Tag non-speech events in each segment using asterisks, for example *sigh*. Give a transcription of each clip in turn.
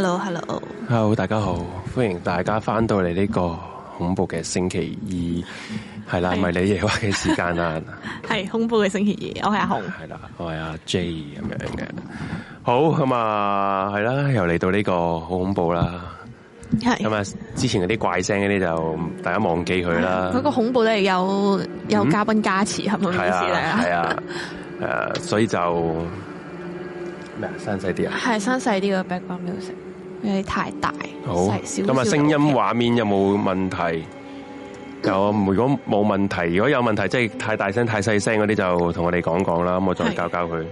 Hello，Hello，Hello，hello. Hello，大家好，歡迎大家翻到嚟呢個恐怖嘅星期二，係啦迷離夜話嘅時間啦，係 *laughs* 恐怖嘅星期二，我係阿紅，係啦我係阿 J 咁樣嘅，好，咁啊係啦，又嚟到呢、這個好恐怖啦，係咁啊，之前嗰啲怪聲嗰啲就大家忘記佢啦，佢 *laughs* 個恐怖咧，有有嘉賓加持係咪意思啊？係啊，所以就咩啊，細啲啊，係細啲嘅 background music。太大，好咁啊、嗯！聲音畫面有冇問題？ *coughs* 有，如果冇問題，如果有問題，即係太大聲、太細聲啲，就同我哋講講啦。咁我再教教佢。是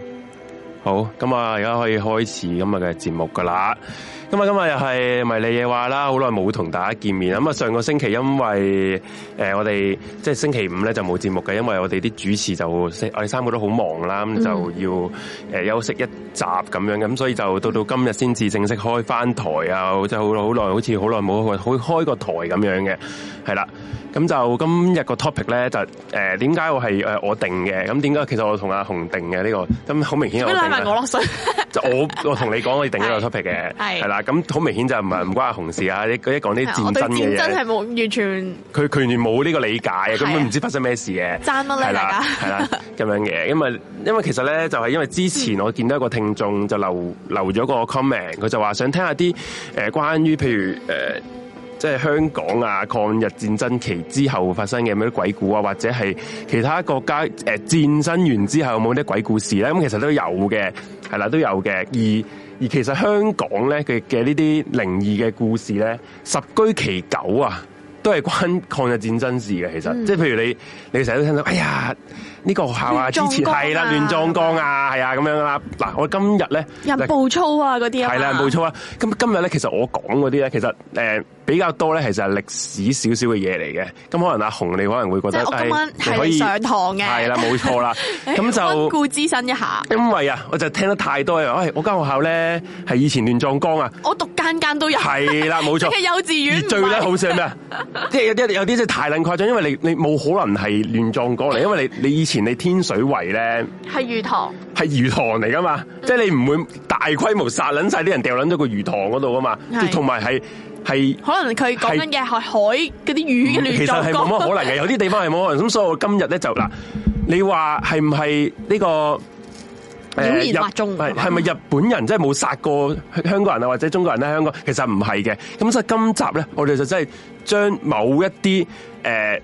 好，咁、嗯、啊，而家可以開始今日嘅節目噶啦。咁、嗯、啊，今日又係迷離夜話啦。好耐冇同大家見面。咁、嗯、啊，上個星期因為誒、呃，我哋即係星期五咧就冇節目嘅，因為我哋啲主持就我哋三個都好忙啦，嗯、就要誒、呃、休息一集咁樣嘅，咁所以就到到今日先至正式開翻台啊！即係好耐，好耐，好似好耐冇開開過台咁樣嘅，係啦。咁就今日個 topic 咧，就誒點解我係我定嘅？咁點解其實我同阿紅定嘅呢、呢個？咁好明顯我定，係我落水 *laughs* 我我同你講，我哋定呢個 topic 嘅，係啦對。咁好明顯就唔係唔關阿紅事啊！ *laughs* 一講啲戰爭嘅嘢，戰爭係冇完全。佢完全冇呢個理解， *laughs* 根本唔知發生咩事嘅。爭乜嚟㗎？係啦，咁樣嘅，因為因為其實咧，就係因為之前我見到一個聽眾就留 *laughs* 就留咗個 comment，佢就話想聽下啲關於譬如、呃即係香港啊，抗日戰爭期之後發生嘅咩鬼故啊，或者係其他國家誒、呃、戰爭完之後有冇啲鬼故事咧？咁其實都有嘅，係啦都有嘅。而而其實香港咧，佢嘅呢啲靈異嘅故事咧，十居其九啊，都係關抗日戰爭事嘅。其實，嗯、即係譬如你，你成日都聽到，哎呀。呢個學校啊，之前係啦，亂葬崗啊，係啊，咁樣啦。嗱，我今日咧，入步操啊，嗰啲係啦，入暴粗啊。今今日咧，其實我講嗰啲咧，其實誒比較多咧，其實係歷史少少嘅嘢嚟嘅。咁可能阿紅，你可能會覺得今晚可以上堂嘅，係啦，冇錯啦。咁就溫故知新一下，因為啊，我就聽得太多人，我間學校咧係以前亂葬崗啊，我讀間間都有，係啦，冇錯。幼稚園最叻好笑係咩啊？即係有啲有啲即係太撚誇張，因為你你冇可能係亂葬崗嚟，因為你你。前你天水圍咧，係魚塘，係魚塘嚟噶嘛？嗯、即係你唔會大規模殺捻晒啲人掉捻咗個魚塘嗰度啊嘛？嗯、即同埋係係，可能佢講緊嘅係海嗰啲魚嘅亂葬崗其實係冇乜可能嘅， *laughs* 有啲地方係冇可能。咁所以我今日咧就嗱，嗯、你話係唔係呢個？掩、呃、耳盜鐘係咪日本人、嗯、即係冇殺過香港人啊？或者中國人咧？香港其實唔係嘅。咁所以今集咧，我哋就真係將某一啲誒。呃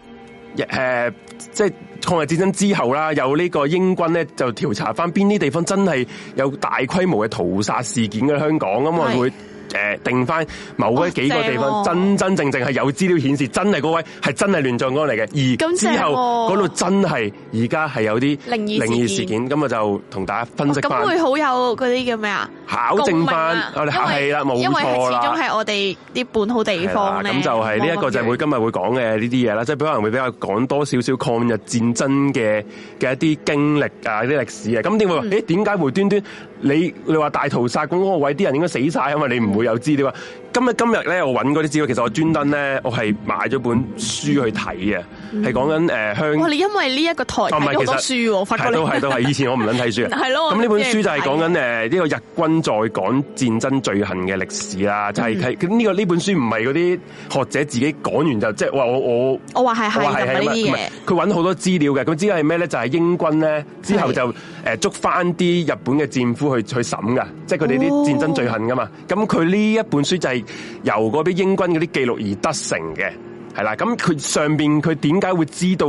誒、呃，即係抗日戰爭之後啦，有呢個英軍咧，就調查翻邊啲地方真係有大規模嘅屠殺事件嘅香港啊嘛，會。誒，定翻某一幾個地方，哦啊、真真正正係有資料顯示，真係嗰位係真係亂葬崗嚟嘅。而之後嗰度、啊、真係，而家係有啲靈異事件。咁我就同大家分析翻。咁、哦、會好有嗰啲叫咩啊？考證翻，我哋客氣啦，冇為錯啦。因為始終係我哋啲本土地方，咁就係呢一個就係會今日會講嘅呢啲嘢啦。即係可能會比較講多少少抗日戰爭嘅嘅一啲經歷啊，啲歷史啊。咁點解無端端？你你話大屠殺嗰個位，啲人應該死晒，因為你唔會有資料。今日今日呢，我揾嗰啲資料，其實我專登呢，我係買咗本書去睇嘅。係講緊誒，香、嗯。我哋因為呢一個台，讀好多書，哦、不我發覺你係都係以前我唔撚睇書係咯，咁呢 *laughs* 的本書就係講緊誒呢個日軍在港戰爭罪行嘅歷史啦。嗯、就係咁呢個呢本書唔係嗰啲學者自己講完就即係話我我我話係係係呢，佢揾好多資料嘅，佢資料係咩咧？就係英軍咧之後就誒捉翻啲日本嘅戰俘去去審噶，即係佢哋啲戰爭罪行噶嘛。咁佢呢一本書就係由嗰啲英軍嗰啲記錄而得成嘅。係啦，咁佢上邊佢點解會知道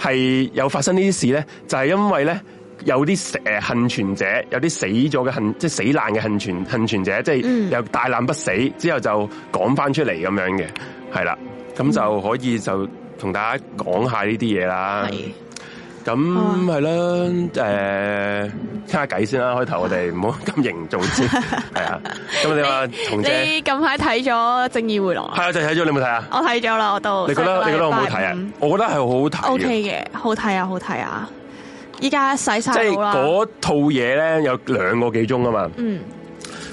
係有發生呢啲事咧？就係、是、因為咧有啲誒、呃、幸存者，有啲死咗嘅幸，即係死難嘅幸存幸存者，即係又大難不死之後就講翻出嚟咁樣嘅，係啦，咁就可以就同大家講下呢啲嘢啦。係。咁係啦，誒，傾下偈先啦。開頭我哋唔好咁凝重先，係啊。咁你話，紅姐，你近排睇咗《正義回廊》。係啊，就睇咗。你冇睇啊？我睇咗啦，我都。你覺得，你覺得好唔好睇啊？我覺得係好睇。O K 嘅，好睇啊，好睇啊！依家洗晒好啦。即係嗰套嘢咧，有兩個幾鐘啊嘛。嗯。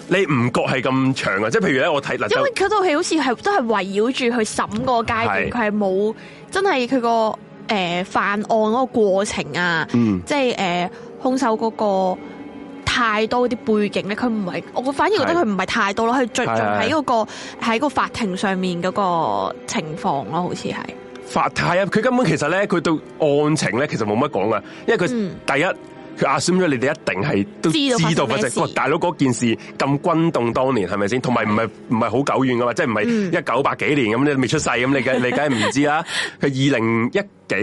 你唔覺係咁長啊？即係譬如咧，我睇喇。因為佢套戲好似係都係圍繞住佢審個階段，佢係冇真係佢個。誒，犯案嗰個過程啊，嗯、即係誒，凶手嗰個太多啲背景咧，佢唔係我，我反而覺得佢唔係太多咯，佢着對 重喺個喺對 個法庭上面嗰個情況咯，好似係法太啊，佢根本其實咧，佢對案情咧，其實冇乜講噶，因為佢第一。嗯阿暗咗你哋一定係都知道嗰隻，大佬嗰件事咁轟動當年係咪先？同埋唔係唔係好久遠噶嘛，嗯、即係唔係一九百幾年咁，你未出世咁，你嘅你梗係唔知啦。佢二零一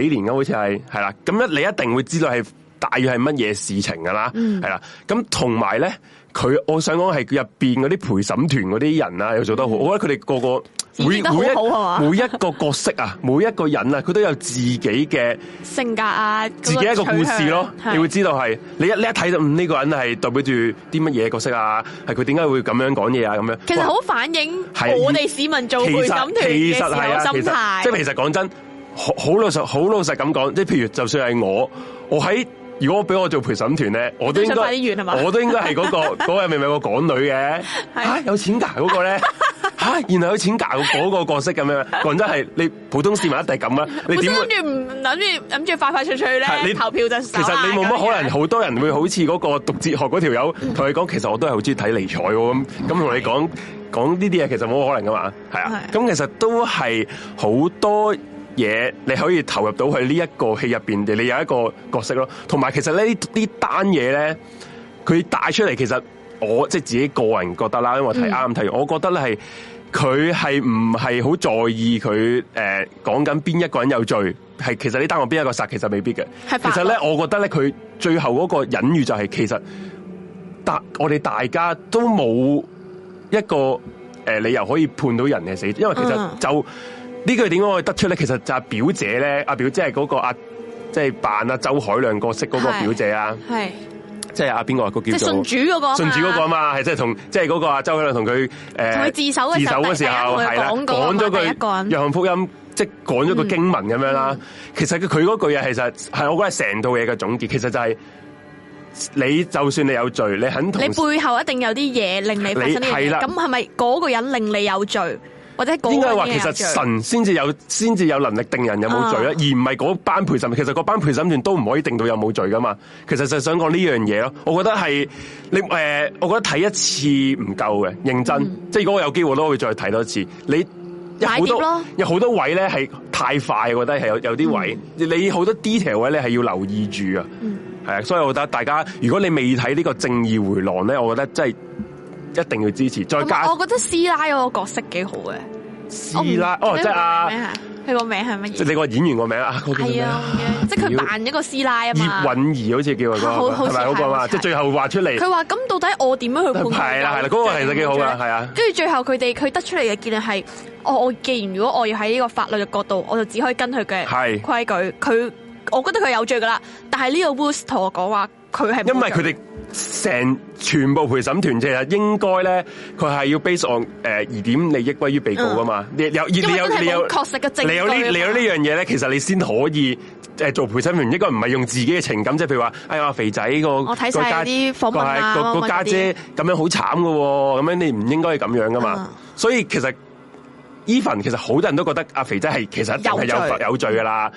幾年啊，好似係係啦。咁一你一定會知道係大約係乜嘢事情噶啦，係啦。咁同埋咧。佢我想講係入邊嗰啲陪審團嗰啲人啊，又做得好，我覺得佢哋個個每得好每，每一個角色啊， *laughs* 每一個人啊，佢都有自己嘅性格啊，自己一個故事咯、啊，你會知道係你一你一睇到呢個人係代表住啲乜嘢角色啊？係佢點解會咁樣講嘢啊？咁樣其實好反映我哋市民做陪審團嘅時候嘅心態。即係其實講真，好、啊、好老實好老實咁講，即係譬如就算係我，我喺。如果俾我，我做陪審團咧，我都應該，是我都應該係嗰個嗰 *laughs* 個係咪有個港女嘅？嚇、 *laughs* 啊、有錢㗎嗰、那個咧嚇，然、啊、後有錢㗎嗰個角色咁樣，講 *laughs* 真係你普通市民一定係咁啦。你點諗住諗住諗住快快脆脆咧？你投票就其實你冇乜可能，好多人會好似嗰個讀哲學嗰條友同你講， *laughs* 其實我都係好中意睇尼采喎咁咁同你講講呢啲嘢， *laughs* 其實冇可能㗎嘛，係啊。咁其實都係好多。嘢你可以投入到去呢一個戲入邊，你有一個角色咯。同埋其實呢啲單嘢咧，佢帶出嚟，其實我即係自己個人覺得啦，因為我睇，啱啱睇完，嗯、我覺得咧係佢係唔係好在意佢，誒講緊邊一個人有罪，係其實呢單案邊一個殺，其實未必嘅。吧其實咧，我覺得咧，佢最後嗰個隱喻就係、是、其實大我哋大家都冇一個誒、呃、理由可以判到人嘅死，因為其實就。嗯呢句點解我會得出咧？其實就係表姐咧，阿表姐係嗰個阿即係扮阿周海亮角色嗰個表姐啊，即係阿邊個叫個叫信主嗰個，信主嗰個啊嘛，係即係同即係嗰個阿周海亮同佢誒，同佢自首嘅時候，係講咗句約翰福音，即係講咗個經文咁樣啦。其實佢嗰句嘢，其實係我覺得成套嘢嘅總結。其實就係你就算你有罪，你肯同你背後一定有啲嘢令你發生啲咁係咪嗰個人令你有罪？或者應該係話，其實神先至有先至有能力定人有冇罪啦，啊、而唔係嗰班陪審。其實嗰班陪審團都唔可以定到有冇罪噶嘛。其實就係想講呢樣嘢咯。我覺得係你誒、呃，我覺得睇一次唔夠嘅，認真。嗯、即係如果我有機會都可以再睇多次。你有好多咯有好多位咧，係太快，我覺得係有有啲位、嗯、你好多 detail 位咧，係要留意住啊。係啊、嗯，所以我覺得大家如果你未睇呢個正義回廊咧，我覺得真係。一定要支持，再加。我覺得師奶嗰個角色幾好嘅。師奶哦，即係啊，佢個名係乜嘢？即係你個演員個名啊？係啊？即係佢扮咗個師奶啊嘛。葉允儀好似叫啊，係咪嗰個啊？即係最後話出嚟。佢話：咁到底我點樣去判斷？係啦，係啦，嗰個其實幾好啊，係啊。跟住最後佢哋佢得出嚟嘅結論係：我我既然如果我要喺呢個法律嘅角度，我就只可以跟佢嘅規矩。佢我覺得佢有罪噶啦，但係呢個 Woods 同我講話。佢係，因為佢哋成全部陪審團其實應該咧，佢係要 base on 誒、呃、疑點利益歸於被告噶嘛，你有，你有，你有確實嘅證據你有呢，你有呢樣嘢咧，其實你先可以、呃、做陪審員，應該唔係用自己嘅情感，即係譬如話哎呀肥仔個個看家個個、啊、家姐咁樣好慘噶，咁樣你唔應該係咁樣噶嘛，嗯、所以其實 even 其實好多人都覺得阿肥仔係其實係有有罪噶啦。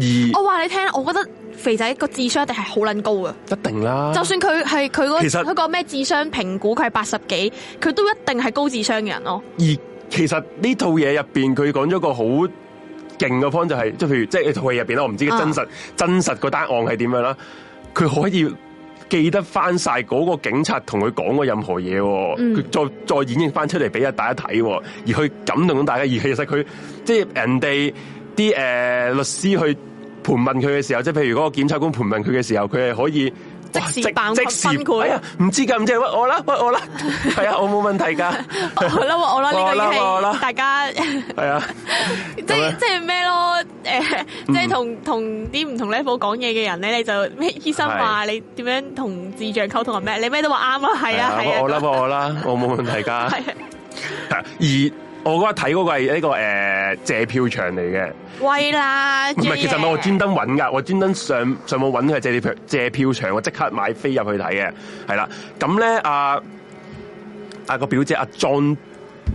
而我話你聽，我覺得肥仔個智商一定係好撚高啊。一定啦。就算佢係佢嗰佢個咩智商評估他是80多，佢係八十幾，佢都一定係高智商嘅人咯。而其實呢套嘢入邊，佢講咗個好勁嘅方，就係即係譬如即係套戲入邊，我唔知個真實、啊、真實個答案係點樣啦。佢可以記得翻晒嗰個警察同佢講過任何嘢，佢、嗯、再再演繹翻出嚟俾大家睇，而去感動到大家。而其實佢即係人哋。啲誒律師去盤問佢嘅時候，即係譬如嗰個檢察官盤問佢嘅時候，佢係可以即時即係辛唔知咁即係屈我啦，屈我啦，係啊，我冇問題噶。我啦，我啦，呢個已經係大家係啊，即係即係咩咯？誒，即係同同啲唔同 level 講嘢嘅人咧，你就咩醫生話你點樣同智障溝通係咩？你咩都話啱啊？係啊係啊，我啦我啦，我冇問題噶。啊。我嗰日睇嗰個係一個誒借、呃、票場嚟嘅，喂啦！唔係，其實我專登揾噶，我專登上上網揾佢借票借票場，我即刻買飛入去睇嘅，係啦。咁咧阿阿個表姐阿莊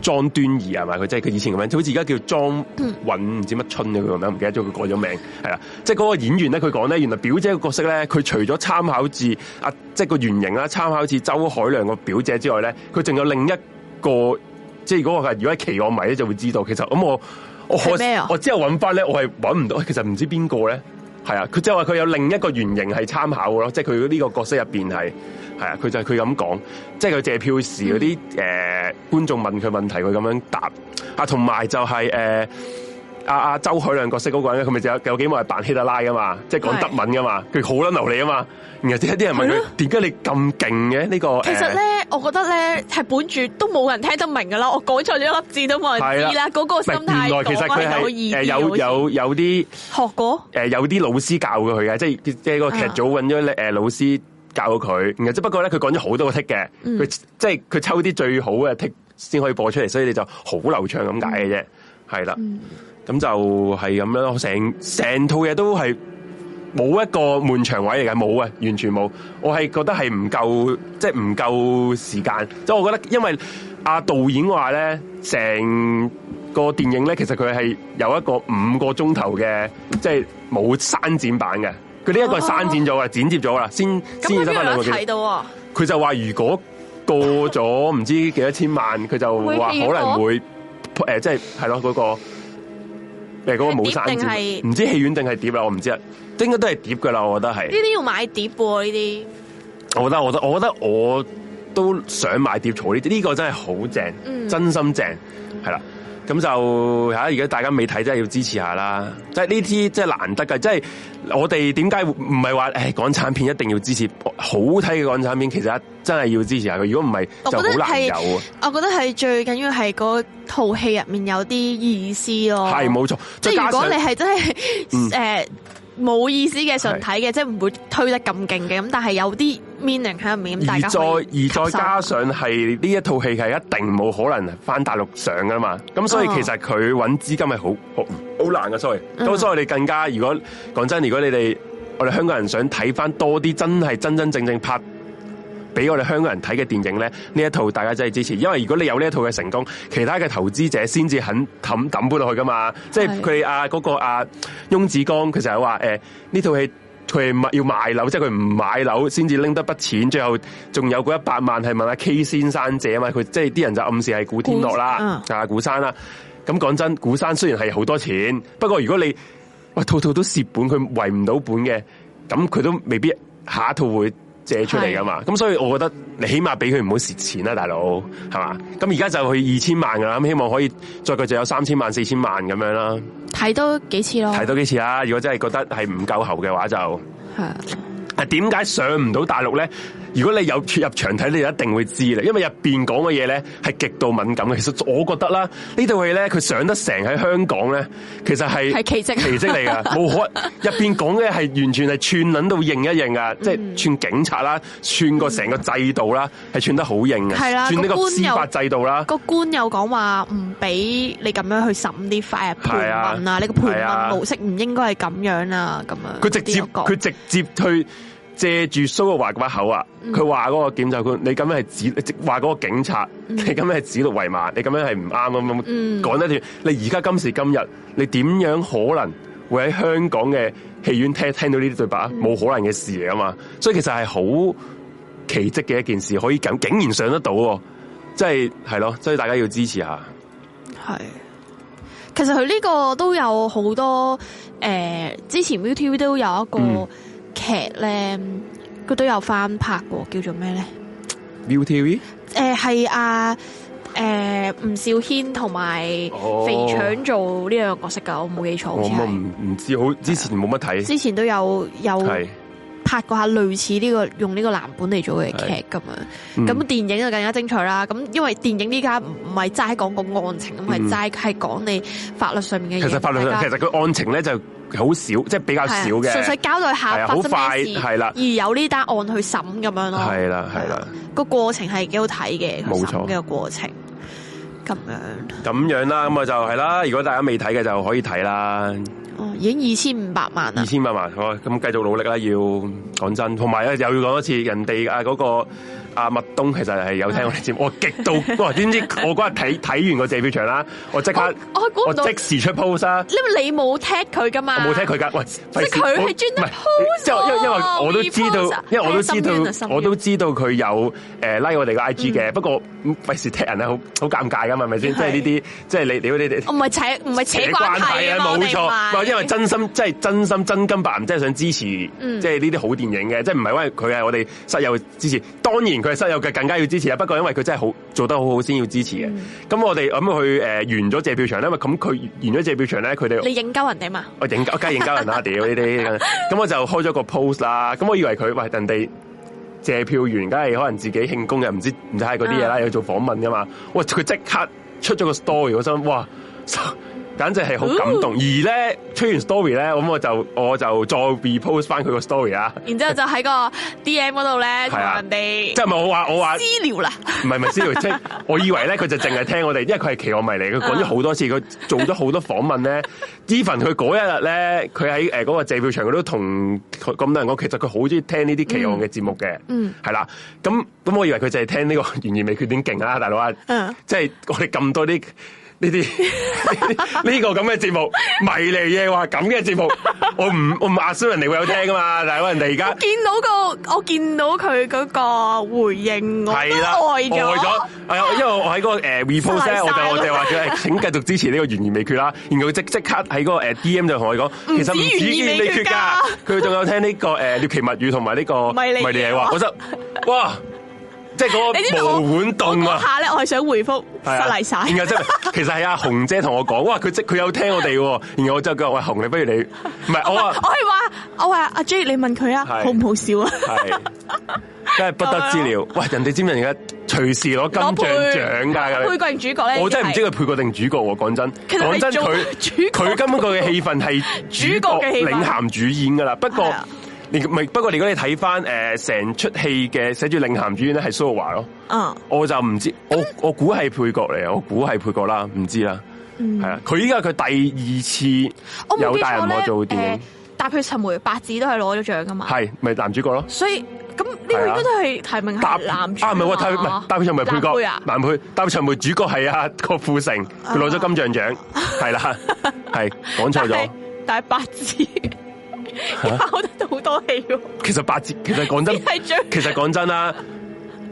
莊端儀係咪？佢即係佢以前咁樣，好似而家叫莊韻唔知乜春嘅佢名，唔記得咗佢改咗名，係啦。即係嗰個演員咧，佢講咧，原來表姐嘅角色咧，佢除咗參考自阿即係個原型啦，參考自周海亮個表姐之外咧，佢仲有另一個。即係如果我係如果係奇案迷咧，就會知道其實咁我我、啊、我之後揾翻咧，我係揾唔到，其實唔知邊個咧，係啊，佢就話佢有另一個原型係參考嘅咯，即係佢呢個角色入邊係係啊，佢就係佢咁講，即係佢借票時嗰啲誒觀眾問佢問題，佢咁樣答啊，同埋就係、是、誒。呃阿阿、啊、周海亮角色嗰個人咧，佢咪有有幾幕係扮希特拉噶嘛？即係講德文噶嘛？佢好捻流利啊嘛！然後即一啲人問佢，點解了你咁勁嘅？呢、這個其實咧，呃、我覺得咧係本住都冇人聽得明噶啦。我講錯咗一粒字都冇人知啦。嗰了個心態原來其實佢係誒有意有有啲學過誒、呃、有啲老師教過佢嘅，即係即係個劇組搵咗誒老師教過佢。然後了、呃、不過咧，佢講咗好多個 tick 嘅，佢、嗯、即係佢抽啲最好嘅 tick 先可以播出嚟，所以你就好流暢咁解嘅啫。係啦。咁就係咁樣咯，成成套嘢都係冇一個悶場位嚟嘅，冇啊，完全冇。我係覺得係唔夠，即係唔夠時間。即係我覺得，因為阿導演話咧，成個電影咧，其實佢係有一個五、就是、個鐘頭嘅，即係冇刪剪版嘅。佢呢一個係刪剪咗嘅，剪接咗啦，先先、嗯、至得翻兩個鏡頭。佢就話如果過咗唔知幾多千萬，佢 *laughs* 就話可能會誒，即係係咯嗰個。誒嗰個武生，唔知戲院定係碟啊？我唔知啊，應該都係碟噶啦，我覺得係。呢啲要買碟喎，呢啲。我覺得，我覺得，我覺得，我都想買碟坐呢。啲，呢、呢個真係好正，嗯、真心正，係啦。咁就吓而家，大家未睇真係要支持下啦！即係呢啲即係難得㗎。即係我哋點解唔係話誒港產片一定要支持好睇嘅港產片？其實真係要支持下佢，如果唔係就好難有啊！我覺得係最緊要係嗰套戲入面有啲意思咯。係冇錯，即係如果你係真係誒冇意思嘅純睇嘅，即係唔會推得咁勁嘅。咁但係有啲。面 e 喺入面大家而再而再加上係呢一套戲係一定冇可能翻大陸上噶嘛，咁、oh. 所以其實佢搵資金係好好好難噶，sorry。咁所,、mm hmm. 所以我哋更加，如果講真，如果你哋我哋香港人想睇翻多啲真係真真正正,正拍俾我哋香港人睇嘅電影咧，呢一套大家真係支持，因為如果你有呢一套嘅成功，其他嘅投資者先至肯抌抌搬落去噶嘛。Mm hmm. 即係佢啊，嗰、那個啊翁子光佢就係話誒呢套戲。佢要買樓，即係佢唔買樓先至拎得筆錢，最後仲有嗰一百萬係問阿 K 先生借啊嘛！佢即係啲人就暗示係古天樂啦古，啊古生啦。咁講真，古生雖然係好多錢，不過如果你喂套套都蝕本，佢圍唔到本嘅，咁佢都未必下一套會。借出嚟噶嘛，咁是所以我覺得你起碼俾佢唔好蝕錢啦、啊，大佬，係嘛，咁而家就去二千萬噶啦，咁希望可以再佢就有三千萬、四千萬咁樣啦，睇多幾次咯，睇多幾次啊！如果真係覺得係唔夠喉嘅話就係啊，啊點解上唔到大陸咧？如果你有切入場睇，你就一定會知啦，因為入邊講嘅嘢咧係極度敏感嘅。其實我覺得啦，呢套戲咧佢上得成喺香港咧，其實係奇蹟，係奇蹟嚟嘅，冇可入邊講嘅係完全係串撚到認一認啊，嗯、即係串警察啦，串個成個制度、嗯、啦，係串得好認嘅。係啦，串呢個司法制度啦。個官有講話唔俾你咁樣去審啲犯人啊，呢、啊、個判案模式唔應該係咁樣啊，咁樣。佢直接，佢直接去。借住蘇玉華嗰把口啊，佢話嗰個檢察官，你咁樣係指你話嗰個警察，你咁樣係指鹿為馬，你咁樣係唔啱咁樣講呢段。你而家今時今日，你點樣可能會喺香港嘅戲院聽聽到呢啲對白？冇可能嘅事嚟啊嘛！所以其實係好奇蹟嘅一件事，可以咁竟然上得到，即係係咯，所以大家要支持下。係，其實佢呢個都有好多誒、呃，之前 U T V 都有一個。嗯劇咧，佢都有翻拍過，叫做咩咧？ViuTV，誒係阿誒吳兆軒同埋肥腸做呢樣角色噶，我冇記錯。我咪唔唔知，好之前冇乜睇。之前都有有拍過下類似呢個用呢個藍本嚟做嘅劇咁樣，咁電影就更加精彩啦。咁因為電影呢家唔係齋講個案情，咁係齋係講你法律上面嘅嘢。其實法律上，其實佢案情咧就。好少，即係比較少嘅。純粹交代下好快。係啦。而有呢單案去審咁樣咯。係啦，係啦。個的的過程係幾好睇嘅，冇錯嘅過程。咁樣，咁樣啦，咁啊就係、是、啦。如果大家未睇嘅，就可以睇啦。哦，已經二千五百萬啦，二千五百萬，好咁繼續努力啦。要講真，同埋又要講一次人地啊嗰個。啊！麥冬其實係有聽我哋節目，我極度。我點知我嗰日睇睇完個謝飛場啦，我即刻，我即時出 post 啦，因為你冇踢佢噶嘛，冇踢佢噶。喂，即係佢係專登 post 咯。因為因為因為我都知道，因為我都知道，我都知道佢有誒 like 我哋個 IG 嘅。不過費事踢人啊，好好尷尬噶嘛，係咪先？即係呢啲，即係你你你哋唔係扯唔係扯關係啊，冇錯，因為真心，即係真心真金白銀，即係想支持，即係呢啲好電影嘅，即係唔係因為佢係我哋實有支持，當然佢。實有嘅更加要支持啊！不過因為佢真係好做得好好，先要支持嘅。咁、嗯、我哋咁去誒完咗謝票場咧，因為咁佢完咗謝票場咧，佢哋你認交人哋嘛？我認我梗係認交人啦，屌呢啲。咁我就開咗個 post 啦。咁我以為佢喂人哋謝票完，梗係可能自己慶功又唔知唔睇係嗰啲嘢啦，又做訪問噶嘛？嗯、哇！佢即刻出咗個 story，我心哇！簡直係好感動，哦、而咧出完 story 咧，咁我就我就再 repost 翻佢個 story *laughs* 啊。然之後就喺個 DM 嗰度咧，同人哋即係唔係我話我話資料啦。唔係唔係私聊，即係 *laughs* 我以為咧佢就淨係聽我哋，因為佢係奇幻迷嚟，佢講咗好多次，佢做咗好多訪問咧。even 佢嗰一日咧，佢喺誒嗰個謝票場佢都同咁多人講，其實佢好中意聽呢啲奇幻嘅節目嘅、嗯。嗯，係啦、啊，咁咁我以為佢就係聽呢、這個懸疑 *laughs* 未決點勁啦，大佬啊。嗯、即係我哋咁多啲。呢啲呢個咁嘅節目，迷離夜話咁嘅節目，我唔我唔話衰人哋會有聽㗎嘛，但係嗰人哋而家見到個我見到佢嗰個回應，了都我都呆咗。係啊，因為我喺個誒 report 咧，我就我就話咗， *laughs* 請繼續支持呢個懸疑未決啦。然後佢即即刻喺個誒 D M 就同我講，其實唔止懸疑未決噶，佢仲有聽呢、這個誒獵、呃、奇物語同埋呢個迷離夜話，話 *laughs* 我覺得哇！即係嗰個無碗凍啊！下咧，我係想回覆失禮晒。然後真係，其實係阿紅姐同我講，哇！佢即佢有聽我哋喎。然後我就講：喂，紅，你不如你，唔係我啊。我係話，我話阿 J，你問佢啊，好唔好笑啊？真係不得之了。喂，人哋知唔知而家隨時攞金像獎噶？配角定主角咧？我真係唔知佢配角定主角。講真，講真，佢佢根本個嘅戲份係主角領銜主演噶啦。不過。不過如果你睇翻誒成出戲嘅寫住領銜主演咧係蘇玉華咯，嗯，我就唔知，我我估係配角嚟，我估係配角啦，唔知啦，係啊、嗯，佢依家佢第二次有大銀幕做電影，踏血尋梅白只都係攞咗獎㗎嘛，係咪、就是、男主角咯？所以咁呢個應該都係提名是男主角是啊，唔係我大配唔係配梅配角啊，男配踏血尋梅主角係啊郭富城，佢攞咗金像獎，係啦、啊的，係講錯咗大白只。我覺得好多戲、啊、其實八字，其實講真，其實講真啦，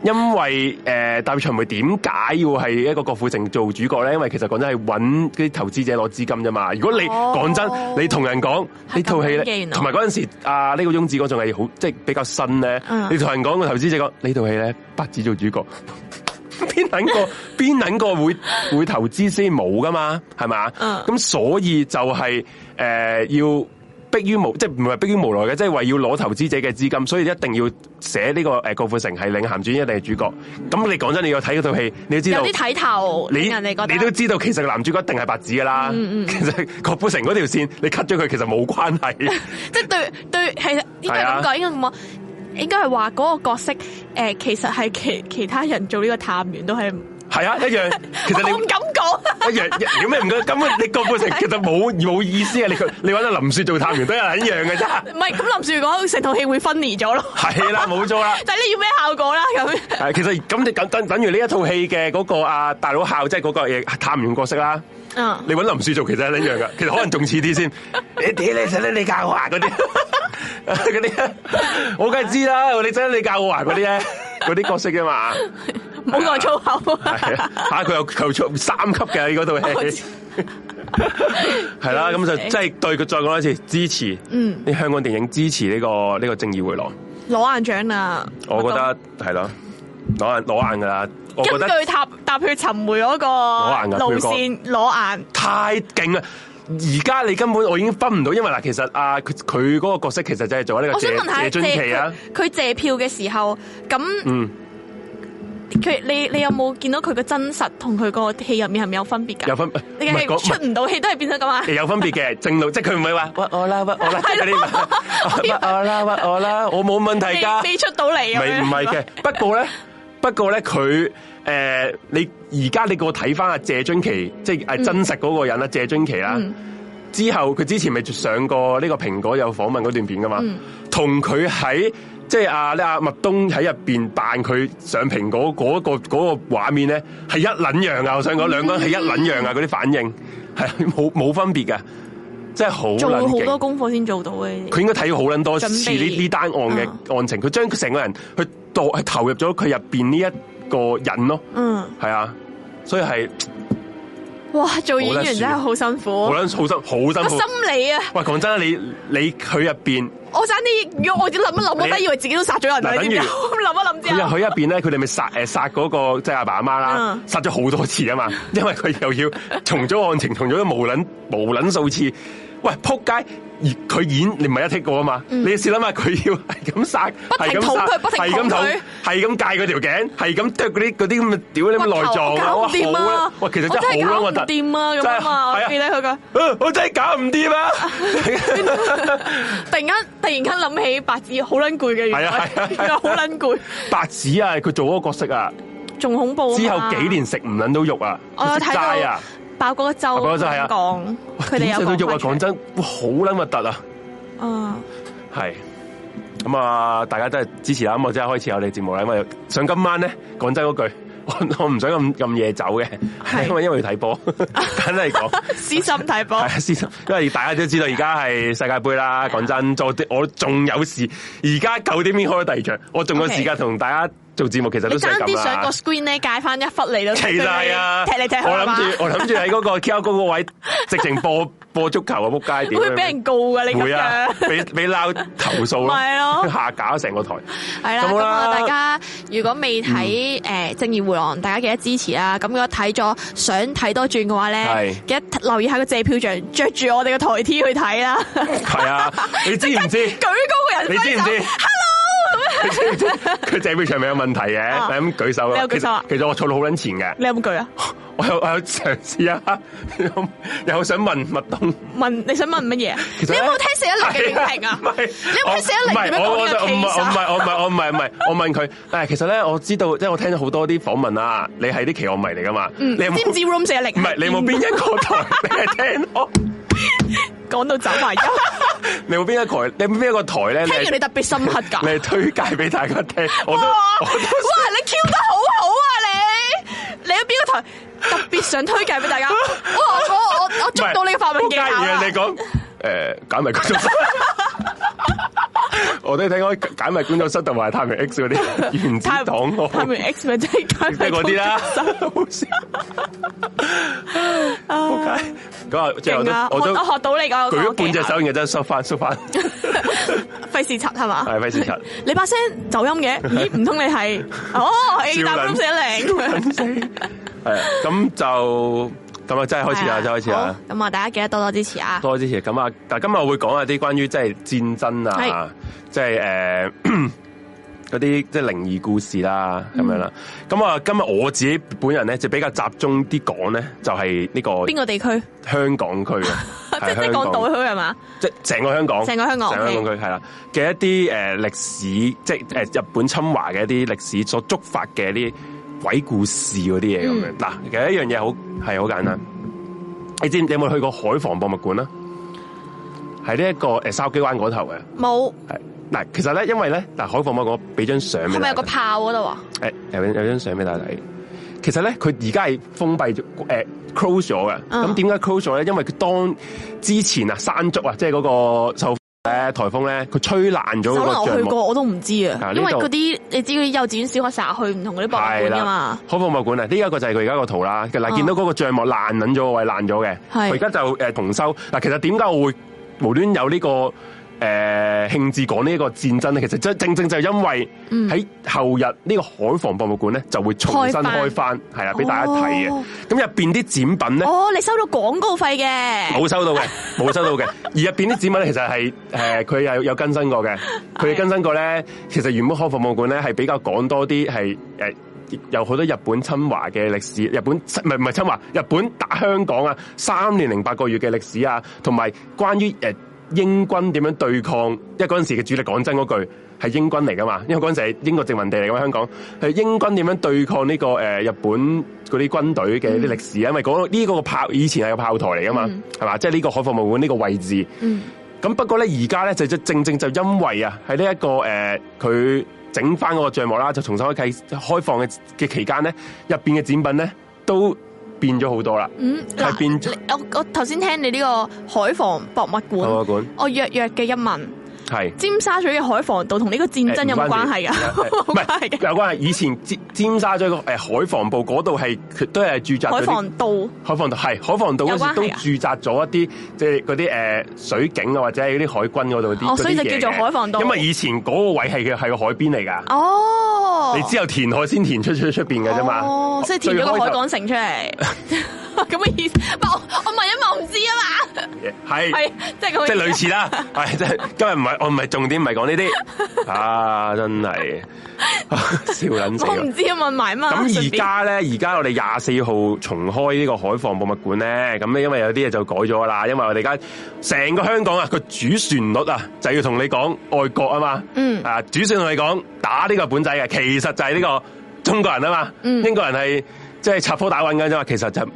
因為誒，大尾長眉點解要係一個郭富城做主角咧？因為其實講真係搵啲投資者攞資金啫嘛。如果你講、哦、真，你同人講呢套戲咧，同埋嗰陣時啊，呢、這個翁子光仲係好，即係比較新咧。嗎你同人講個投資者講呢套戲咧，八字做主角，邊 *laughs* 等個，邊等 *laughs* 個會會投資先冇噶嘛？係咪？嗯。咁所以就係、是、誒、呃、要。迫於無即係唔係迫於無奈嘅，即係為要攞投資者嘅資金，所以一定要寫呢、這個誒、呃、郭富城係領銜主演定係主角。咁你講真，你要睇嗰套戲，你要知道有啲睇頭。你人你都知道，其實個男主角一定係白紙噶啦。嗯嗯，其實郭富城嗰條線你 cut 咗佢，其實冇關係。 *laughs* 即係對對，其應該咁講，應該咁講，應該係話嗰個角色誒、呃，其實係其其他人做呢個探員都係。係啊，一樣。其實你唔敢講一樣有咩唔得？咁 *laughs* 你個半成其實冇冇 *laughs* 意思啊！你你揾阿林雪做探員都係一樣嘅啫。唔係， *laughs* 咁林雪講成套戲會分離咗咯。係、啊、啦，冇錯啦。但你要咩效果啦？咁其實咁、那個啊、就等等等於呢一套戲嘅嗰個啊大佬校，即係嗰個嘢探員角色啦。Uh. 你揾林雪做其實係一樣噶，其實可能仲似啲先。你點你整得李家華嗰啲嗰啲？我梗係知啦，你整得教我華嗰啲咧，嗰啲角色啊嘛。冇講粗口，吓佢又求粗三級嘅呢嗰套戲，係啦，咁就即係對佢再講一次支持，嗯，啲香港電影支持呢個呢個正義回廊攞硬獎，啊我覺得係咯，攞硬攞硬噶啦，我覺得，對踏踏血尋梅嗰個路線攞硬，太勁啦！而家你根本我已經分唔到，因為嗱，其實啊佢佢嗰個角色其實就係做呢個，我想問下謝俊奇啊，佢借票嘅時候咁嗯。佢你你有冇見到佢個真實同佢個戲入面係咪有分別噶？有分，你出唔到戲都係變咗咁啊！有分別嘅，正路即係佢唔係話屈我啦，屈我啦，屈我啦，屈我啦，我冇問題噶，飛出到嚟啊！唔係唔係嘅，不過咧，不過咧，佢誒，你而家你個睇翻阿謝津琪，即係誒真實嗰個人啦，謝津琪啦，之後佢之前咪上過呢個蘋果有訪問嗰段片噶嘛，同佢喺。即係阿阿麥冬喺入邊扮佢上蘋果嗰嗰個嗰、嗰個畫、嗰個、面咧，係一撚樣啊！我想講，兩個人係一撚樣啊！嗰啲反應係冇冇分別㗎，即係好做好多功課先做到嘅。佢應該睇咗好撚多次呢呢備單案嘅、嗯、案情，佢將佢成個人去係投入咗佢入邊呢一個人咯。嗯，係啊，所以係。哇！做演員真係好辛苦，好辛好辛苦，辛苦心理啊！喂，講真啦，你你佢入邊，我爭啲我想想你我點諗一諗，我都以為自己都殺咗人。嗱、欸，你知等於著諗 *laughs* 一諗之後，佢入佢入邊咧，佢哋咪殺誒殺嗰個即係阿爸阿媽啦，殺咗好多次啊嘛，因為佢又要重組案情，重組無捻無捻數次，喂，撲街！佢演你唔係一 take 過啊嘛？你試諗下佢要係咁殺，係咁殺，係咁捅，係咁界嗰條頸，係咁剁嗰啲嗰啲咁嘅，屌你內臟啊！好啊，喂，其實真係好核突啊！真係啊，我見咧佢嘅，我真係搞唔掂啊！突然間突然間諗起白紙好撚攰嘅，係啊係啊，好撚攰！白紙啊，佢做嗰個角色啊，仲恐怖啊！之後幾年食唔撚到肉啊，食齋啊！爆嗰個周佢哋有個注。點解都要話講真，好撚核突啊！係。咁啊，真啊、uh, 嗯，大家都係支持啦。咁我即係開始我哋節目啦。因為想今晚咧，講真嗰句，我唔想咁咁夜走嘅，因為是因為要睇 *laughs* *laughs* 波，簡係講！講。痴心睇波，係痴心因為大家都知道而家係世界杯啦。講 *laughs* 真，做我仲有事。而家九點先開第二場，我仲有個時間同 Okay. 大家。做節目其實都差啲上個 screen 咧，界翻一忽嚟都。期待啊！踢嚟踢去。我諗住，我諗住喺嗰個 K 歌嗰位，直情播播足球啊！扑街點會俾人告㗎？你咁樣，俾俾鬧投訴咪咯？下架咗成個台。係啦，大家如果未睇誒《正義迴廊》，大家記得支持啊！咁如果睇咗，想睇多轉嘅話咧，記得留意下個借票獎，着住我哋嘅台 T 去睇啦。係啊！你知唔知？舉高個人，你知唔知？Hello。佢脊妹上面有問題嘅，你係咁舉手啊？你有舉手啊？其實我坐到好撚前嘅，你有冇舉啊？我有我有嘗試啊！又想問麥東，問你想問乜嘢？你有冇聽四一零嘅音頻啊？你有冇聽四一零嘅咩？我我我唔係我唔係我唔係唔係我問佢，但係其實咧我知道，即係我聽咗好多啲訪問啊，你係啲奇案迷嚟噶嘛？你知唔知 room 四一零？唔係你有冇邊一個台你我聽？講到走埋咁， *laughs* 你會邊一台？你會邊一個台咧？聽完你特別深刻噶，嚟 *laughs* 推介俾大家聽。我都，哇，我都哇，你 Q 得好好啊！你你有邊個台 *laughs* 特別想推介俾大家？我我我捉到是你嘅發問技巧。唔你講誒，簡明 *laughs* *laughs* 我都睇聽開解密工作室同埋探明 X 嗰啲原子彈，我探明 X 咪即係解密，即係嗰啲啦。收好笑，唔該。咁啊，最後都我我學到你個，舉咗半隻手，然後真係縮翻縮翻。費事插係嘛？係費事插。你把聲走音嘅，咦？唔通你係哦？A 大音色零，音係啊。咁就。咁啊，真係開始啊，真係開始啊！咁啊，大家記得多多支持啊！多多支持。咁啊，但今日我會講下啲關於即係戰爭啊，即係誒嗰啲即係靈異故事啦，咁樣啦。咁啊，嗯、今日我自己本人咧就比較集中啲講咧，就係、是、呢、呢個邊個地區？香港區啊， *laughs* 即係即係港島區係嘛？即係成個香港，成個香港，成個香港區係啦。嘅 okay.、就是、一啲誒歷史，即係誒日本侵華嘅一啲歷史所觸發嘅啲。鬼故事啲嘢咁嘅，嗱，嗯、其實一樣嘢好係好簡單。你知你有冇去過海防博物館、這個、啊？係呢一個誒筲箕灣嗰頭嘅。冇。係，嗱，其實咧，因為咧，嗱，海防博物館俾張相，係咪有個炮度啊？誒，有有張相俾大家睇。其實咧，佢而家係封閉咗誒 close 咗嘅。咁點解 close 咗咧？因為佢當之前啊山竹啊，即、就、係、是嗰個受。咧，台風咧，佢吹爛咗個帳篷。我去過，我都唔知啊，因為嗰啲你知幼稚園小學成日去唔同嗰啲博物館啊嘛。好博物館啊，呢一個就係佢而家個圖啦。嗱，見到嗰個帳幕爛撚咗個位，爛咗嘅。佢而家就誒重修。嗱，其實點解我會無端有呢個？誒，興致講呢一個戰爭咧，其實正正就係因為喺後日呢個海防博物館咧就會重新開翻，係啦幣，俾大家睇嘅。咁入邊啲展品咧，哦，你收到廣告費嘅？冇收到嘅，冇收到嘅。 *laughs* 而入邊啲展品咧，其實係誒，佢、呃、又有，有更新過嘅。佢的更新過咧，其實原本海防博物館咧係比較講多啲係誒，有好多日本侵華嘅歷史，日本唔係唔係侵華，日本打香港啊三年零八個月嘅歷史啊，同埋關於誒。呃英軍點樣對抗？因為嗰陣時嘅主力的，講真嗰句係英軍嚟噶嘛。因為嗰陣時係英國殖民地嚟嘅香港，係英軍點樣對抗呢、這個誒、呃、日本嗰啲軍隊嘅啲歷史。嗯、因為嗰、那、呢個、這個、炮以前係個炮台嚟噶嘛，係嘛、嗯？即係呢個海防博物館呢個位置。咁、嗯、不過咧，而家咧就正正就因為啊，喺呢一個誒佢整翻個帳幕啦，就重新開啟開放嘅嘅期間咧，入邊嘅展品咧都。變咗好多啦，嗯，係變咗。我我頭先聽你呢個海防博物館，博物館我弱弱嘅一問。係。是尖沙咀嘅海防道同呢個戰爭有冇關係噶，㗎、欸？係 *laughs* 是 *laughs* 有關係。以前尖沙咀個誒海防部嗰度係都係駐紮。海防道。海防道係海防道嗰時都駐紮咗一啲即係嗰啲誒水警啊或者嗰啲海軍嗰度啲。哦，所以就叫做海防道。因為以前嗰個位係嘅係個海邊嚟噶。哦。你之後填海先填出出出邊嘅啫嘛。哦。所以填咗個海港城出嚟。咁嘅 *laughs* *laughs* 意思我？我問一問，唔知啊嘛。係是。係 *laughs* 。即係咁，即係類似啦。係， *laughs* 即係今日唔係。我唔係重點，唔係講呢啲啊，真係笑卵笑，笑我。我唔知問埋嗎？咁而家咧，而家便我哋廿四號重開呢個海防博物館咧。咁咧，因為有啲嘢就改咗啦。因為我哋而家成個香港啊，個主旋律啊，就要同你講愛國啊嘛。嗯啊，主旋律同你講打呢個本仔嘅，其實就係呢個中國人啊嘛。嗯，英國人係即係插科打諢㗎啫嘛，其實就。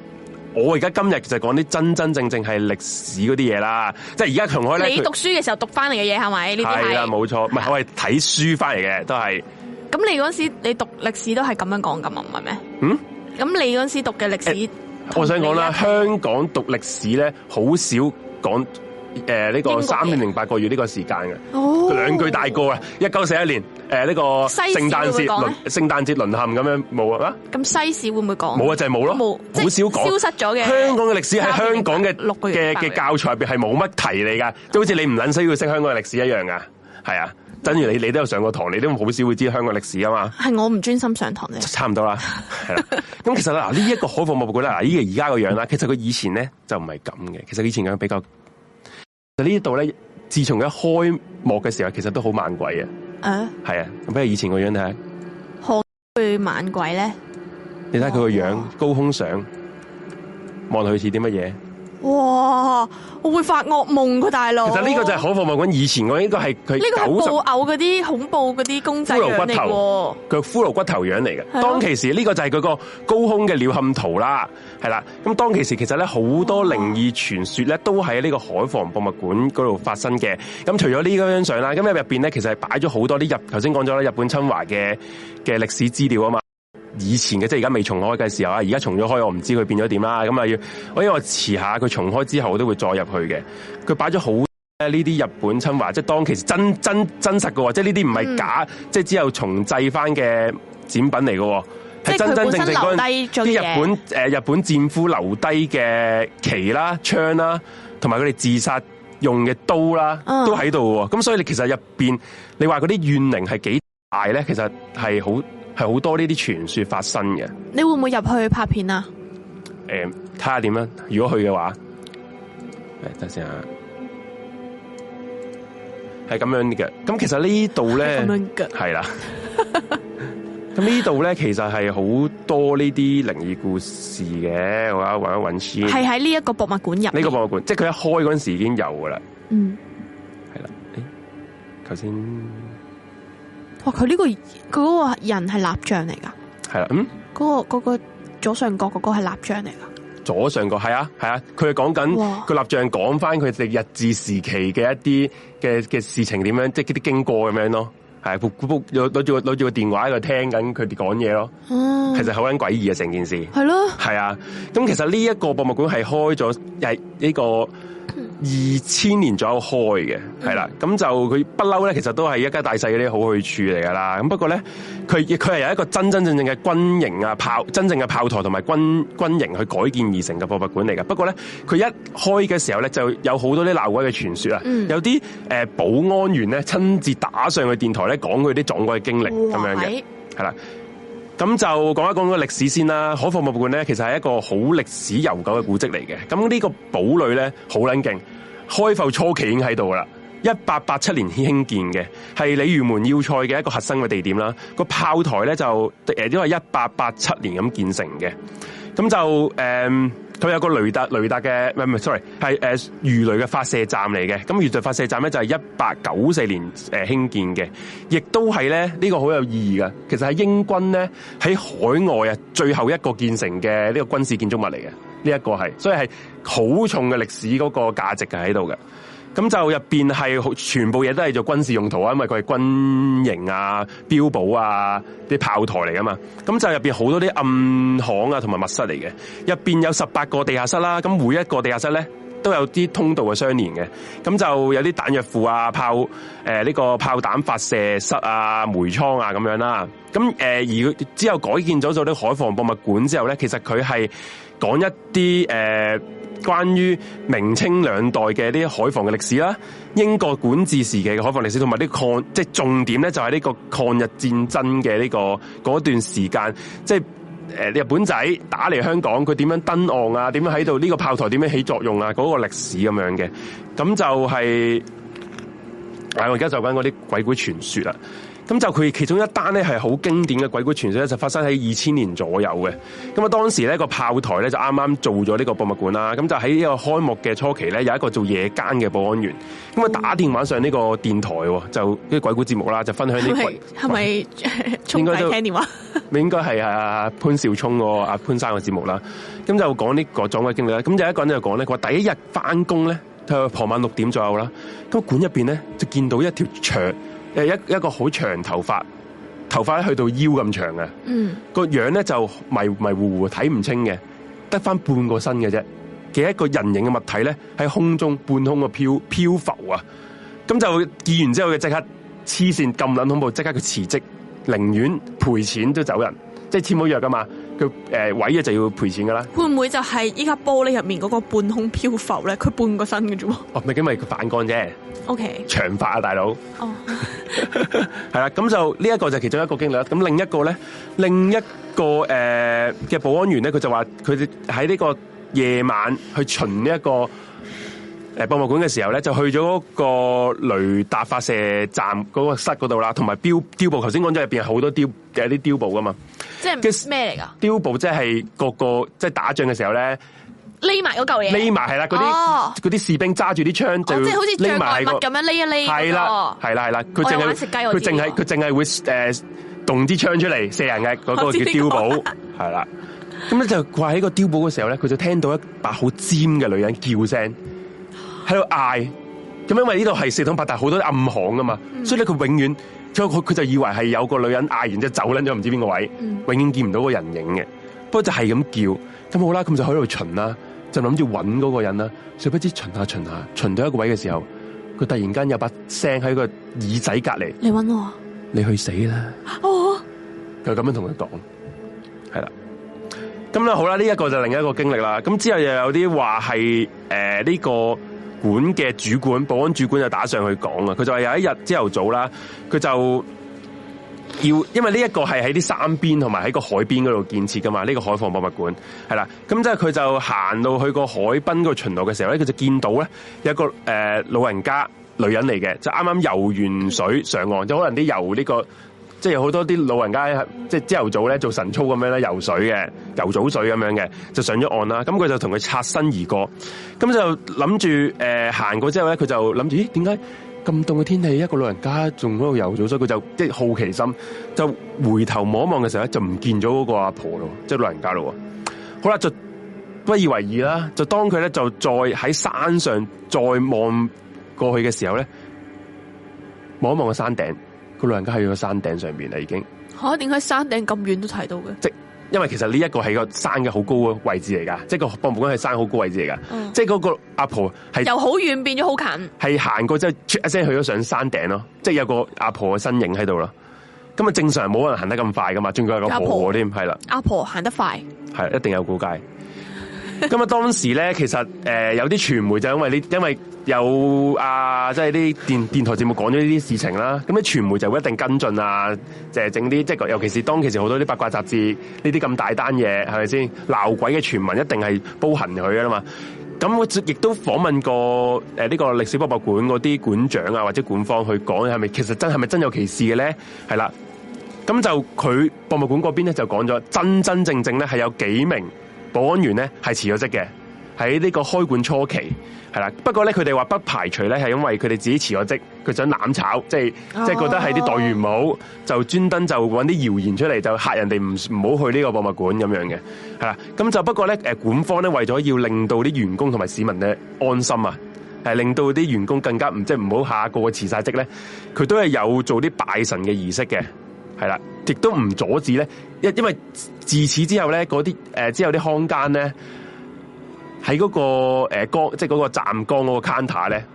我而家今日就講啲真真正正係歷史嗰啲嘢啦，即係而家同我你讀書嘅時候讀翻嚟嘅嘢係咪？係啦，冇錯，唔係我係睇書翻嚟嘅都係。咁你嗰時你讀歷史都係咁樣講㗎嘛？唔係咩？嗯。咁你嗰時讀嘅歷史，欸、我想講啦，香港讀歷史咧，好少講。誒，呢個三年零八個月呢個時間嘅，兩句大過啊。一九四一年，誒呢個聖誕節輪聖誕節淪陷咁樣冇啊？咁西史會唔會講？冇啊，就係冇咯，好少講。消失咗嘅。香港嘅歷史喺香港嘅嘅嘅教材入邊係冇乜提你噶，即好似你唔撚需要識香港嘅歷史一樣噶。係啊，等於你你都有上過堂，你都好少會知香港歷史啊嘛。係我唔專心上堂就差唔多啦。咁其實嗱，呢一個海防博物館啦，呢個而家個樣啦，其實佢以前咧就唔係咁嘅，其實以前比較。呢度咧，自從一開幕嘅時候，其實都好猛鬼啊。啊、uh?，係啊，咁不如以前個樣睇下，好，最猛鬼咧？你睇佢個樣，高空上望落去似啲乜嘢？哇！我會發噩夢個大佬。其實呢個就係海防博物館，以前我應該係佢。呢個係布偶嗰啲恐怖啲公仔骷髏骨頭，佢骷髏骨頭樣嚟嘅。的當其時呢個就係佢個高空嘅鳥瞰圖啦，係啦。咁當其時其實咧好多靈異傳說咧都喺呢個海防博物館嗰度發生嘅。咁除咗呢張相啦，咁入邊咧其實係擺咗好多啲入頭先講咗啦，剛才說了日本侵華嘅嘅歷史資料啊嘛。以前嘅即係而家未重開嘅時候啊，而家重咗開，我唔知佢變咗點啦。咁啊要，我因為我遲下佢重開之後，我都會再入去嘅。佢擺咗好咧呢啲日本侵華，即係當其實真真真實嘅喎，即係呢啲唔係假，嗯、即係之後重製返嘅展品嚟嘅喎，係是真真正正嗰啲日本、呃、日本戰俘留低嘅旗啦、槍啦，同埋佢哋自殺用嘅刀啦，嗯、都喺度喎。咁所以你其實入面，你話嗰啲怨靈係幾大咧？其實係好。係好多呢啲傳說發生嘅，你會唔會入去拍片啊？誒、呃，睇下點啦，如果去嘅話，誒，等先啊，係咁樣嘅，咁其實這裡呢度咧，係啦，咁 *laughs* 呢度咧其實係好多呢啲靈異故事嘅，我啊搵一搵先，係喺呢一個博物館入，呢個博物館，即係佢一開嗰陣時已經有噶、嗯、啦，嗯、欸，係啦，誒，頭先。哇！佢呢個佢嗰個人係蠟像嚟噶，係啦，嗯，嗰個嗰個左上角嗰個係蠟像嚟噶，左上角係啊係啊，佢講緊佢蠟像講翻佢哋日治時期嘅一啲嘅嘅事情點樣，即係啲經過咁樣咯，係，古古攞住攞住個攞住個電話喺度聽緊佢哋講嘢咯，嗯，其實好撚詭異啊成件事，係咯的，係啊的，咁其實呢一個博物館係開咗係呢個。二千年左右開嘅，係啦，咁就佢不嬲咧，其實都係一家大細嗰啲好去處嚟噶啦。咁不過咧，佢佢係由一個真真正正嘅軍營啊炮，真正嘅炮台同埋軍軍營去改建而成嘅博物館嚟嘅。不過咧，佢一開嘅時候咧，就有好多啲鬧鬼嘅傳說啊，嗯、有啲誒、呃、保安員咧親自打上去電台咧講佢啲撞鬼嘅經歷咁喂樣嘅，係啦。咁就講一講個歷史先啦。海防博物館咧，其實係一個好歷史悠久嘅古蹟嚟嘅。咁呢個堡壘咧，好捻勁，開埠初期已經喺度啦。一八八七年興建嘅，係鯉魚門要塞嘅一個核心嘅地點啦。個炮台咧就誒，因為一八八七年咁建成嘅。咁就誒。呃佢有個雷達，雷達嘅唔係，唔係，sorry，係誒、呃、魚雷嘅發射站嚟嘅。咁魚雷發射站咧就係一八九四年誒、呃、興建嘅，亦都係咧呢個好有意義嘅。其實係英軍咧喺海外啊最後一個建成嘅呢個軍事建築物嚟嘅，呢、這、一個係，所以係好重嘅歷史嗰個價值係喺度嘅。咁就入邊係全部嘢都係做軍事用途啊，因為佢係軍營啊、碉堡啊、啲炮台嚟噶嘛。咁就入邊好多啲暗巷啊，同埋密室嚟嘅。入邊有十八個地下室啦、啊，咁每一個地下室咧都有啲通道嘅相連嘅。咁就有啲彈藥庫啊、炮、誒呢、呃這個炮彈發射室啊、煤倉啊咁樣啦、啊。咁誒而之後改建咗做啲海防博物館之後咧，其實佢係講一啲誒。呃關於明清兩代嘅呢啲海防嘅歷史啦，英國管治時期嘅海防歷史，同埋啲抗，即係重點咧就係呢個抗日戰爭嘅呢、這個嗰段時間，即係誒日本仔打嚟香港，佢點樣登岸啊？點樣喺度呢個炮台點樣起作用啊？嗰、那個歷史咁樣嘅，咁就係、是，我而家就緊嗰啲鬼故傳說啦。咁就佢其中一單咧，係好經典嘅鬼故傳說咧，就發生喺二千年左右嘅。咁啊，當時咧個炮台咧就啱啱做咗呢個博物館啦。咁就喺呢個開幕嘅初期咧，有一個做夜間嘅保安員，咁啊打電話上呢個電台，就啲鬼故節目啦，就分享啲鬼是是。係咪？應該都聽電話。咪應該係潘紹聰個阿潘生嘅節目啦。咁就講呢個撞鬼經歷啦。咁就一個人就講咧，佢話第一日翻工咧，佢、就是、傍晚六點左右啦，咁館入面咧就見到一條牆。誒一一個好長頭髮，頭髮咧去到腰咁長嘅，個、嗯、樣咧就迷迷糊糊睇唔清嘅，得返半個身嘅啫，幾一個人形嘅物體咧喺空中半空嘅漂漂浮啊，咁就見完之後佢即刻黐線咁撚恐怖，即刻佢辭職，寧願賠錢都走人，即係簽好約噶嘛。佢誒位啊就要賠錢噶啦，會唔會就係依家玻璃入面嗰個半空漂浮咧？佢半個身嘅啫喎，哦，咪咁咪反光啫。O K，長髮啊，大佬，哦、oh. *laughs* 係啦，咁就呢一個就其中一個經歷啦。咁另一個咧，另一個誒嘅、呃、保安員咧，佢就話佢哋喺呢個夜晚去巡呢一、這個。誒，博物館嘅時候咧，就去咗嗰個雷達發射站嗰個室嗰度啦，同埋碉碉堡。頭先講咗，入邊好多碉有啲碉堡噶嘛，即係叫咩嚟噶？碉堡即係各個即係打仗嘅時候咧，匿埋嗰嚿嘢匿埋係啦，嗰啲啲士兵揸住啲槍就即係好似匿埋咁樣匿一匿係啦係啦係啦，佢淨係佢淨係佢淨係會誒動支槍出嚟射人嘅嗰個叫碉堡係啦。咁咧就掛喺個碉堡嘅時候咧，佢就聽到一把好尖嘅女人叫聲。喺度嗌，咁因為呢度係四通八達，好多暗巷㗎嘛，嗯、所以咧佢永遠，佢佢就以為係有個女人嗌然完就走甩咗唔知邊個位，嗯、永遠見唔到個人影嘅。不過就係咁叫，咁好啦，咁就喺度巡啦，就諗住揾嗰個人啦。殊不知巡下巡下，巡，巡到一個位嘅時候，佢突然間有一把聲喺個耳仔隔籬，你揾我，你去死啦！哦，哦這他，佢咁樣同佢講，係啦。咁咧好啦，呢一個就係另一個經歷啦。咁之後又有啲話係誒呢個。館嘅主管，保安主管就打上去講啦！佢就話有一日朝頭早啦，佢就要，因為呢一個係喺啲山邊同埋喺個海邊嗰度建設噶嘛，呢、這個海防博物館係啦。咁即係佢就行到去個海濱個巡邏嘅時候咧，佢就見到咧有一個誒、呃、老人家女人嚟嘅，就啱啱游完水上岸，就可能啲游呢個。即係好多啲老人家，即係朝頭早咧做晨操咁樣咧游水嘅，游早水咁樣嘅，就上咗岸啦。咁佢就同佢擦身而過，咁就諗住誒行過之後咧，佢就諗住，咦？點解咁凍嘅天氣，一個老人家仲喺度游早水？佢就即好奇心，就回頭望一望嘅時候咧，就唔見咗嗰個阿婆咯，即係老人家咯。好啦，就不以為意啦。就當佢咧就再喺山上再望過去嘅時候咧，望一望個山頂。佢老人家喺個山頂上面啦，已經吓，點解山頂咁遠都睇到嘅？即因為其實呢一個係個山嘅好高嘅位置嚟噶，即係個博物館係山好高位置嚟噶。嗯、即係嗰個阿婆係由好遠變咗好近，係行過之後，出一、就、聲、是、去咗上山頂咯。即係有個阿婆嘅身影喺度咯。咁啊，正常冇可能行得咁快噶嘛，仲加係個阿婆添，係啦了，阿婆行得快，係、嗯、一定有古怪。咁啊！ *laughs* 當時咧，其實誒、呃、有啲傳媒就因為你因為有啊，即係啲電電台節目講咗呢啲事情啦，咁咧傳媒就會一定跟進啊，就係整啲即係尤其是當其時好多啲八卦雜誌呢啲咁大單嘢係咪先，鬧鬼嘅傳聞一定係煲行佢噶啦嘛。咁我亦都訪問過呢、呃呢個歷史博物館嗰啲館長啊或者館方去講係咪其實真係咪真有其事嘅咧？係啦，咁就佢博物館嗰邊咧就講咗真真正正咧係有幾名，保安員咧係辭咗職嘅，喺呢個開館初期係啦，不過咧佢哋話不排除咧係因為佢哋自己辭咗職，佢想攬炒，即係即係覺得係啲待遇唔好，oh. 就專登就搵啲謠言出嚟，就嚇人哋唔唔好去呢個博物館咁樣嘅，係啦，咁就不過咧，誒、呃，管方咧為咗要令到啲員工同埋市民嘅安心啊，係令到啲員工更加唔即係唔好下個個辭晒職咧，佢都係有做啲拜神嘅儀式嘅。係啦，亦都唔阻止咧，因因為自此之後咧，嗰啲誒之後啲康間咧，喺嗰、那個誒江，即係嗰個站崗嗰個 counter 咧，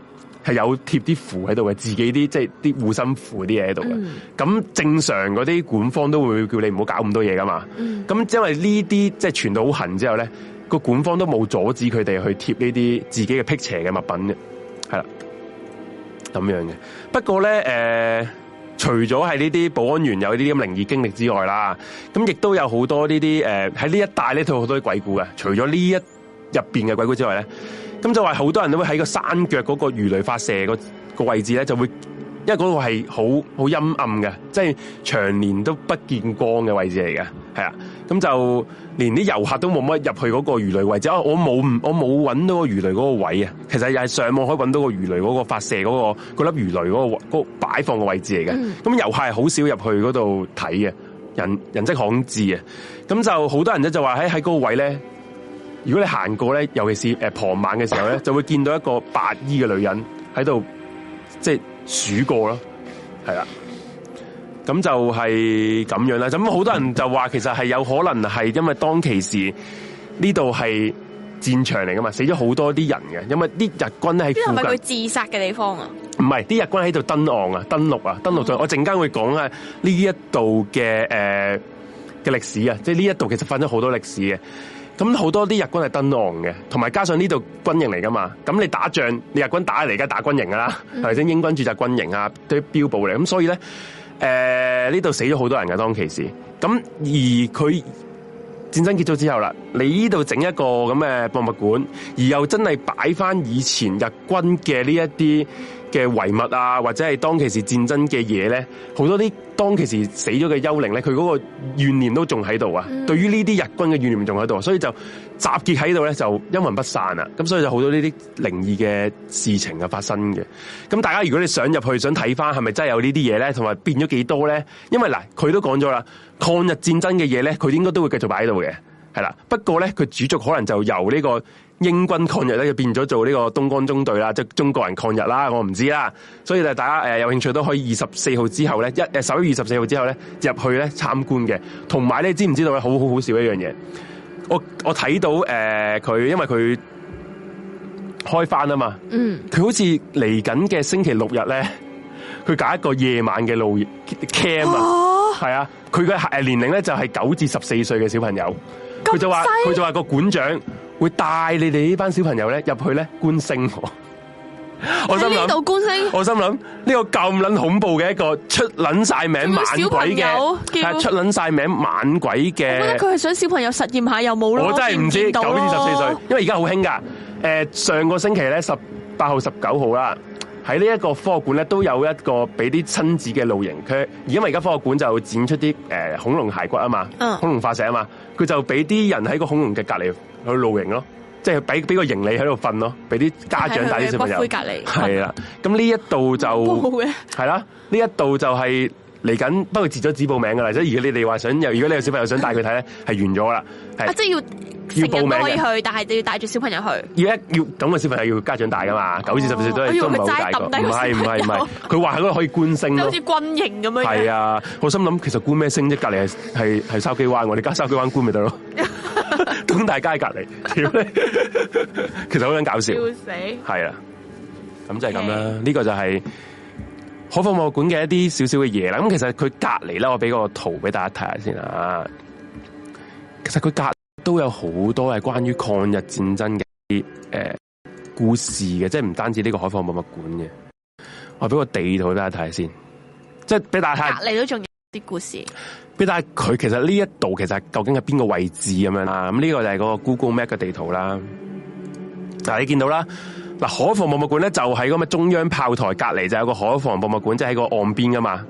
係有貼啲符喺度嘅，自己啲即係啲護身符啲嘢喺度嘅。咁、嗯、正常嗰啲管方都會叫你唔好搞咁多嘢㗎嘛。咁、嗯、因為呢啲即係傳到好痕之後咧，個管方都冇阻止佢哋去貼呢啲自己嘅辟邪嘅物品嘅，係啦，咁樣嘅。不過咧，誒、呃。除咗係呢啲保安員有呢啲咁靈異經歷之外啦，咁亦都有好多呢啲誒喺呢一帶咧，都有好多鬼故嘅。除咗呢一入邊嘅鬼故之外咧，咁就話好多人都會喺個山腳嗰個魚雷發射個個位置咧，就會。因為嗰度係好好陰暗嘅，即係長年都不見光嘅位置嚟嘅，係啊，咁就連啲遊客都冇乜入去嗰個魚雷位置。哦，我冇我冇揾到個魚雷嗰個位啊。其實又係上網可以揾到個魚雷嗰個發射嗰、嗰、粒、個、魚雷嗰、嗰個嗰個擺放嘅位置嚟嘅。咁、嗯、遊客係好少入去嗰度睇嘅，人人跡罕至啊。咁就好多人咧就話喺喺嗰個位咧，如果你行過咧，尤其是誒傍晚嘅時候咧，就會見到一個白衣嘅女人喺度即係。數過咯，係啦，咁就係咁樣啦。咁好多人就話，其實係有可能係因為當其時呢度係戰場嚟噶嘛，死咗好多啲人嘅。因為啲日軍喺度，呢個係咪佢自殺嘅地方啊？唔係，啲日軍喺度登岸啊，登陸啊，登陸。嗯、我陣間會講啊，呢一度嘅誒嘅歷史啊，即係呢一度其實發生好多歷史嘅。咁好多啲日軍係登岸嘅，同埋加上呢度軍營嚟噶嘛咁你打仗，你日軍打嚟而家打軍營噶啦，係咪先？英軍駐紮軍營啊，啲碉堡嚟，咁所以咧，誒呢度死咗好多人㗎，當其時，咁而佢戰爭結束之後啦，你呢度整一個咁嘅博物館，而又真係擺翻以前日軍嘅呢一啲嘅遺物啊，或者係當其時戰爭嘅嘢咧，好多啲當其時死咗嘅幽靈咧，佢嗰個怨念都仲喺度啊。嗯、對於呢啲日軍嘅怨念仲喺度，所以就集結喺度咧，就陰魂不散啊。咁所以就好多呢啲靈異嘅事情啊發生嘅。咁大家如果你想入去想睇翻，係咪真係有呢啲嘢咧，同埋變咗幾多咧？因為嗱，佢都講咗啦，抗日戰爭嘅嘢咧，佢應該都會繼續擺喺度嘅，係啦。不過咧，佢主軸可能就由呢、呢個。英軍抗日咧就變咗做呢個東江中隊啦，即係中國人抗日啦，我唔知啦。所以就大家誒有興趣都可以二十四號之後咧，一十一月二十四號之後咧入去咧參觀嘅。同埋咧，知唔知道咧好好好笑一樣嘢？我我睇到誒，佢、呃、因為佢開翻啊嘛，嗯，佢好似嚟緊嘅星期六日咧，佢搞一個夜晚嘅露營 camp 啊，係啊、哦，佢嘅年齡咧就係九至十四歲嘅小朋友，佢就話佢就話個館長。會帶你哋呢班小朋友咧入去咧觀星， *laughs* 想觀星，我心諗，觀星，我心諗呢個咁捻恐怖嘅一個出捻晒名猛鬼嘅，叫出捻晒名猛鬼嘅。我覺得佢係想小朋友實驗下有冇咯，我真係唔知九至十四歲，因為而家好興噶。誒、呃，上個星期咧十八號、十九號啦，喺呢一個科學館咧都有一個俾啲親子嘅露營。佢而因為而家科學館就展出啲誒、呃、恐龍骸骨啊嘛，嗯、恐龍化石啊嘛，佢就俾啲人喺個恐龍嘅隔籬。去露營咯，即係俾俾個營你喺度瞓咯，俾啲家長帶啲小朋友，係啦，咁呢一度就係啦，呢一度就係嚟緊，不過截咗紙報名噶啦。所以如果你哋話想，如果你有小朋友想帶佢睇咧，係 *laughs* 完咗啦、啊。即係要要報名可以去，但係你要帶住小朋友去。而家要咁嘅小朋友要家長帶噶嘛？九至十四歲都係都唔係好大個。唔係唔係唔係，佢話喺度可以觀星好似 *laughs* 軍營咁樣。係啊，我心諗其實觀咩星啫？隔籬係係筲箕灣，我哋家筲箕灣觀咪得咯。 *laughs* 東大街隔籬，屌！ *laughs* 其實好想搞笑，笑死。係啊，咁就係咁啦。呢 Okay. 個就係海防博物館嘅一啲少少嘅嘢啦。咁其實佢隔籬咧，我俾個圖俾大家睇下先啦。其實佢隔都有好多係關於抗日戰爭嘅啲誒故事嘅，即係唔單止呢個海防博物館嘅。我俾個地圖大家睇下先，即係俾大家睇下。隔籬都仲。啲故事，但係佢其實呢一度其實究竟係邊個位置咁樣啦，咁、嗯、呢、這個就係個 Google Map 嘅地圖啦。嗱、啊，你見到啦，嗱海防博物館咧就喺咁嘅中央炮台隔籬就有個海防博物館，即係喺個岸邊噶嘛。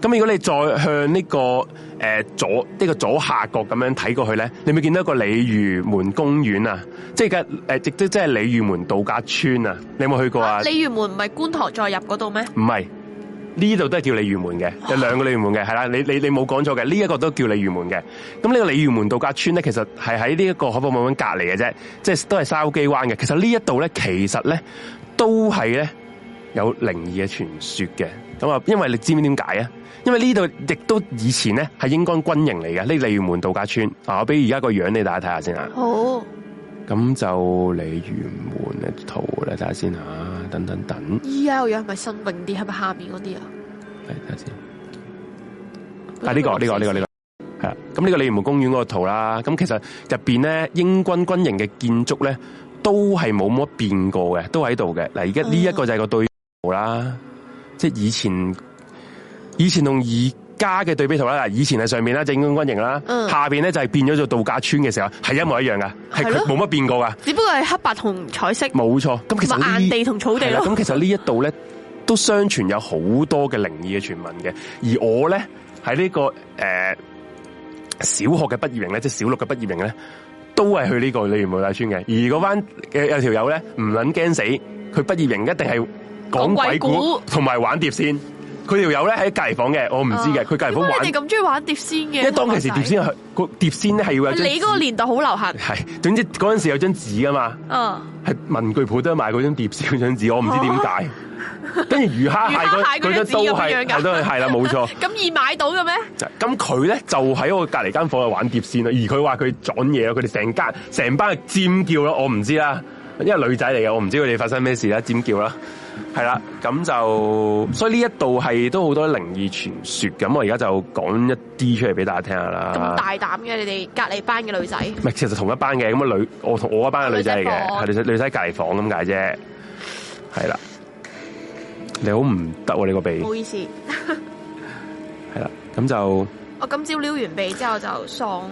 咁、嗯、如果你再向呢、這個誒、呃、左呢、這個左下角咁樣睇過去咧，你咪有冇見到一個鯉魚門公園啊，即係嘅誒，呃、即即即即係鯉魚門度假村啊，你有冇去過啊？鯉魚、啊、門唔係觀塘再入嗰度咩？唔係。呢度都係叫鯉魚門嘅，有兩個鯉魚門嘅，係啦，你你你冇講錯嘅，呢一個都叫鯉魚門嘅。咁呢個鯉魚門度假村咧，其實係喺呢一個海傍賓館隔籬嘅啫，即係都係筲箕灣嘅。其實呢一度咧，其實咧都係咧有靈異嘅傳說嘅。咁啊，因為你知唔知點解啊？因為呢度亦都以前咧係英軍軍營嚟嘅，呢鯉魚門度假村。啊，我俾而家個樣你大家睇下先啊。好。咁就鯉魚門嘅圖啦，睇下先吓，等等等。看看看看而家個樣係咪新穎啲？係咪下面嗰啲啊？係睇下先。啊、呢個，呢、呢個呢、呢個呢、呢個呢個係啦，咁呢個鯉魚門公園嗰個圖啦，咁其實入邊咧英軍軍營嘅建築咧都係冇乜變過嘅，都喺度嘅。嗱，而家呢一個就係個對比圖啦，嗯、即係以前，以前同以。家嘅對比圖啦，以前喺上面啦，正規軍營啦，嗯、下邊咧就係變咗做度假村嘅時候，係一模一樣噶，係佢冇乜變過噶，只不過係黑白同彩色。冇錯，咁其實咁硬地同草地，咁其實呢一度咧， *laughs* 都相傳有好多嘅靈異嘅傳聞嘅，而我咧喺呢、這個誒、呃、小學嘅畢業營咧，即係小六嘅畢業營咧，都係去呢個鯉魚門大村嘅，而嗰班嘅有條友咧唔撚驚死，佢畢業營一定係講鬼故同埋玩碟仙。佢條友咧喺隔離房嘅，我唔知嘅。佢隔離房玩，咁中意玩碟仙嘅。因為當其時碟仙係個碟仙咧，係要有。你嗰個年代好流行。係，總之嗰陣時有張紙㗎嘛。嗯。係文具鋪都賣嗰張碟仙嗰張紙，我唔知點解。跟住、uh. 魚蝦蟹嗰嗰張都係，係都係，係啦，冇錯。咁易 *laughs* 買到嘅咩？咁佢咧就喺我隔離間房度玩碟仙啦，而佢話佢撞嘢啦，佢哋成間成班係尖叫啦，我唔知啦，因為女仔嚟嘅，我唔知佢哋發生咩事啦，尖叫啦。係啦，咁就所以呢一度係都好多靈異傳說，咁我而家就講一啲出嚟俾大家聽下啦。咁大膽嘅你哋隔籬班嘅女仔？唔係，其實同一班嘅咁啊女，我同我一班嘅女仔嚟嘅，係女仔，女仔隔籬房咁解啫，係啦。你好唔得喎，你個鼻。唔好意思 *laughs* 對。係啦，咁就我今朝撩完鼻之後就送。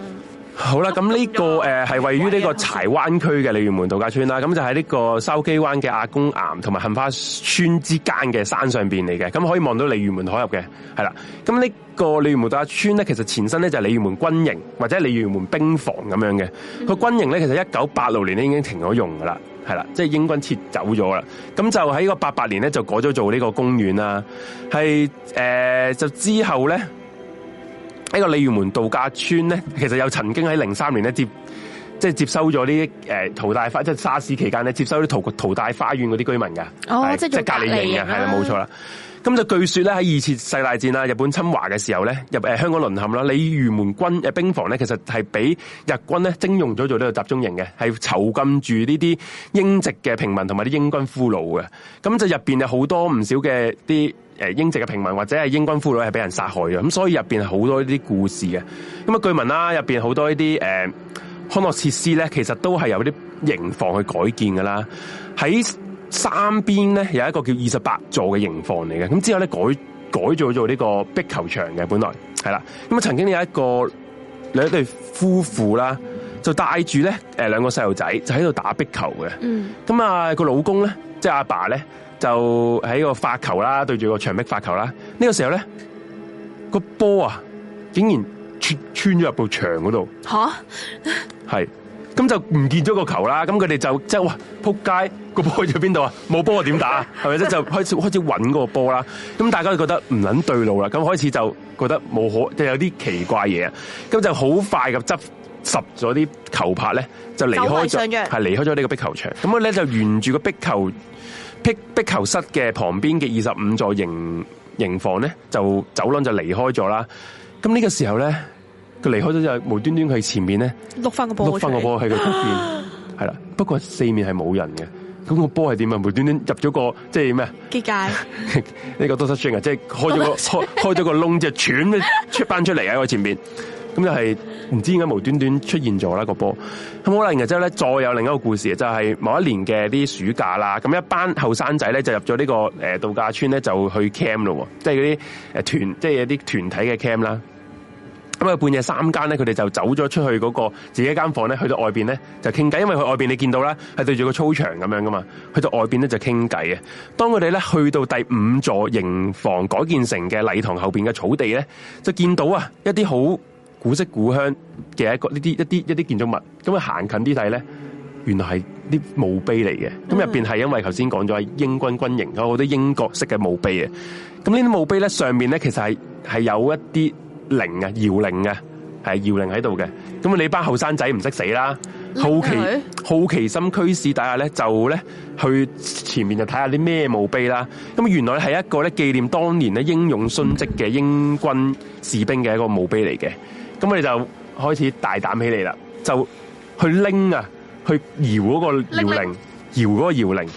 好啦，咁呢、這個誒係、呃嗯、位於呢個柴灣區嘅鯉魚門度假村啦，咁、嗯、就喺呢個筲箕灣嘅阿公岩同埋杏花村之間嘅山上邊嚟嘅，咁可以望到鯉魚門海入嘅，係啦。咁呢個鯉魚門度假村咧，其實前身咧就係鯉魚門軍營或者鯉魚門兵房咁樣嘅，個、嗯、軍營咧其實一九八六年咧已經停咗用噶啦，係啦，即、就、係、是、英軍撤走咗啦，咁就喺呢個八八年咧就改咗做呢個公園啦，係誒、呃、就之後咧。喺個鯉魚門度假村咧，其實又曾經喺零三年咧接，即係接收咗呢啲誒淘大花，即係沙士期間咧接收啲淘淘大花園嗰啲居民噶。哦，是即係隔離型嘅，係啦、啊，冇錯啦。咁就據說咧，喺二次世界大戰啦，日本侵華嘅時候咧，入香港淪陷啦，鯉魚門軍兵房咧，其實係俾日軍咧徵用咗做呢個集中營嘅，係囚禁住呢啲英籍嘅平民同埋啲英軍俘虜嘅。咁就入面有好多唔少嘅啲英籍嘅平民或者係英軍俘虜係俾人殺害嘅，咁所以入面係好多呢啲故事嘅。咁啊，據聞啦，入面好多呢啲誒康樂設施咧，其實都係由啲營房去改建噶啦，喺。三邊咧，有一個叫二十八座嘅營房嚟嘅。咁之後咧，改改造做呢個壁球場嘅本來係啦，咁啊曾經有一個兩對夫婦啦，就帶住咧誒兩個細路仔就喺度打壁球嘅，咁啊、嗯、個老公咧即係阿爸咧就喺個發球啦，對住個牆壁發球啦，呢、這個時候咧、那個波啊竟然穿穿咗入部牆嗰度，吓係哈。是咁就唔見咗個球啦，咁佢哋就即係哇撲街，個波去咗邊度啊？冇波我點打係，係咪先，就開始 *laughs* 開始揾個波啦？咁大家就覺得唔捻對路啦，咁開始就覺得冇可即有啲奇怪嘢，咁就好快咁執拾咗啲球拍咧，就離開咗，係離開咗呢個壁球場。咁咧就沿住個壁球壁、壁球室嘅旁邊嘅二十五座營營房咧，就走廊就離開咗啦。咁呢個時候咧。佢離開咗之後無端端喺前面咧，碌翻個波，翻個波喺佢出面，係啦。 *laughs* 不過四面係冇人嘅，咁、嗰個波係點啊？無端端入咗個即係咩？結界呢 *laughs* 個 Doctor Strange 即係開咗個開咗個窿，就竄咧出翻出嚟喺我前面。咁就係唔知點解無端端出現咗啦、嗰個波。咁可能然之後咧，再有另一個故事就係、係、某一年嘅啲暑假啦。咁一班後生仔咧就入咗呢個誒度假村咧，就去 camp 咯，即係嗰啲團，即係有啲團體嘅 camp 啦。咁啊！半夜三更咧，佢哋就走咗出去嗰個自己間房咧，去到外邊咧就傾偈。因為佢外邊你見到啦，係對住個操場咁樣噶嘛。去到外邊咧就傾偈啊。當佢哋咧去到第五座營房改建成嘅禮堂後邊嘅草地咧，就見到啊一啲好古色古香嘅一個呢啲一啲一啲建築物。咁啊行近啲睇咧，原來係啲墓碑嚟嘅。咁入邊係因為頭先講咗係英軍軍營有好多英國式嘅墓碑啊。咁呢啲墓碑咧上面咧其實係係有一啲。鈴啊，搖鈴嘅，係搖鈴喺度嘅。咁你班後生仔唔識死啦，好奇好奇心驅使底下咧，就咧去前面就睇下啲咩墓碑啦。咁原來係一個咧紀念當年咧英勇殉職嘅英軍士兵嘅一個墓碑嚟嘅。咁我哋就開始大膽起嚟啦，就去拎啊，去搖嗰個搖鈴，搖嗰拈個搖鈴。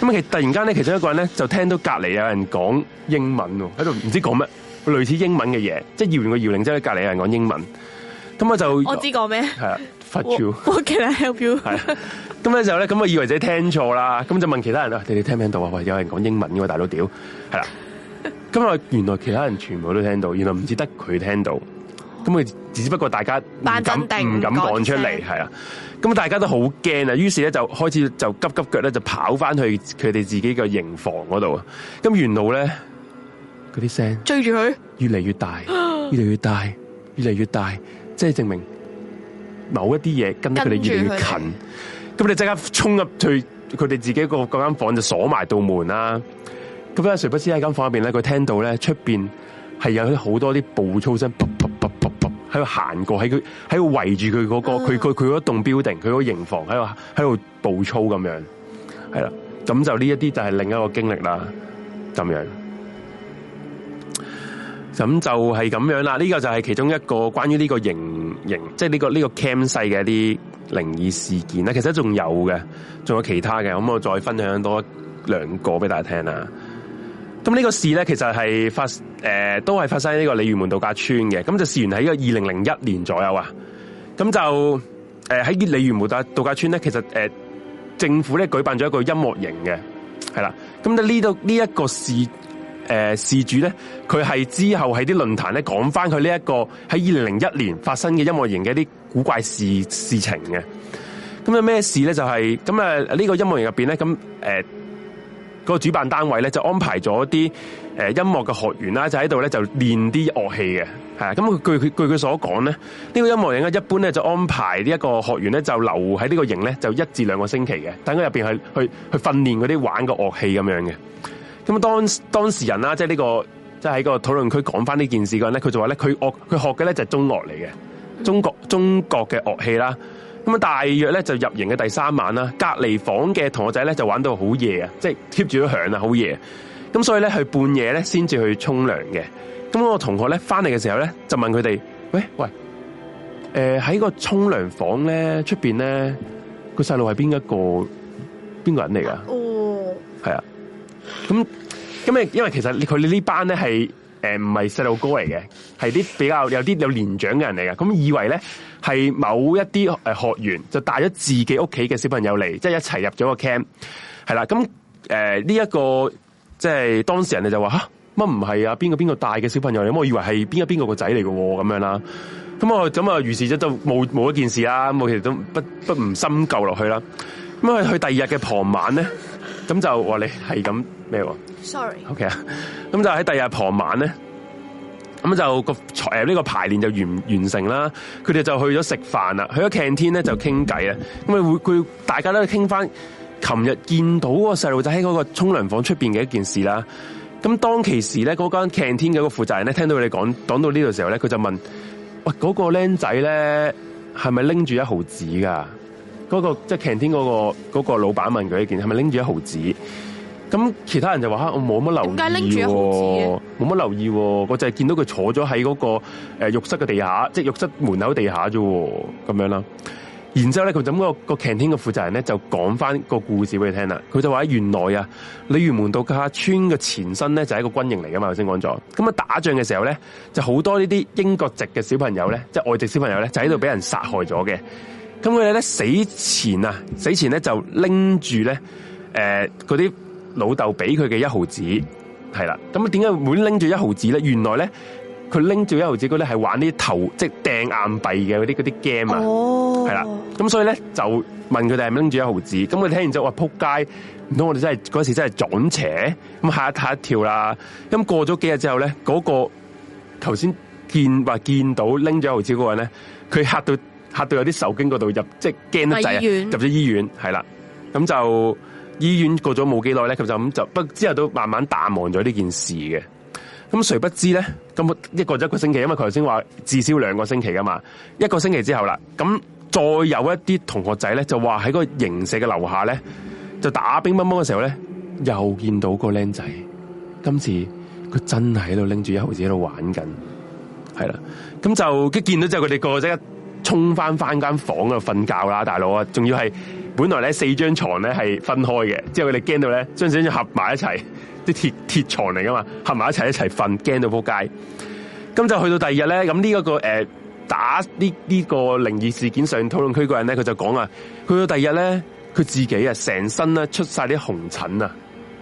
咁啊，其實突然間咧，其中一個人咧就聽到隔籬有人講英文喎，喺度唔知講咩。類似英文嘅嘢，即係搖完個搖鈴之後，隔籬有人講英文，咁我就我知講咩？係啊，fuck you，what can I help you？係咁咧就咧，咁我以為自己聽錯啦，咁就問其他人啦， *laughs* 你哋聽唔聽到啊？喂，有人講英文嘅，大佬屌，係啦。咁啊，原來其他人全部都聽到，原來唔知得佢聽到，咁佢只只不過大家唔敢唔敢講出嚟，係啦鎮。咁大家都好驚啊，於是咧就開始就急急腳咧就跑翻去佢哋自己嘅營房嗰度。咁沿路咧。啲聲追住佢，越嚟越大，越嚟越大，越嚟越大，即係證明某一啲嘢，跟得佢哋越嚟越，越近。咁佢哋即刻衝入去佢哋自己個間、嗰個嗰間房就鎖埋道門啦。咁啊，誰不知喺間房入邊咧，佢聽到咧出邊係有好多啲步操聲，啪啪啪喺度行過，喺佢喺度圍住佢嗰個佢佢佢嗰棟 building，佢嗰營房喺度喺度步操咁樣，係啦。咁就呢一啲就係另一個經歷啦，咁樣。咁就係咁樣啦，呢、這個就係其中一個關於呢個營營即係呢個呢、這個 cam 世嘅一啲靈異事件啦。其實仲有嘅，仲有其他嘅，咁我再分享多兩個俾大家聽啦。咁呢個事咧，其實係發誒、呃、都係發生喺呢個鯉魚門度假村嘅。咁就事源喺呢個二零零一年左右啊。咁就誒喺鯉魚門度假村咧，其實誒、呃、政府咧舉辦咗一個音樂營嘅，係啦。咁就呢度呢一個事。誒，事主咧，佢係之後喺啲論壇咧講翻佢呢一個喺二零零一年發生嘅音樂營嘅一啲古怪事事情嘅。咁有咩事咧？就係咁啊，呢個音樂營入邊咧，咁誒，嗰、呃嗰個主辦單位咧就安排咗啲誒音樂嘅學員啦，就喺度咧就練啲樂器嘅，係咁啊據佢據佢所講咧，呢、呢個音樂營咧一般咧就安排呢一個學員咧就留喺呢個營咧就一至兩個星期嘅，等佢入邊去去去訓練嗰啲玩個樂器咁樣嘅。咁當當當事人啦，即係呢個，即係喺個討論區講翻呢件事嘅人咧，佢就話咧，佢學佢學嘅咧就係中樂嚟嘅，中國中國嘅樂器啦。咁啊大約咧就入營嘅第三晚啦，隔離房嘅同學仔咧就玩到好夜啊，即係 keep 住咗響啊，好夜。咁所以咧，佢半夜咧先至去沖涼嘅。咁嗰個同學咧翻嚟嘅時候咧，就問佢哋：喂喂，誒喺個沖涼房咧出邊咧個細路係邊一個邊個人嚟噶哦，係啊。咁咁，因為因為其實佢哋呢班咧係誒唔係細路哥嚟嘅，係、呃、啲比較有啲有年長嘅人嚟㗎。咁以為咧係某一啲誒學員就帶咗自己屋企嘅小朋友嚟，即、就、係、是、一齊入咗個 camp 係啦。咁誒呢一個即係、呃這個就是、當事人就話吓乜唔係啊？邊個邊個帶嘅小朋友？咁我以為係邊個邊個個仔嚟嘅咁樣啦。咁啊咁啊，於是就就冇冇一件事啦。咁我其實都不不唔深究落去啦。咁啊，佢第二日嘅傍晚咧，咁就話你係咁。咩喎？Sorry，OK 啊，咁就喺第二日傍晚咧，咁就個誒呢個排練就完完成啦。佢哋就去咗食飯啦，去咗 canteen 咧就傾偈啊。咁啊會佢大家都傾翻，琴日見到個細路仔喺嗰個沖涼房出邊嘅一件事啦。咁當其時咧，嗰間 canteen 嘅個負責人咧聽到佢哋講講到呢度時候咧，佢就問：喂，嗰個僆仔咧係咪拎住一毫紙㗎？嗰個即係 canteen 嗰個嗰個老闆問佢一件係咪拎住一毫紙？咁其他人就話：吓，我冇乜留意喎，冇乜留意喎，我就係見到佢坐咗喺嗰個浴室嘅地下，即係浴室門口地下啫，咁樣啦。然之後咧，佢整、那個個 canteen 嘅負責人咧就講翻個故事俾你聽啦。佢就話：原來啊，鯉魚門度假村嘅前身咧就係、是、一個軍營嚟噶嘛，頭先講咗。咁啊，打仗嘅時候咧，就好多呢啲英國籍嘅小朋友咧，即、就、係、是、外籍小朋友咧，就喺度俾人殺害咗嘅。咁佢哋咧死前啊，死前咧就拎住咧嗰啲。呃老豆俾佢嘅一毫子，係啦，咁啊點解會拎住一毫子咧？原來咧，佢拎住一毫子嗰咧係玩啲頭，即係掟硬幣嘅嗰啲啲 game 啊，係啦、哦，咁所以咧就問佢哋係咪拎住一毫子，咁我哋聽完就話扑街，唔通我哋真係嗰時真係撞邪，咁下一下一條啦，咁過咗幾日之後咧，嗰、那個頭先見話、啊、見到拎住一毫子嗰人咧，佢吓到吓到有啲受驚嗰度入，即係驚得滯入咗醫院，係啦，咁就。醫院過咗冇幾耐咧，佢就咁就不之後都慢慢淡忘咗呢件事嘅。咁誰不知咧？咁一過咗一個星期，因為佢頭先話至少兩個星期噶嘛，一個星期之後啦，咁再有一啲同學仔咧，就話喺個個營舍嘅樓下咧，就打乒乓波嘅時候咧，又見到個僆仔。今次佢真係喺度拎住一毫子喺度玩緊，係啦。咁就見見到之後，佢哋個即刻衝翻翻間房度瞓覺啦，大佬啊，仲要係。本來咧，四張床咧係分開嘅，之後佢哋驚到咧，將四張床合埋一齊，啲鐵鐵床嚟噶嘛，合埋一齊一齊瞓，驚到扑街。咁就去到第二日咧，咁呢一個誒、呃、打呢呢、呢個靈異事件上討論區嘅人咧，佢就講啊，去到第二日咧，佢自己啊成身咧出晒啲紅疹啊，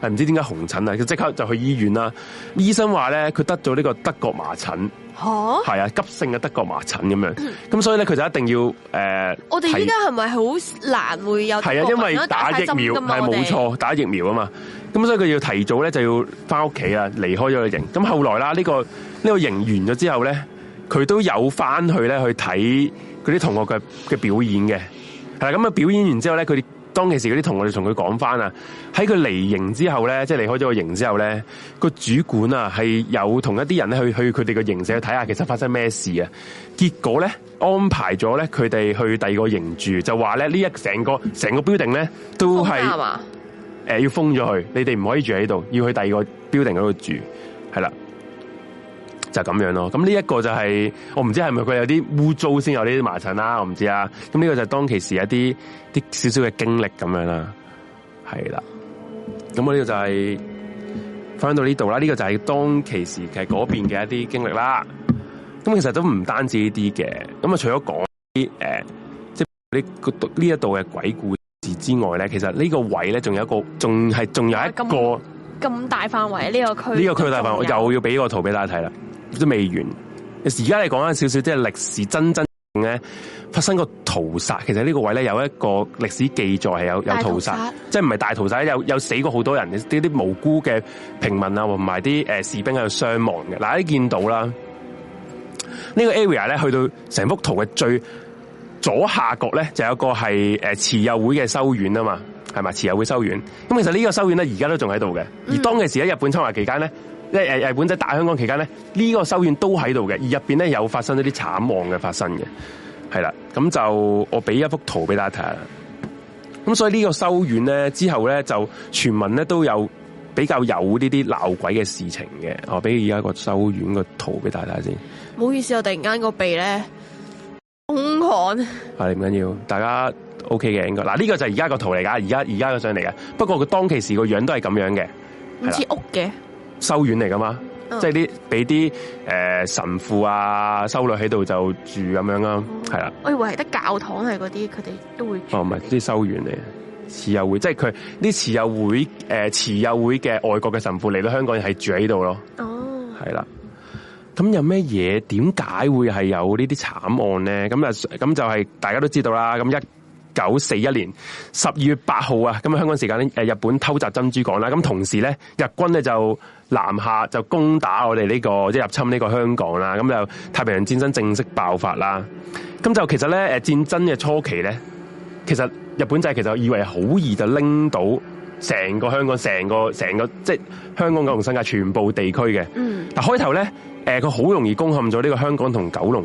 係唔知點解紅疹啊，佢即刻就去醫院啦。醫生話咧佢得咗呢個德國麻疹。係 Huh? 啊，急性嘅德國麻疹咁樣，咁 *noise* 所以咧佢就一定要誒，呃、我哋依家係咪好難會有得、啊、因咧？打疫苗係冇、啊、錯，打疫苗啊嘛，咁、嗯、所以佢要提早咧就要翻屋企啦，離開咗個營。咁後來啦，呢、呢個呢、呢個營完咗之後咧，佢都有翻去咧去睇嗰啲同學嘅嘅表演嘅。係啦、啊，咁啊表演完之後咧佢哋。當其時嗰啲同我哋同佢講翻啊，喺佢離營之後咧，即、就、係、是、離開咗個營之後咧，個主管啊係有同一啲人咧去去佢哋個營舍去睇下，其實發生咩事啊，結果咧安排咗咧佢哋去第二個營住，就話咧呢一成個成個 building 咧都係 Okay, right?、呃、要封咗佢，你哋唔可以住喺度，要去第二個 building 嗰度住，係啦。就咁樣咯，咁呢一個就係我唔知係咪佢有啲污糟先有呢啲麻塵啦，我唔知啊。咁呢個就當其時一啲啲少少嘅經歷咁樣啦，係啦。咁我呢個就係、是、翻到呢度啦，呢、這個就係當其時其實嗰邊嘅一啲經歷啦。咁其實都唔單止呢啲嘅，咁啊除咗講啲誒，即係呢呢一度嘅鬼故事之外咧，其實呢個位咧仲有一個，仲係仲有一個咁大範圍呢個區，呢個區嘅大範圍，又要俾個圖俾大家睇啦。都未完，而家你講緊少少，即係歷史真真正咧發生過屠殺。其實呢個位咧有一個歷史記載係有有屠殺，屠殺即係唔係大屠殺，有有死過好多人，呢啲啲無辜嘅平民啊，同埋啲誒士兵喺度傷亡嘅。嗱，你見到啦，呢個 area 咧去到成幅圖嘅最左下角咧，就有一個係誒慈幼會嘅修院啊嘛，係咪？慈幼會修院，咁其實呢個修院咧而家都仲喺度嘅，而當其時喺日本侵華期間咧。即係誒，日本仔打香港期間咧，呢、這個修院都喺度嘅，而入邊咧有發生咗啲慘亡嘅發生嘅，係啦，咁就我俾一幅圖俾大家睇下。咁所以呢個修院咧之後咧就傳聞，咧都有比較有呢啲鬧鬼嘅事情嘅。我俾而家個修院、這個圖俾大家先。唔好意思，我突然間個鼻咧風寒。 *laughs* 啊，唔緊要緊，大家 OK 嘅應該。嗱，呢個就係而家個圖嚟噶，而家而家個相嚟嘅。不過佢當其時個樣都係咁樣嘅，唔似屋嘅。了修院嚟噶嘛，oh. 即係啲俾啲誒神父啊修女喺度就住咁樣咯，係啦、oh. 的。我以為係得教堂係嗰啲，佢哋都會住哦，唔係啲修院嚟，慈幼會即係佢啲慈幼會誒慈幼會嘅外國嘅神父嚟到香港係住喺度咯。哦、oh.，係啦。咁有咩嘢？點解會係有呢啲慘案咧？咁啊、就是，咁就係大家都知道啦。咁一九四一年十二月八號啊，咁啊香港時間咧，誒日本偷襲珍珠港啦，咁同時咧，日軍咧就南下就攻打我哋呢個即係入侵呢個香港啦，咁就太平洋戰爭正式爆發啦，咁就其實咧，誒戰爭嘅初期咧，其實日本仔其實以為好易就拎到成個香港、成個成個即係香港九龍新界全部地區嘅，但開頭咧，誒佢好容易攻陷咗呢個香港同九龍。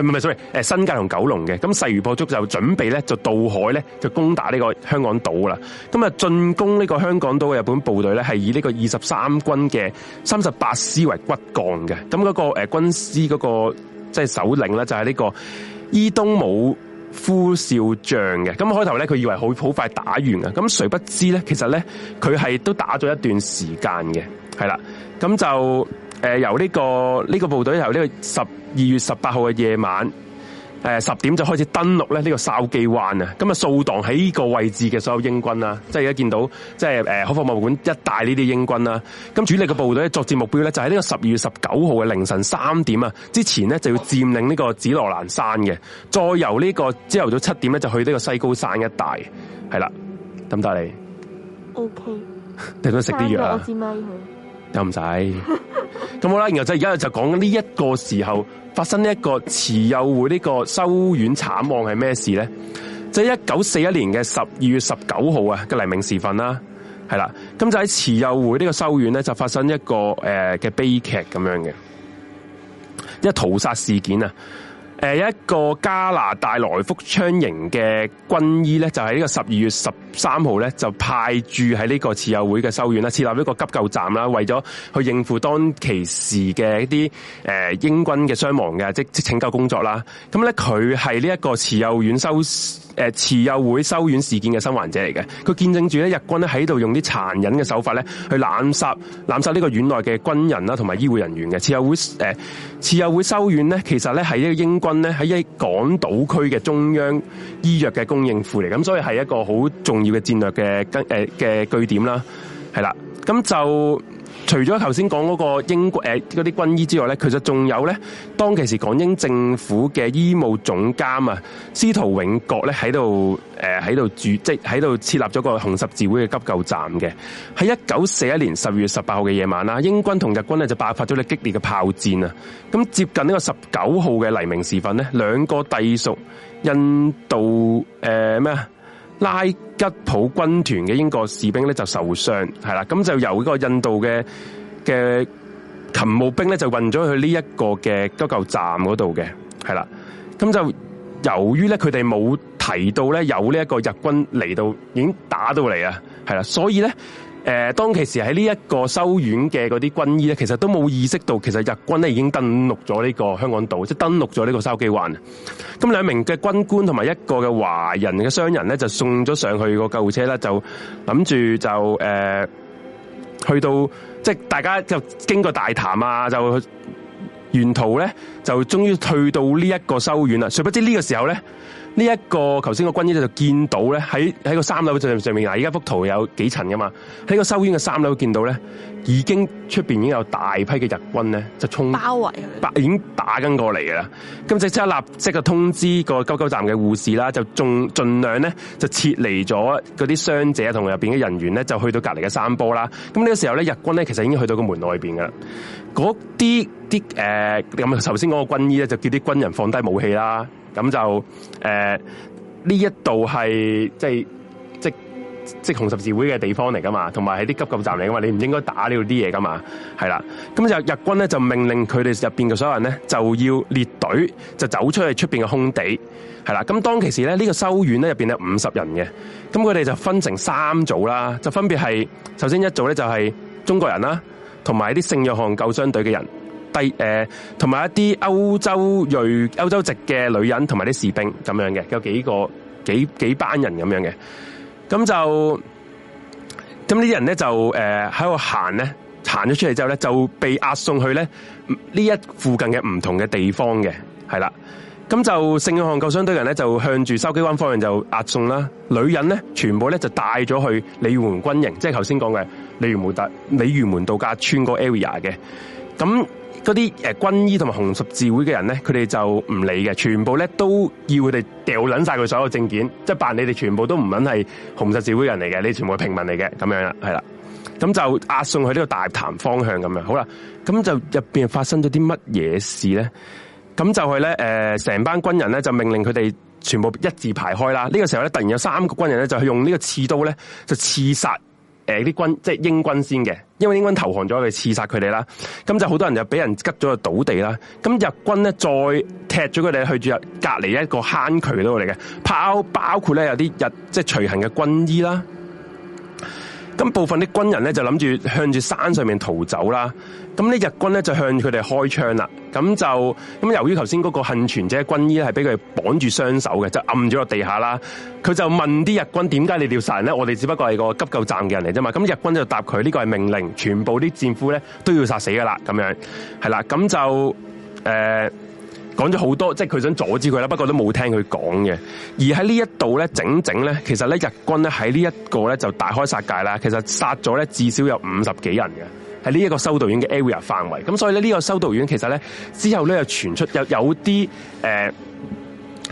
唔咪唔，sorry，誒新界同九龍嘅，咁勢如破竹就準備咧，就渡海咧，就攻打呢個香港島啦。咁啊，進攻呢個香港島嘅日本部隊咧，係以呢個二十三軍嘅三十八師為骨幹嘅。咁嗰個誒軍師嗰個即係首領咧，就係呢個伊東武夫少將嘅。咁開頭咧，佢以為好好快打完嘅，咁誰不知咧，其實咧佢係都打咗一段時間嘅，係啦，咁就。誒、呃、由呢，這個呢，這個部隊由呢個十二月十八號嘅夜晚，誒、呃、十點就開始登陸咧呢個筲箕灣，啊，咁啊掃蕩喺呢個位置嘅所有英軍啦，即係而家見到即係誒，海防博物館、一帶呢啲英軍啦。咁、嗯、主力嘅部隊作戰目標咧就喺呢個十二月十九號嘅凌晨三點啊之前咧就要佔領呢個紫羅蘭山嘅，再由呢個朝頭早七點咧就去呢個西高山一帶，係啦。咁得你？O K。你都食啲藥又唔使，咁好啦。然後就而家就講呢一個時候發生呢一個慈幼會呢個修院慘案係咩事咧？即係一九四一年嘅十二月十九號啊嘅黎明時分啦，係啦。咁就喺慈幼會呢個修院咧，就發生一個誒嘅、呃、悲劇咁樣嘅，一屠殺事件啊！誒，一個加拿大來福槍營嘅軍醫咧，就喺呢個十二月十三號咧，就派駐喺呢個慈幼會嘅修院啦，設立一個急救站啦，為咗去應付當其時嘅一啲誒、呃、英軍嘅傷亡嘅，即拯救工作啦。咁、嗯、咧，佢係呢一個慈幼院修誒慈幼會修院事件嘅生還者嚟嘅，佢見證住咧日軍咧喺度用啲殘忍嘅手法咧去濫殺濫殺呢個院內嘅軍人啦，同埋醫護人員嘅慈幼會誒。呃慈幼會修院咧，其實咧係一個英軍咧喺一港島區嘅中央醫藥嘅供應庫嚟，咁所以係一個好重要嘅戰略嘅根誒嘅據點啦，係啦，咁就。除咗頭先講嗰個英國誒嗰啲軍醫之外咧，其實仲有咧，當其時港英政府嘅醫務總監啊，司徒永國咧喺度誒喺度主即喺度設立咗個紅十字會嘅急救站嘅。喺一九四一年十二月十八號嘅夜晚啦，英軍同日軍咧就爆發咗咧激烈嘅炮戰啊！咁接近呢個十九號嘅黎明時分咧，兩個帝屬印度誒咩啊？呃什麼拉吉普軍團嘅英國士兵咧就受傷，係啦，咁就由呢個印度嘅嘅勤務兵咧就運咗去呢一個嘅急救站嗰度嘅，係啦，咁就由於咧佢哋冇提到咧有呢一個日軍嚟到已經打到嚟啊，係啦，所以咧。誒、呃、當其時喺呢一個修院嘅嗰啲軍醫咧，其實都冇意識到，其實日軍咧已經登陸咗呢個香港島，即登陸咗呢個筲箕灣。咁兩名嘅軍官同埋一個嘅華人嘅商人咧，就送咗上去個救護車咧，就諗住就誒、呃、去到，即大家就經過大潭啊，就沿途咧就終於去到呢一個修院啦。殊不知呢個時候咧，呢一個頭先個軍醫就見到咧，喺喺個三樓上上面啊！依家幅圖有幾層㗎嘛？喺個收院嘅三樓見到咧，已經出面已經有大批嘅日軍咧，就衝包圍，已經打緊過嚟㗎啦。咁即刻立即就通知個救救站嘅護士啦，就盡量咧就撤離咗嗰啲傷者同入面嘅人員咧，就去到隔籬嘅山坡啦。咁呢個時候咧，日軍咧其實已經去到個門外面㗎啦。嗰啲啲誒，咁頭先嗰個軍醫咧，就叫啲軍人放低武器啦。咁就誒呢一度係即係即即紅十字會嘅地方嚟噶嘛，同埋係啲急救站嚟噶嘛，你唔應該打呢度啲嘢噶嘛，係啦。咁就日軍咧就命令佢哋入面嘅所有人咧就要列隊，就走出去出面嘅空地，係啦。咁當其時咧呢、呢個修院咧入面係五十人嘅，咁佢哋就分成三組啦，就分別係首先一組咧就係、係、中國人啦，同埋啲聖約翰救傷隊嘅人。誒同埋一啲歐洲裔、歐洲籍嘅女人同埋啲士兵咁樣嘅，有幾個幾幾班人咁樣嘅。咁就咁呢啲人咧就誒喺度行咧行咗出嚟之後咧就被押送去咧呢一附近嘅唔同嘅地方嘅，係啦。咁就聖約翰救傷隊人咧就向住筲箕灣方向就押送啦，女人咧全部咧就帶咗去鯉魚門軍營，即係頭先講嘅鯉魚門鯉魚門度假村個 area 嘅。咁嗰啲誒軍醫同埋紅十字會嘅人咧，佢哋就唔理嘅，全部咧都要佢哋掉撚晒佢所有證件，即係辦你哋全部都唔撚係紅十字會嘅人嚟嘅，你哋全部係平民嚟嘅咁樣啦，係啦，咁就押送去呢個大潭方向咁樣。好啦，咁就入邊發生咗啲乜嘢事咧？咁就係咧誒，成、呃、班軍人咧就命令佢哋全部一字排開啦。呢、呢個時候咧，突然有三個軍人咧就用呢個刺刀咧就刺殺。誒啲、呃、軍即係英軍先嘅，因為英軍投降咗，就刺殺佢哋啦。咁就好多人就俾人拮咗，就倒地啦。咁日軍咧再踢咗佢哋去住隔離一個坑渠度嚟嘅，包包括咧有啲日即係隨行嘅軍醫啦。咁部分啲軍人咧就諗住向住山上面逃走啦，咁啲日軍咧就向佢哋開槍啦。咁就咁由於頭先嗰個幸存者軍醫咧係俾佢綁住雙手嘅，就暗咗落地下啦。佢就問啲日軍：點解你哋要殺人咧？我哋只不過係個急救站嘅人嚟啫嘛。咁日軍就答佢：呢個係命令，全部啲戰俘咧都要殺死噶啦。咁樣係啦，咁就、呃講咗好多，即係佢想阻止佢啦，不過都冇聽佢講嘅。而喺呢一度咧，整整咧，其實咧，日軍咧喺呢一個咧就大開殺戒啦。其實殺咗咧至少有五十幾人嘅，喺呢一個修道院嘅 area 範圍。咁所以咧，呢個修道院其實咧之後咧又傳出有有啲誒。呃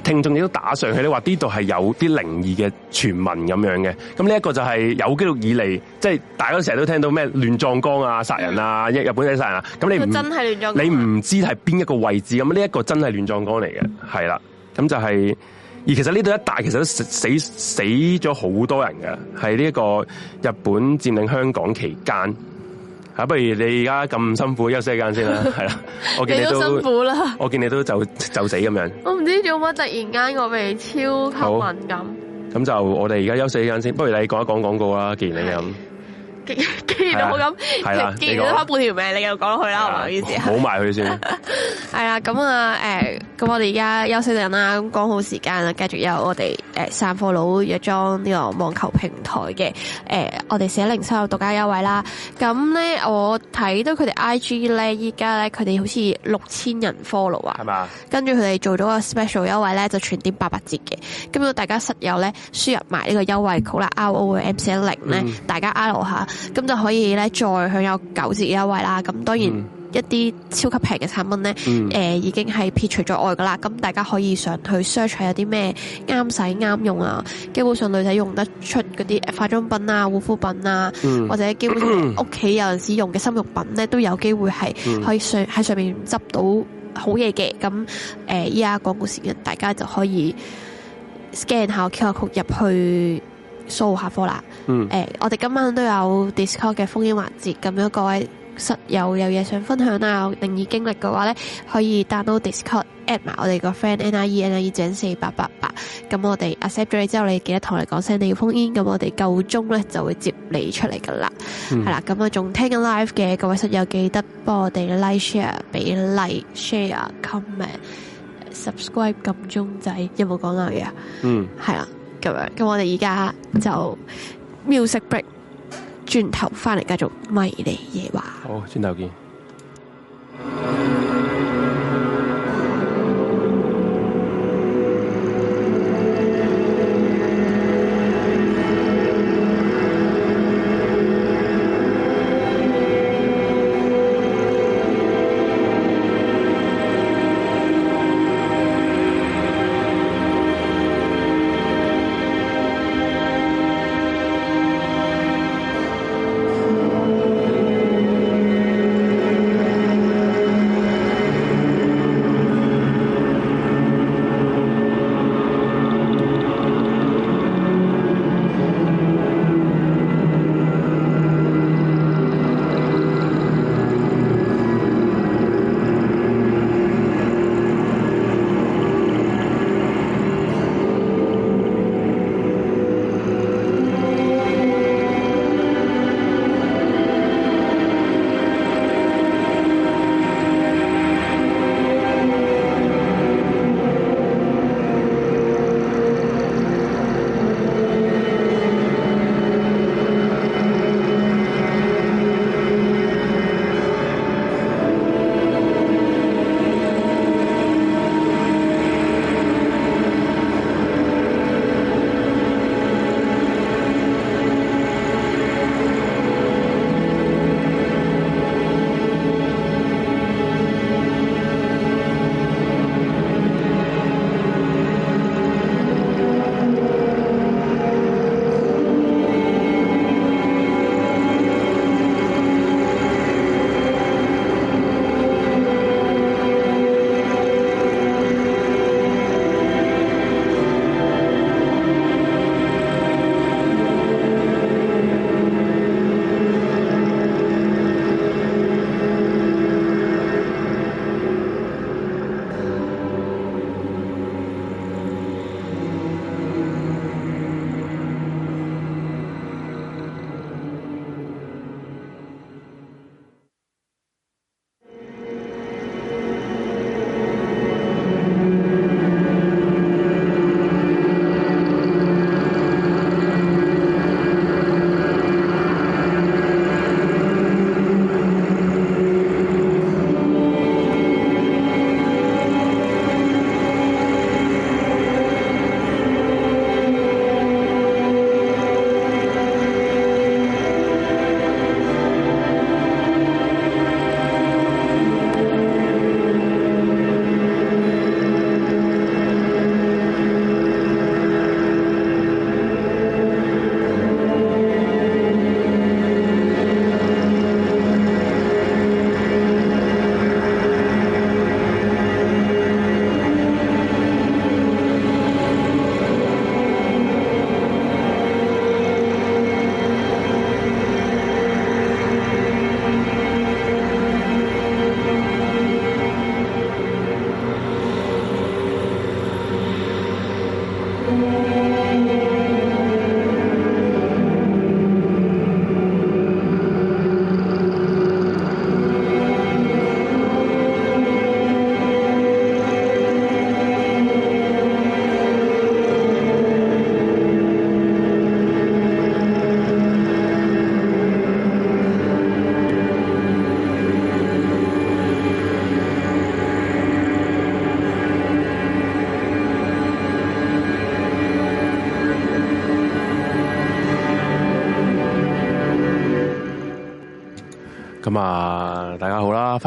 聽眾亦都打上去咧，話呢度係有啲靈異嘅傳聞咁樣嘅。咁呢一個就係有記錄以嚟，即係大家成日都聽到咩亂葬崗啊、殺人啊、日本仔殺人啊。咁你真係亂葬崗你唔知係邊一個位置咁？呢一個真係亂葬崗嚟嘅，係啦。咁就係，而其實呢度一帶，其實都死死咗好多人嘅，係呢一個日本佔領香港期間。啊，不如你而家咁辛苦休息一間先啦，係啦，我見你都辛苦啦，我見你都就就死咁樣。我唔知做乜，突然間個味超級敏感。咁就我哋而家休息一間先，不如你講一講廣告啦，既然你咁。既然 *laughs* 我咁，既然都怕半條命，你又講落去啦，唔好意思，冇埋佢先。係啊，咁啊，誒，咁我哋而家休息陣啦，咁講好時間啦，繼續有我哋誒散貨佬約裝呢個網球平台嘅，誒，我哋四一零所有獨家優惠啦。咁咧，我睇到佢哋 I G 咧，依家咧佢哋好似六千人 follow 啊。係嘛。跟住佢哋做咗個 special 優惠咧，就全店八八折嘅。咁如果大家室友咧輸入埋呢個優惠好啦，R O M 四一零咧，大家 I O 下。咁就可以咧，再享有九折優惠啦。咁當然一啲超級平嘅產品咧，誒，已經係撇除咗外噶啦。咁大家可以上去 search 下有啲咩啱使啱用啊。基本上女仔用得出嗰啲化妝品啊、護膚品啊，或者基本屋企有陣時用嘅生活品咧，都有機會係可以上喺上面執到好嘢嘅。咁誒，依家廣告時間，大家就可以 scan 下 QR code 入去掃下貨啦。誒、嗯呃，我哋今晚都有 Discord 嘅 phone in 環節，咁樣各位室友有嘢想分享啊、靈異經歷嘅話咧，可以 download Discord add 埋我哋個 friend N I E N I E 井四八八八，咁我哋 accept 咗你之後，你記得同我哋講聲你要 phone in，咁我哋夠鐘咧就會接你出嚟噶啦。係啦、嗯，咁啊仲聽緊 live 嘅各位室友，記得幫我哋 like share 俾 like share comment subscribe 撳鐘仔，有冇講漏嘢啊？嗯，係啦，咁樣，咁我哋而家就。Music break，轉頭翻嚟繼續迷離夜話。好，轉頭見。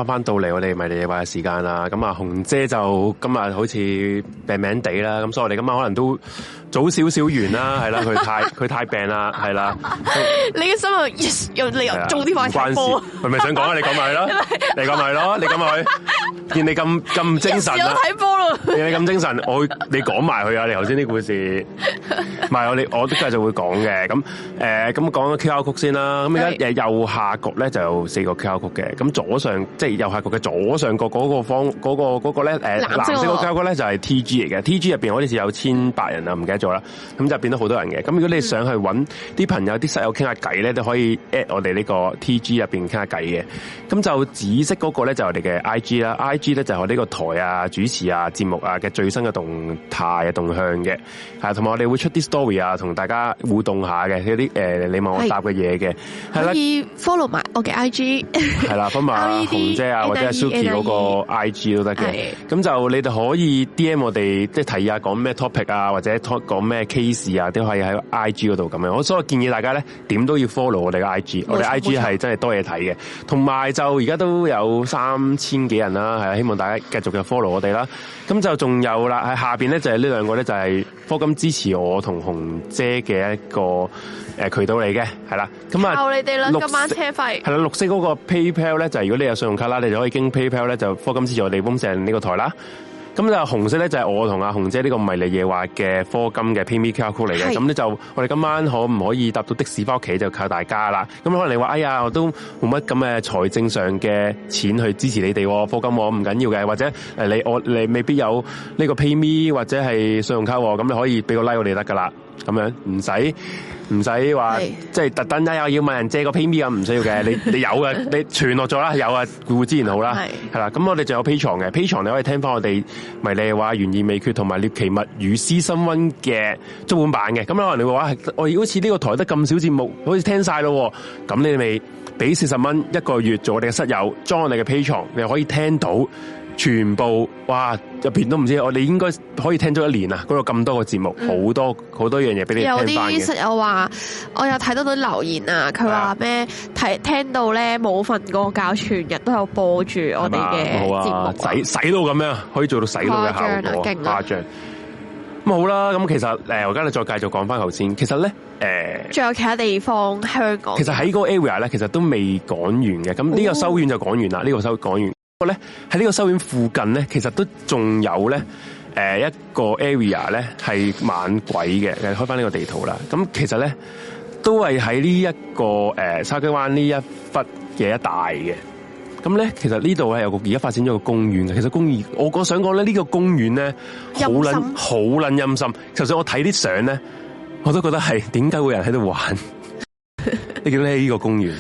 翻到嚟，我哋迷離夜話時間啦。咁啊，紅姐就今日好似病名地啦。咁所以我哋今晚可能都早少少完啦。係啦，佢太佢太病啦。係啦，你嘅心又又你又早啲快睇波？係咪想講啊！你講埋咯，你講埋咯，你講埋，佢！見你咁咁精神啦，睇波咯，見你咁精神，我你講埋佢啊！你頭先啲故事。唔係我哋，我啲嘅就會講嘅咁誒咁講 Q R 曲先啦咁而家右下角咧就有四個 Q R 曲嘅咁左上即係、就是、右下角嘅左上角嗰個方嗰、嗰個嗰、嗰個咧藍色個 Q、呃、R 曲咧就係 T G 嚟嘅 T G 入面好 1,、嗯、好似有千百人啊唔記得咗啦咁就變咗好多人嘅咁如果你想去搵啲朋友啲室友傾下偈咧都可以 at 我哋呢個 T G 入面傾下偈嘅咁就紫色嗰個咧就係我哋嘅 I G 啦 I G 咧就係我呢個台啊主持啊節目啊嘅最新嘅動態啊動向嘅係同埋我哋會出啲。story 啊，同大家互動下嘅有啲誒、呃，你問我答嘅嘢嘅，是的可以 follow 埋我嘅 IG，係啦 follow 埋阿紅姐啊 *laughs* 或者 Suki 嗰二個 IG 都得嘅。咁是的 就你哋可以 DM 我哋，即係提議下講咩 topic 啊，或者講咩 case 啊，都可以喺 IG 度咁樣。我所以我建議大家咧，點都要 follow 我哋嘅 IG，錯我哋 IG 係真係多嘢睇嘅。同埋就而家都有三千幾人啦，係啊，希望大家繼續嘅 follow 我哋啦。咁就仲有啦，喺下邊咧就係、是、呢兩個咧就係、是。課金支持我同紅姐嘅一個誒渠道嚟嘅，係啦，咁啊，教你哋兩色今晚車費，係啦，綠色嗰個 PayPal 咧，就是、如果你有信用卡啦，你就可以經 PayPal 咧就課金支持我哋豐盛呢個台啦。咁就紅色咧，就係我同阿紅姐呢個迷離夜話嘅課金嘅 PayMe QR code 嚟嘅。咁咧就我哋今晚可唔可以搭到的士返屋企，就靠大家啦。咁可能你話：哎呀，我都冇乜咁嘅財政上嘅錢去支持你哋課金，我唔緊要嘅。或者你我你未必有呢個 PayMe 或者係信用卡，咁你可以俾個 like 我哋得噶啦。咁樣唔使。唔使話，是即係特登有要問人借個 pay me 咁唔需要嘅，你你有嘅，你傳落咗啦，有啊，固之然好啦，係啦是。咁我哋就有 pay 床嘅 pay 床你可以聽翻我哋迷離話懸而未決同埋獵奇物語絲新温嘅中文版嘅。咁可能你會話係，我好似呢個台得咁少節目，好似聽曬咯。咁你咪俾四十蚊一個月做我哋嘅室友，裝我哋嘅 pay 床，你可以聽到。全部哇入邊都唔知，我哋應該可以聽咗一年啊！嗰度咁多個節目，好、嗯、多好多樣嘢俾你聽，有啲室友話， *laughs* 我有睇到啲留言啊，佢話咩？睇聽到咧冇瞓過教全日都有播住我哋嘅節目，洗到咁樣，可以做到洗到嘅效果，誇張咁好啦。咁其實誒，我而家咧再繼續講翻頭先，其實咧誒，仲、欸、有其他地方香港，其實喺個個 area 咧，其實都未講完嘅。咁呢個收院就講完啦，呢個收講完。哦咧喺呢個修院附近咧，其實都仲、這個、有咧，誒一個 area 咧係猛鬼嘅，誒開翻呢個地圖啦。咁其實咧都係喺呢一個誒筲箕灣呢一忽嘅一帶嘅。咁咧其實呢度係有個而家發展咗個公園嘅。其實公園我想講咧呢個公園咧好捻好捻陰森，就算森我睇啲相咧，我都覺得係點解會有人喺度玩？ *laughs* 你見到呢個公園？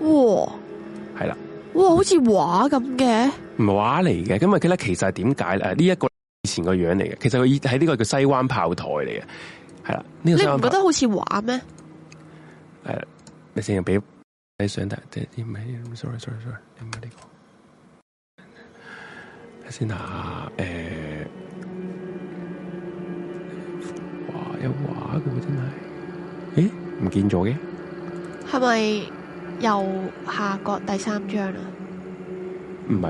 哇！係啦。哇，好似畫咁嘅，唔係畫嚟嘅，咁啊，佢咧其實係點解咧？呢一個以前個樣嚟嘅，其實佢喺呢個叫西灣炮台嚟嘅，係啦，呢、這個你唔覺得好似畫咩？你先俾你相台，即唔 sorry，sorry，sorry，呢先嗱，誒，畫、啊呃、有畫嘅，真係，誒，唔見咗嘅，係咪？右下角第三張啊，唔係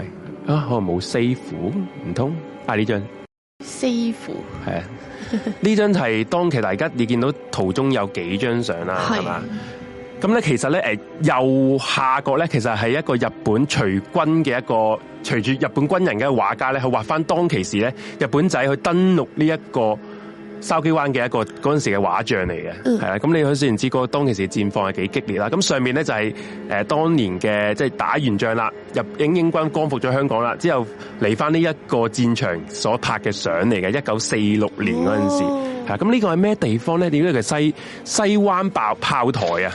啊，可能冇四符，唔通父啊？呢張四符，係啊？呢張係當期大家你見到圖中有幾張相啦，係嘛、啊？咁咧，其實咧，誒，右下角咧，其實係一個日本隨軍嘅一個隨住日本軍人嘅畫家咧，去畫翻當其時咧，日本仔去登陸呢一個。筲箕灣嘅一個嗰陣時嘅畫像嚟嘅，係啦、嗯，咁你可想而知嗰當其時戰況係幾激烈啦。咁上面咧就係、是、誒、呃、當年嘅即係打完仗啦，入英英軍光復咗香港啦，之後嚟翻呢一個戰場所拍嘅相嚟嘅，一九四六年嗰陣時。咁呢、哦、個係咩地方咧？呢個係西西灣炮炮台啊，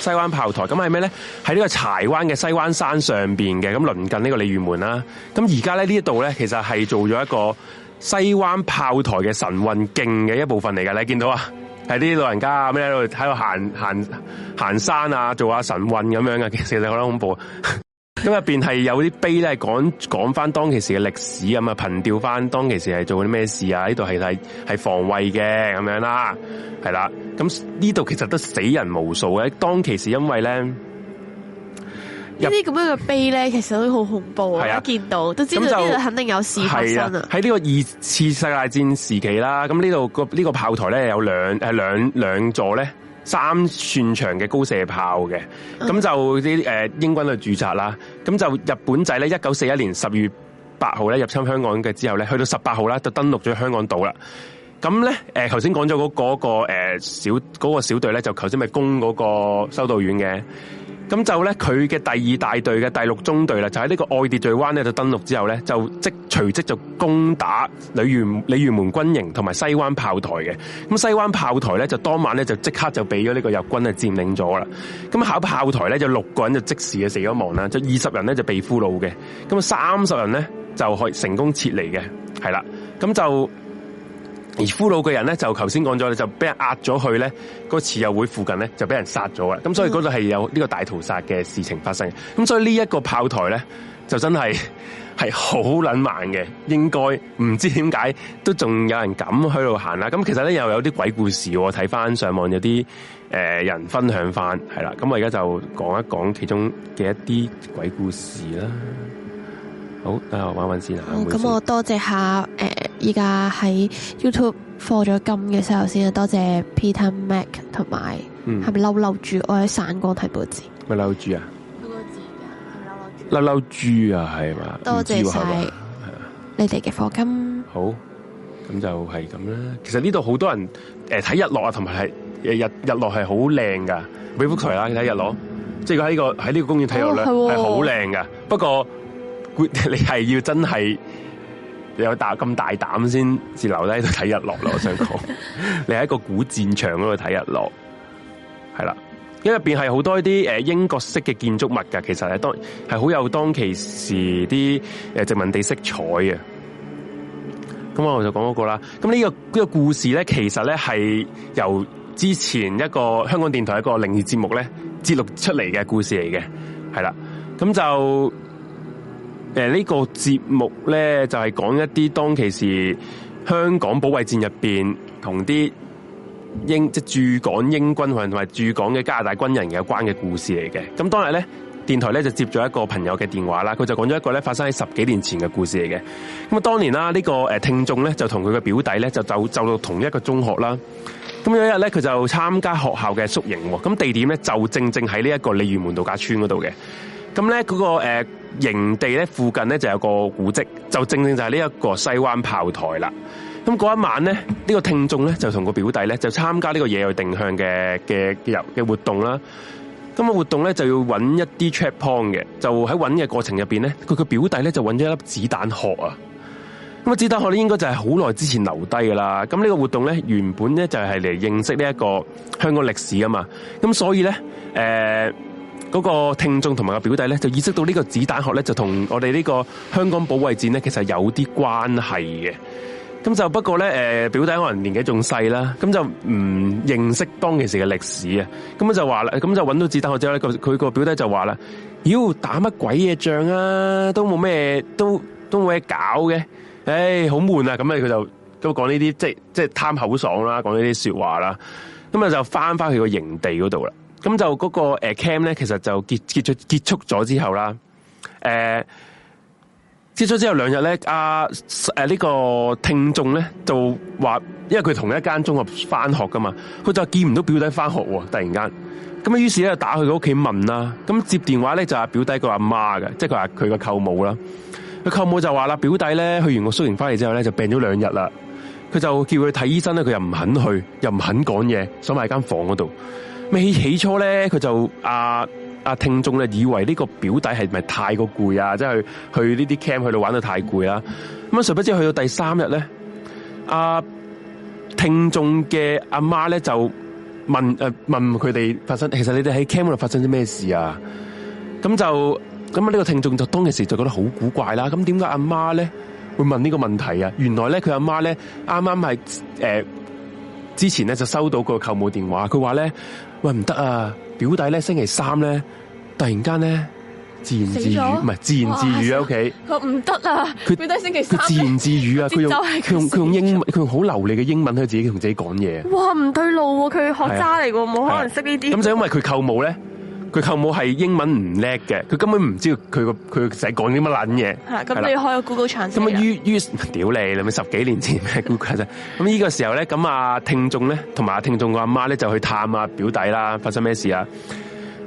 西灣炮台。咁係咩咧？喺呢個柴灣嘅西灣山上邊嘅，咁鄰近這個李呢個利源門啦。咁而家咧呢一度咧，其實係做咗一個。西灣炮台嘅晨運徑嘅一部分嚟噶，你見到啊，係啲老人家啊咩喺度喺度行行行山啊，做下晨運咁樣嘅。其實你覺得恐怖。咁入邊係有啲碑咧，講講翻當其時嘅歷史啊，咁啊憑吊翻當其時係做啲咩事啊？呢度係係係防衛嘅咁樣啦，係啦，咁呢度其實都死人無數嘅，當其時因為咧。呢啲咁樣嘅碑咧，其實都好恐怖啊！一見到，都知道呢度肯定有事發就生啊！喺呢個二次世界戰時期啦，咁呢度個呢個炮台咧有兩誒兩兩座咧三寸長嘅高射炮嘅，咁、嗯、就啲誒英軍去駐紮啦。咁就日本仔咧，一九四一年十月八號咧入侵香港嘅之後咧，去到十八號啦，就登陸咗香港島啦。咁咧，誒頭先講咗嗰個誒小嗰個小隊咧，那個、就頭先咪攻嗰個修道院嘅。咁就咧，佢嘅第二大隊嘅第六中隊啦，就喺呢個愛秩序灣咧就登陸之後咧，就即隨即就攻打鯉魚鯉魚門軍營同埋西灣炮台嘅。咁西灣炮台咧就當晚咧就即刻就俾咗呢個日軍啊佔領咗啦。咁考炮台咧就六個人就即時啊死咗亡啦，就二十人咧就被俘虜嘅，咁啊三十人咧就可以成功撤離嘅，係啦，咁就。而俘虜嘅人咧，就頭先講咗，就俾人壓咗去咧，個慈幼會附近咧，就俾人殺咗啦。咁所以嗰度係有呢個大屠殺嘅事情發生。咁所以呢一個炮台咧，就真係係好撚慢嘅，應該唔知點解都仲有人敢去度行啦。咁其實咧又有啲鬼故事，我睇翻，上網上有啲誒、呃、人分享翻，係啦。咁我而家就講一講其中嘅一啲鬼故事啦。好，啊玩一玩先啊！咁我多謝，謝一下，誒，依家喺 YouTube 課咗金嘅時候先啊，多謝 Peter Mac 同埋，係咪嬲嬲豬？我喺散光睇報紙，咪嬲豬啊？個字啊，係咪嬲嬲？嬲豬啊，係嘛、嗯？多謝晒你哋嘅課金。好，咁就係咁啦。其實呢度好多人誒睇日落啊，同埋係誒日日落係好靚噶。美福啊，你睇日落，即係喺呢個喺呢個公園睇日落係好靚噶。不過。你係要真係有大咁大膽先，至留低度睇日落咯。我想講， *laughs* 你喺一個古戰場嗰度睇日落，係啦，因為入邊係好多啲誒英國式嘅建築物噶。其實係當係好有當其時啲誒殖民地色彩㗎。咁我就講嗰個啦。咁呢、呢個呢、呢個故事咧，其實咧係由之前一個香港電台一個靈異節目咧節錄出嚟嘅故事嚟嘅，係啦，咁就。誒，呢個節目呢，就係講一啲當其時香港保衛戰入邊同啲英即駐港英軍，同埋駐港嘅加拿大軍人有關嘅故事嚟嘅。咁當日呢，電台呢就接咗一個朋友嘅電話啦，佢就講咗一個呢發生喺十幾年前嘅故事嚟嘅。咁啊，當年啦，呢個誒聽眾呢就同佢嘅表弟呢，就就就到同一個中學啦。咁有一日呢，佢就參加學校嘅宿營喎。咁地點呢，就正正喺呢一個鯉魚門度假村嗰度嘅。咁咧，嗰、那個誒、呃、營地咧，附近咧就有個古跡，就正正就係呢一個西灣炮台啦。咁嗰一晚咧，呢、這個聽眾咧就同個表弟咧就參加呢個野外定向嘅嘅嘅活動啦。咁、那個活動咧就要揾一啲 checkpoint 嘅，就喺揾嘅過程入面咧，佢個表弟咧就揾咗一粒子彈殼啊。咁、那、啊、個、子彈殼咧應該就係好耐之前留低噶啦。咁呢個活動咧原本咧就係、是、嚟認識呢一個香港歷史啊嘛。咁所以咧誒。呃嗰個聽眾同埋個表弟咧，就意識到呢個子彈殼咧，就同我哋呢個香港保衛戰咧，其實有啲關係嘅。咁就不過咧，誒，表弟可能年紀仲細啦，咁就唔認識當其時嘅歷史啊。咁就話啦，咁就揾到子彈殼之後咧，佢佢個表弟就話啦：「妖打乜鬼嘢仗啊？都冇咩，都都冇嘢搞嘅。唉、哎，好悶啊！咁、就是就是、啊，佢就都講呢啲，即係即係貪口爽啦，講呢啲說話啦。咁啊，那就翻翻去個營地嗰度啦。咁就嗰個誒 Cam 咧，其實就結結束結束咗之後啦，誒、嗯、結束之後兩日咧，阿誒呢個聽眾咧就話，因為佢同一間中學翻學噶嘛，佢就見唔到表弟翻學喎，突然間，咁啊於是咧就打去佢屋企問啦，咁接電話咧就係表弟個阿媽嘅，即係佢話佢個舅母啦，佢舅母就話啦，表弟咧去完個宿營翻嚟之後咧就病咗兩日啦，佢就叫佢睇醫生咧，佢又唔肯去，又唔肯講嘢，想埋間房嗰度。未起初咧，佢就阿阿、啊啊、聽眾咧以為呢個表弟係咪太過攰啊？即、就、係、是、去呢啲 camp 去到玩得太攰啊。咁啊，誰不知去到第三日咧，阿、啊、聽眾嘅阿媽咧就問誒、啊、問佢哋發生，其實你哋喺 camp 度發生咗咩事啊？咁就咁啊，呢個聽眾就當其時就覺得好古怪啦、啊。咁點解阿媽咧會問呢個問題啊？原來咧佢阿媽咧啱啱係誒之前咧就收到個舅母電話，佢話咧。喂，唔得啊！表弟咧星期三咧，突然間咧自言自語，唔係自言自語喺屋企，佢唔得啊！佢表弟星期三佢自言自語啊！佢 *laughs* 用佢 *laughs* 用佢用英文，佢用好流利嘅英文，去自己同自己講嘢。哇，唔對路喎、啊！佢學渣嚟喎，冇、啊、可能識呢啲。咁、嗯、就因為佢舅母咧。佢舅母係英文唔叻嘅，佢根本唔知道佢個佢仔講啲乜撚嘢。咁，嗯、的你要開個 Google 咁于于屌你，你咪十幾年前咩 Google 啫。咁呢 *laughs* *laughs* 個時候咧，咁啊聽眾咧，同埋啊聽眾嘅阿媽咧，就去探下表弟啦，發生咩事啊？呢、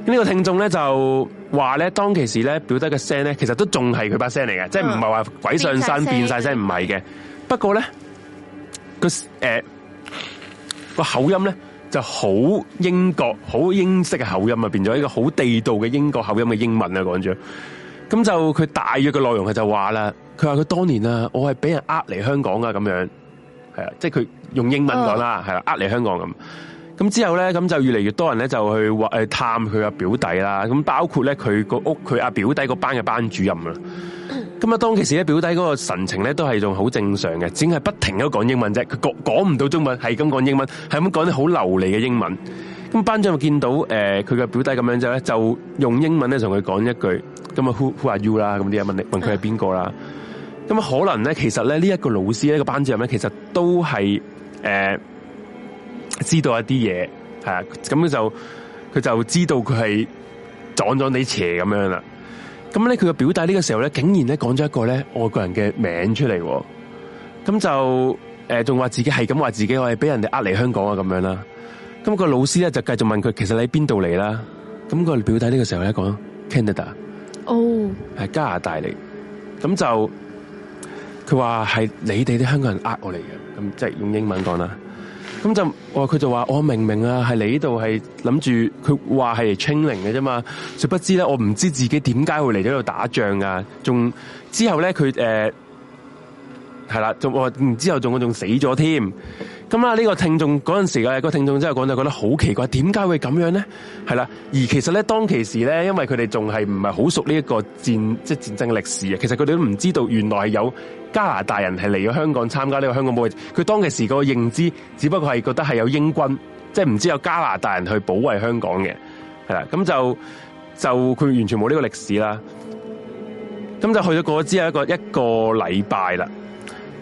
嗯、個聽眾咧就話咧，當其時咧，表弟嘅聲咧，其實都仲係佢把聲嚟嘅，嗯、即係唔係話鬼上身變晒聲，唔係嘅。 *laughs* 不過咧，個誒個口音咧。就好英國好英式嘅口音啊，變咗一個好地道嘅英國口音嘅英文啊，講住。咁就佢大約嘅內容係就話啦，佢話佢當年啊，我係俾人呃嚟香港啊，咁樣係啊，即係佢用英文講啦，係啦，呃嚟香港咁。咁之後咧，咁就越嚟越多人咧就去話誒探佢阿表弟啦，咁包括咧佢個屋佢阿表弟個班嘅班主任啊。咁啊，當其時咧，表弟嗰個神情咧都係仲好正常嘅，只係不停咁講英文啫。佢講講唔到中文，係咁講英文，係咁講啲好流利嘅英文。咁班長咪見到誒，佢嘅表弟咁樣之後咧，就用英文咧同佢講一句，咁 who, 啊 who，are you 啦，咁啲問你問佢係邊個啦。咁啊，可能咧，其實咧呢一個老師咧、這個班長咧，其實都係誒、呃、知道一啲嘢，係啊。咁佢就佢就知道佢係撞咗你邪咁樣啦。咁咧，佢嘅表弟呢個時候咧，竟然咧講咗一個咧外國人嘅名出嚟，咁就仲話、呃、自己係咁話自己係俾人哋呃嚟香港啊咁樣啦。咁個老師咧就繼續問佢，其實你喺邊度嚟啦？咁個表弟呢個時候咧講 Canada，哦，係、oh. 加拿大嚟。咁就佢話係你哋啲香港人呃我嚟嘅，咁即係用英文講啦。咁就我佢就話我、哦、明明啊，係嚟呢度係諗住佢話係嚟清零嘅啫嘛，殊不知咧我唔知自己點解會嚟咗度打仗啊，仲之後咧佢誒係啦，仲、呃、我之後仲我仲死咗添。咁啊！呢個聽眾嗰陣時啊，個聽眾真係講就覺得好奇怪，點解會咁樣咧？係啦，而其實咧，當其時咧，因為佢哋仲係唔係好熟呢一個戰即係戰爭嘅歷史啊，其實佢哋都唔知道原來係有加拿大人係嚟咗香港參加呢個香港保衞。佢當其時個認知，只不過係覺得係有英軍，即係唔知有加拿大人去保衛香港嘅，係啦。咁就就佢完全冇呢個歷史啦。咁就去咗嗰之後一個一個禮拜啦。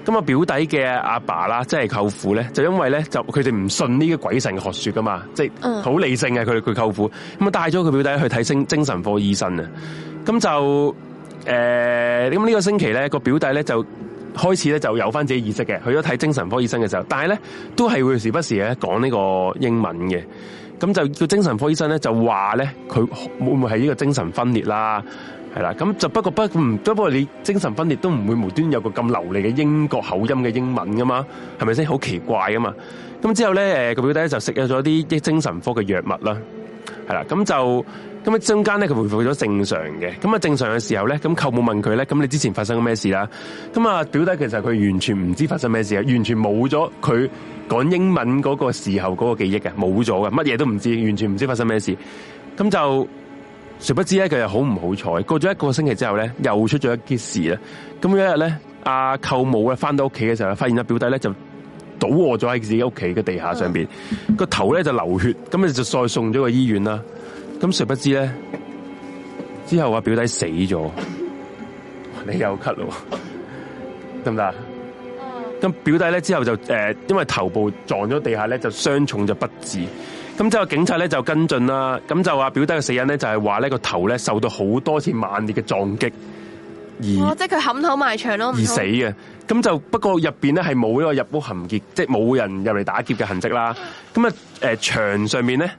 咁啊，表弟嘅阿爸啦，即係舅父咧，就因為咧，就佢哋唔信呢啲鬼神嘅學說噶嘛，即係好理性嘅佢佢舅父，咁啊帶咗佢表弟去睇精精神科醫生啊。咁就誒，咁呢個星期咧，個表弟咧就開始咧就有翻自己意識嘅，去咗睇精神科醫生嘅時候，但係咧都係會時不時咧講呢個英文嘅。咁就叫精神科醫生咧就話咧，佢會唔會係呢個精神分裂啦？係啦，咁就不過不唔不過你精神分裂都唔會無端有個咁流利嘅英國口音嘅英文噶嘛，係咪先？好奇怪㗎嘛？咁之後咧，誒、呃、個表弟就食咗啲啲精神科嘅藥物啦，係啦，咁就咁啊，中間咧佢回復咗正常嘅，咁啊正常嘅時候咧，咁舅母問佢咧，咁你之前發生咗咩事啦？咁啊表弟其實佢完全唔知發生咩事啊，完全冇咗佢講英文嗰個時候嗰個記憶嘅，冇咗嘅，乜嘢都唔知，完全唔知發生咩事，咁就。誰不知咧，佢又好唔好彩，過咗一個星期之後咧，又出咗一件事啦。咁一日咧，阿、啊、舅母咧翻到屋企嘅時候咧，發現阿表弟咧就倒臥咗喺自己屋企嘅地下上邊，個、嗯、頭咧就流血，咁你就再送咗個醫院啦。咁誰不知咧，之後阿表弟死咗。你又咳咯，得唔得啊？咁、嗯、表弟咧之後就誒、呃，因為頭部撞咗地下咧，就傷重就不治。咁之後警察咧就跟進啦，咁就話表弟嘅死因咧就係話呢個頭咧受到好多次猛烈嘅撞擊，而即係佢冚頭埋牆咯，而死嘅。咁就不過入邊咧係冇一個入屋行劫，即係冇人入嚟打劫嘅痕跡啦。咁啊誒牆上面咧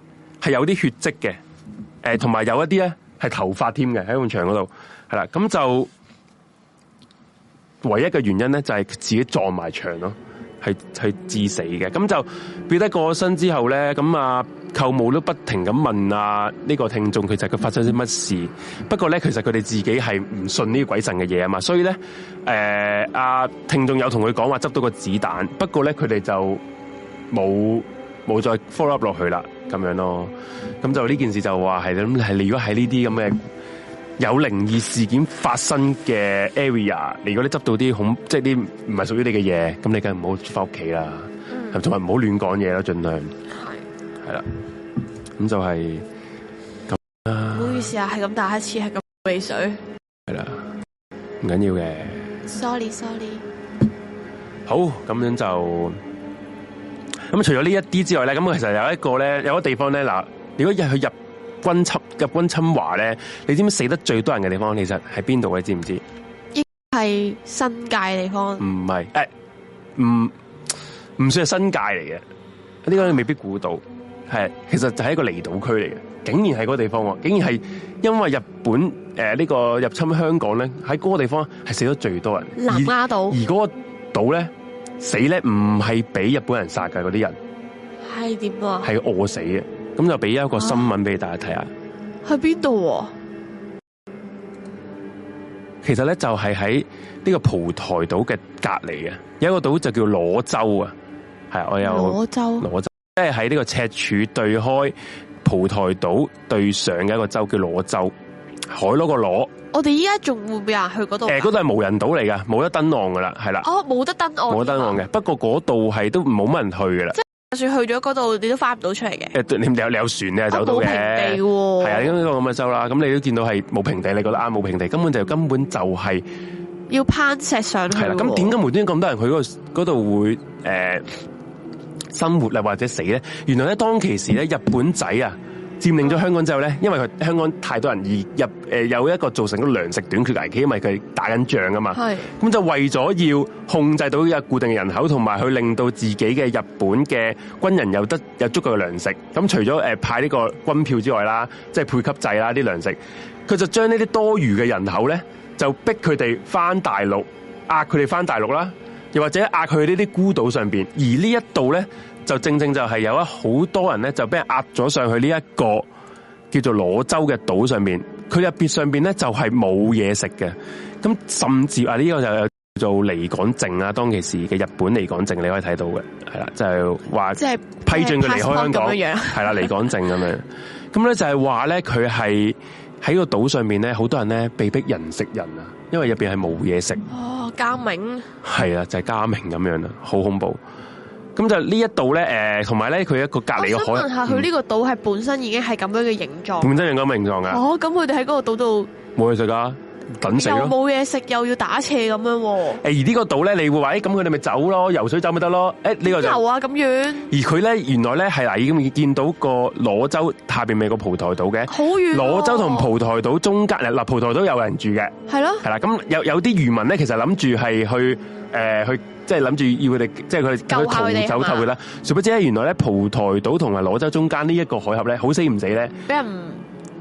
係有啲血跡嘅，誒同埋有一啲咧係頭髮添嘅喺埲牆嗰度係啦。咁就唯一嘅原因咧就係自己撞埋牆咯。係係去致死嘅，咁就表弟過咗身之後咧，咁啊舅母都不停咁問啊呢個聽眾，其實佢發生啲乜事？不過咧，其實佢哋自己係唔信呢啲鬼神嘅嘢啊嘛，所以咧，誒、呃，阿、啊、聽眾有同佢講話執到個子彈，不過咧佢哋就冇冇再 follow up 落去啦，咁樣咯，咁就呢件事就話係咁，係如果喺呢啲咁嘅。有靈異事件發生嘅 area，如果你執到啲恐，即係啲唔係屬於你嘅嘢，咁你梗係唔好翻屋企啦，同埋唔好亂講嘢啦，盡量係係啦，咁就係咁啦。唔好意思啊，係咁打一次，係咁鼻水。係啦，唔緊要嘅。Sorry，sorry sorry。好，咁樣就咁。除咗呢一啲之外咧，咁其實有一個咧，有一個地方咧，嗱，如果一入去入。軍侵入軍侵華咧，你知唔知死得最多人嘅地方，其實喺邊度？你知唔知？應係新界嘅地方？唔係誒，唔、欸、唔算係新界嚟嘅，呢、呢個你未必估到。係其實就係一個離島區嚟嘅，竟然係嗰個地方，竟然係因為日本誒呢、呃呢個入侵香港咧，喺嗰個地方係死得最多人。南丫島而嗰個島咧死咧唔係俾日本人殺嘅嗰啲人，係點啊？係餓死嘅。咁就俾一個新聞俾大家睇下，喺邊度？啊、其實咧就係喺呢個蒲台島嘅隔籬嘅，有一個島就叫螺洲啊，係啊，我有螺洲州，螺洲即係喺呢個赤柱對開蒲台島對上嘅一個洲叫螺洲，海螺嗰個螺。我哋依家仲會唔會去嗰度？誒，嗰度係無人島嚟噶，冇得登岸噶啦，係啦。哦，冇得登岸，冇得登岸嘅。不過嗰度係都冇乜人去噶啦。就算去咗嗰度，你都返唔到出嚟嘅。誒，你有你有船嘅、啊啊、走到嘅。冇平地係啊，因為咁樣收啦。咁你都見到係冇平地，你覺得啊，冇平地，根本就根本就係、是、要攀石上去、啊。係啦，咁點解無端咁多人去嗰度會誒、呃、生活啊或者死咧？原來咧當其時咧日本仔啊！佔領咗香港之後咧，因為佢香港太多人而入、呃，有一個造成咗糧食短缺危機，因為佢打緊仗啊嘛。咁係就為咗要控制到呢個固定嘅人口，同埋去令到自己嘅日本嘅軍人有得有足夠嘅糧食。咁除咗、呃、派呢個軍票之外啦，即係配給制啦啲糧食，佢就將呢啲多餘嘅人口咧，就逼佢哋翻大陸，壓佢哋翻大陸啦，又或者壓佢呢啲孤島上邊。而一呢一度咧。就正正就係有一好多人咧就俾人壓咗上去呢一個叫做羅州嘅島上,上面，佢入邊上邊咧就係冇嘢食嘅，咁甚至啊呢、這個就叫做離港證啊，當其時嘅日本離港證你可以睇到嘅，係啦就係話即係批准佢離開香港，係啦離港證咁樣，咁咧 *laughs* 就係話咧佢係喺個島上面咧，好多人咧被逼人食人啊，因為入邊係冇嘢食哦，家明係啊，就係、是、家明咁樣啦，好恐怖。咁就呢一度咧，誒同埋咧，佢一個隔離嘅海。我想問下，佢呢個島係本身已經係咁樣嘅形狀。本身係咁嘅形狀噶。哦，咁佢哋喺嗰個島度冇嘢食噶，等死、啊？冇嘢食又要打斜咁樣喎。而呢個島咧，你會話，誒咁佢哋咪走咯，游水走咪得咯？誒、欸、呢、呢個遊啊咁遠。而佢咧原來咧係嗱已經見到個攞洲下邊咪個蒲台島嘅，好遠、啊。攞洲同蒲台島中間，嗱蒲台島有人住嘅，係咯的，係啦。咁有有啲漁民咧，其實諗住係去誒去。呃去即係諗住要佢哋，即係佢哋佢逃走透嘅啦。殊嗎不知咧，原來咧，蒲台島同埋羅州中間呢一個海峽咧，好死唔死咧，俾人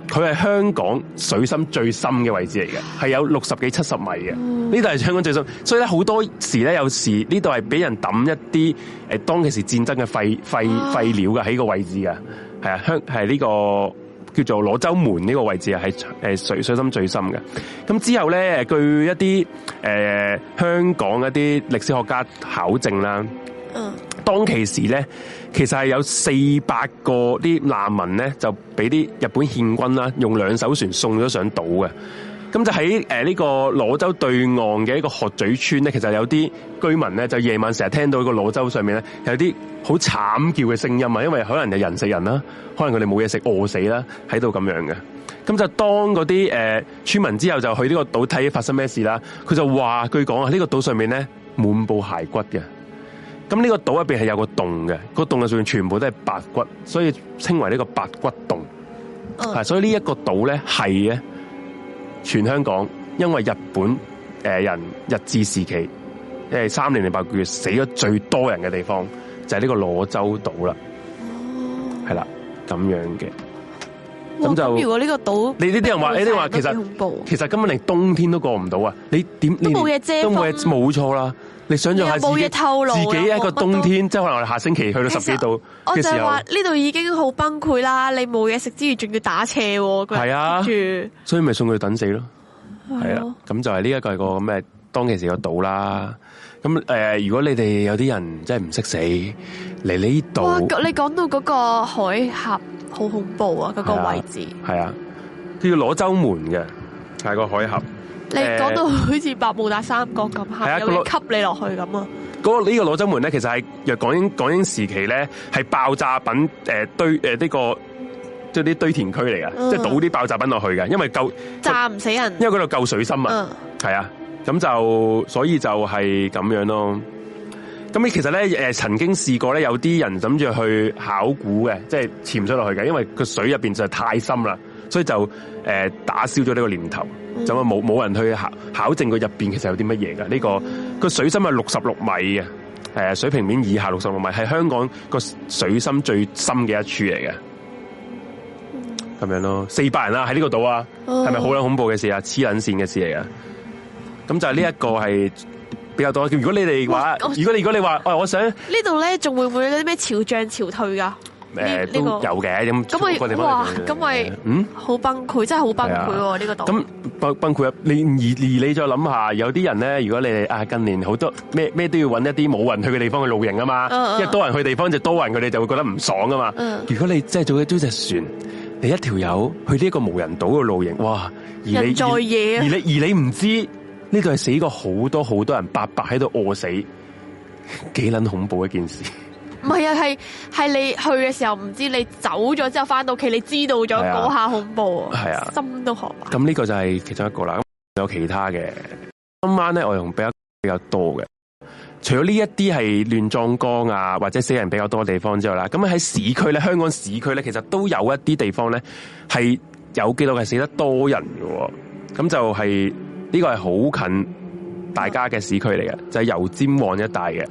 佢係香港水深最深嘅位置嚟嘅，係有六十幾七十米嘅。呢度係香港最深，所以咧好多時咧有時呢度係俾人抌一啲誒，當其時戰爭嘅廢廢廢料嘅喺個位置嘅，係啊，香係呢個。叫做攞州門呢個位置係誒水水深最深嘅，咁之後咧，據一啲誒、呃、香港一啲歷史學家考證啦，嗯、當其時咧，其實係有四百個啲難民咧，就俾啲日本憲軍啦，用兩艘船送咗上島嘅。咁就喺呢、呃這個螺洲對岸嘅一個鶴咀村咧，其實有啲居民咧就夜晚成日聽到個螺洲上面咧有啲好慘叫嘅聲音啊，因為可能有人死人啦、啊，可能佢哋冇嘢食餓死啦、啊，喺度咁樣嘅、啊。咁就當嗰啲誒村民之後就去呢個島睇發生咩事啦，佢就話據講啊，呢、這個島上面咧滿布骸骨嘅。咁呢個島入邊係有個洞嘅，個洞入上面全部都係白骨，所以稱為呢個白骨洞。嗯、所以呢一個島咧係全香港，因為日本誒人日治時期，誒三年零八個月死咗最多人嘅地方就係、是、呢個羅州島啦，係啦咁樣嘅，咁哇就如果呢個島，你呢啲人話，呢啲話其實，其實根本連冬天都過唔到啊！你點你冇嘢遮，都冇嘢，冇錯啦。你想像下冇嘢自己？自己一個冬天，即係可能我哋下星期去到十幾度實我就話呢度已經好崩潰啦！你冇嘢食之餘，仲要打車，係啊，住、啊，跟著所以咪送佢去等死咯。係啊，咁、啊、就係呢一個係個咩？當其時個島啦。咁誒、呃，如果你哋有啲人真係唔識死嚟呢度，你講到嗰個海峽好恐怖啊！嗰個位置係啊，佢要攞周門嘅係個海峽。你講到好似百慕達三角咁吓，又要的吸你落去咁啊、那個？嗰、那個呢、這個攞州門咧，其實係若港英港英時期咧，係爆炸品誒、呃、堆誒呢、呃這個即係啲堆填區嚟噶，即係、嗯、倒啲爆炸品落去嘅，因為夠炸唔死人，因為嗰度夠水深啊。係啊，咁就所以就係咁樣咯。咁你其實咧誒，曾經試過咧，有啲人諗住去考古嘅，即係潛水落去嘅，因為個水入邊就係太深啦。所以就誒、呃、打消咗呢個念頭，嗯、就冇冇人去考考證佢入面其實有啲乜嘢噶？呢、呢個個水深係六十六米嘅、呃，水平面以下六十六米係香港個水深最深嘅一處嚟嘅。咁、嗯、樣咯，四百人啦喺呢個島啊，係咪好有恐怖嘅事啊？黐撚線嘅事嚟㗎。咁就係呢一個係比較多。如果你哋話，如果你如果你話、哎，我想呢度咧，仲會唔會有啲咩潮漲潮退噶？誒，都有嘅咁。咁咪哇，咁咪嗯，好崩潰，真係好崩潰喎。呢個島咁崩崩潰，你而而你再諗下，有啲人咧，如果你哋啊近年好多咩咩都要搵一啲冇人去嘅地方去露營啊嘛，因為多人去地方就多人佢哋就會覺得唔爽啊嘛。如果你真係租咗隻船，你一條友去呢個無人島嘅露營，哇！人在野，而你而你唔知呢度係死過好多好多人，白白喺度餓死，幾捻恐怖一件事。唔係啊，係係你去嘅時候唔知，你走咗之後翻到屋企，你知道咗嗰、啊、下恐怖啊！係啊，心都寒。咁呢個就係其中一個啦。咁有其他嘅，今晚咧我用比較比較多嘅。除咗呢一啲係亂葬崗啊，或者死人比較多嘅地方之外啦，咁喺市區咧，香港市區咧，其實都有一啲地方咧係有記錄係死得多人喎。咁就係、是、呢、這個係好近大家嘅市區嚟嘅，就係、是、油尖旺一帶嘅。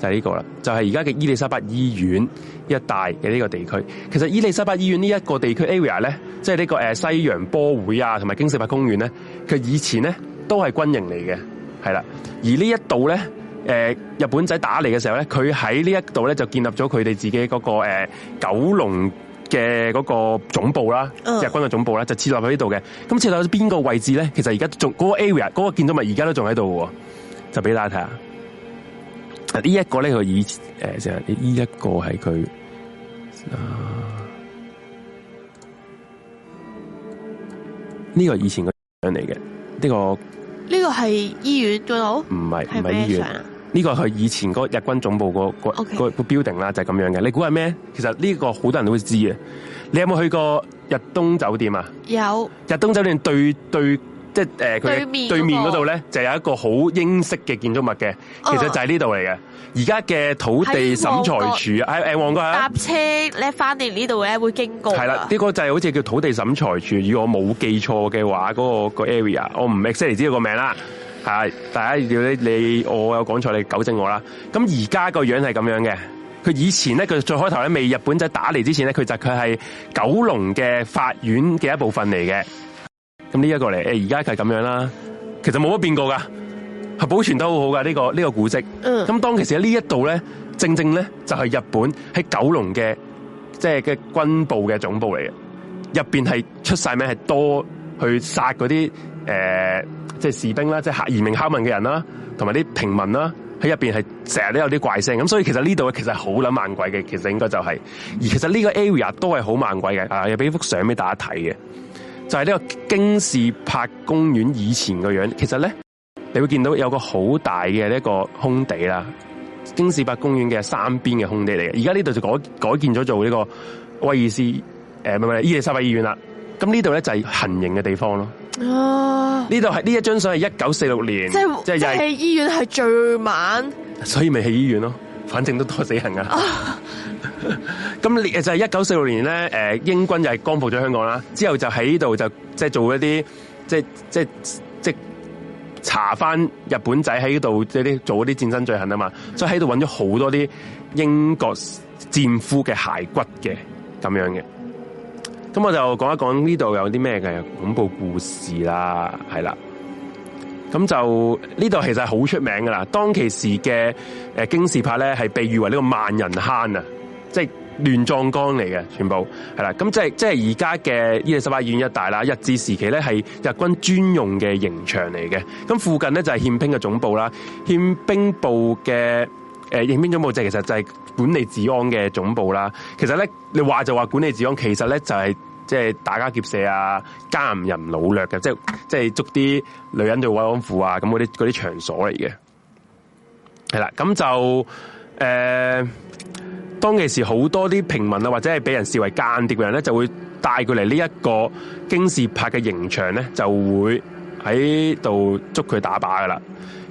就係呢個啦，就係而家嘅伊利沙伯醫院一帶嘅呢個地區。其實伊利沙伯醫院呢一個地區 area 咧，即係呢個誒西洋波會啊，同埋京士柏公園咧，佢以前咧都係軍營嚟嘅，係啦。而這呢一度咧，誒日本仔打嚟嘅時候咧，佢喺呢一度咧就建立咗佢哋自己嗰個九龍嘅嗰個總部啦，日、uh. 軍嘅總部啦，就設立喺呢度嘅。咁設立喺邊個位置咧？其實而家仲嗰個 area 嗰個建築物而家都仲喺度喎，就俾大家睇下。這呢一個咧，佢以前誒，就係呢一個係佢啊，呢個以前樣嚟嘅，呢、這個呢、啊這個係醫院對唔係唔係醫院？呢是、這個係佢以前日軍總部嗰 Okay. 個個 building 啦，就係、是、咁樣嘅。你估係咩？其實呢個好多人都會知嘅。你有冇去過日東酒店啊？有，日東酒店對對。即係佢、呃、對面嗰度咧就有一個好英式嘅建築物嘅，啊、其實就係呢度嚟嘅。而家嘅土地審裁處，誒誒，旺角，搭車咧翻嚟呢度咧會經過。係啦，呢、這、嗰、個、就係好似叫土地審裁處，如果我冇記錯嘅話，嗰、那個、那個 area，我唔 exactly 知道個名啦。係，大家要你，你我有講錯，你糾正我啦。咁而家個樣係咁樣嘅，佢以前咧，佢最開頭咧未日本仔打嚟之前咧，佢就佢、係、係九龍嘅法院嘅一部分嚟嘅。咁呢一個嚟，誒而家就係咁樣啦，其實冇乜變過噶係保存得好好噶呢個呢、這個古蹟。嗯。咁當其時喺呢一度咧，正正咧就係日本喺九龍嘅，即係嘅軍部嘅總部嚟嘅，入邊係出晒名係多去殺嗰啲誒，即、呃、係、就是、士兵啦，即係嚴刑拷問嘅人啦，同埋啲平民啦，喺入邊係成日都有啲怪聲。咁所以其實呢度其實好捻猛鬼嘅，其實應該就係、是、而其實呢個 area 都係好猛鬼嘅。啊，又俾幅相俾大家睇嘅。就係呢個京士柏公園以前嘅樣，其實咧，你會見到有個好大嘅呢一個空地啦。京士柏公園嘅三邊嘅空地嚟嘅，而家呢度就改改建咗做呢個威爾斯誒，唔係伊利沙伯醫院啦。咁呢度咧就係行營嘅地方咯。啊這！呢度係呢一張相係一九四六年，即係是、即係、即係醫院係最晚，所以咪去醫院咯。反正都多死人噶，咁 *laughs* 就係一九四六年咧，誒，英軍就係光復咗香港啦，之後就喺呢度就即係、就是、做一啲，即係即係即係查翻日本仔喺呢度即係啲做嗰啲戰爭罪行啊嘛，所以喺度揾咗好多啲英國戰俘嘅骸骨嘅咁樣嘅，咁我就講一講呢度有啲咩嘅恐怖故事啦，係啦。咁就呢度其實係好出名噶啦，當其時嘅誒、呃、京士柏咧係被譽為呢個萬人坑啊，即係亂葬崗嚟嘅，全部係啦。咁即係即係而家嘅伊利沙伯醫院一帶啦，日治時期咧係日軍專用嘅刑場嚟嘅。咁附近咧就係、是、憲兵嘅總部啦，憲兵部嘅誒憲兵總部就其實就係管理治安嘅總部啦。其實咧你話就話管理治安，其實咧就係、是。即係打家劫舍啊，奸淫擄掠嘅，即係即係捉啲女人做慰安婦啊，咁嗰啲嗰啲場所嚟嘅。係啦，咁就誒、呃，當其時好多啲平民啊，或者係俾人視為間諜嘅人咧，就會帶佢嚟呢一個京士柏嘅刑場咧，就會喺度捉佢打靶噶啦。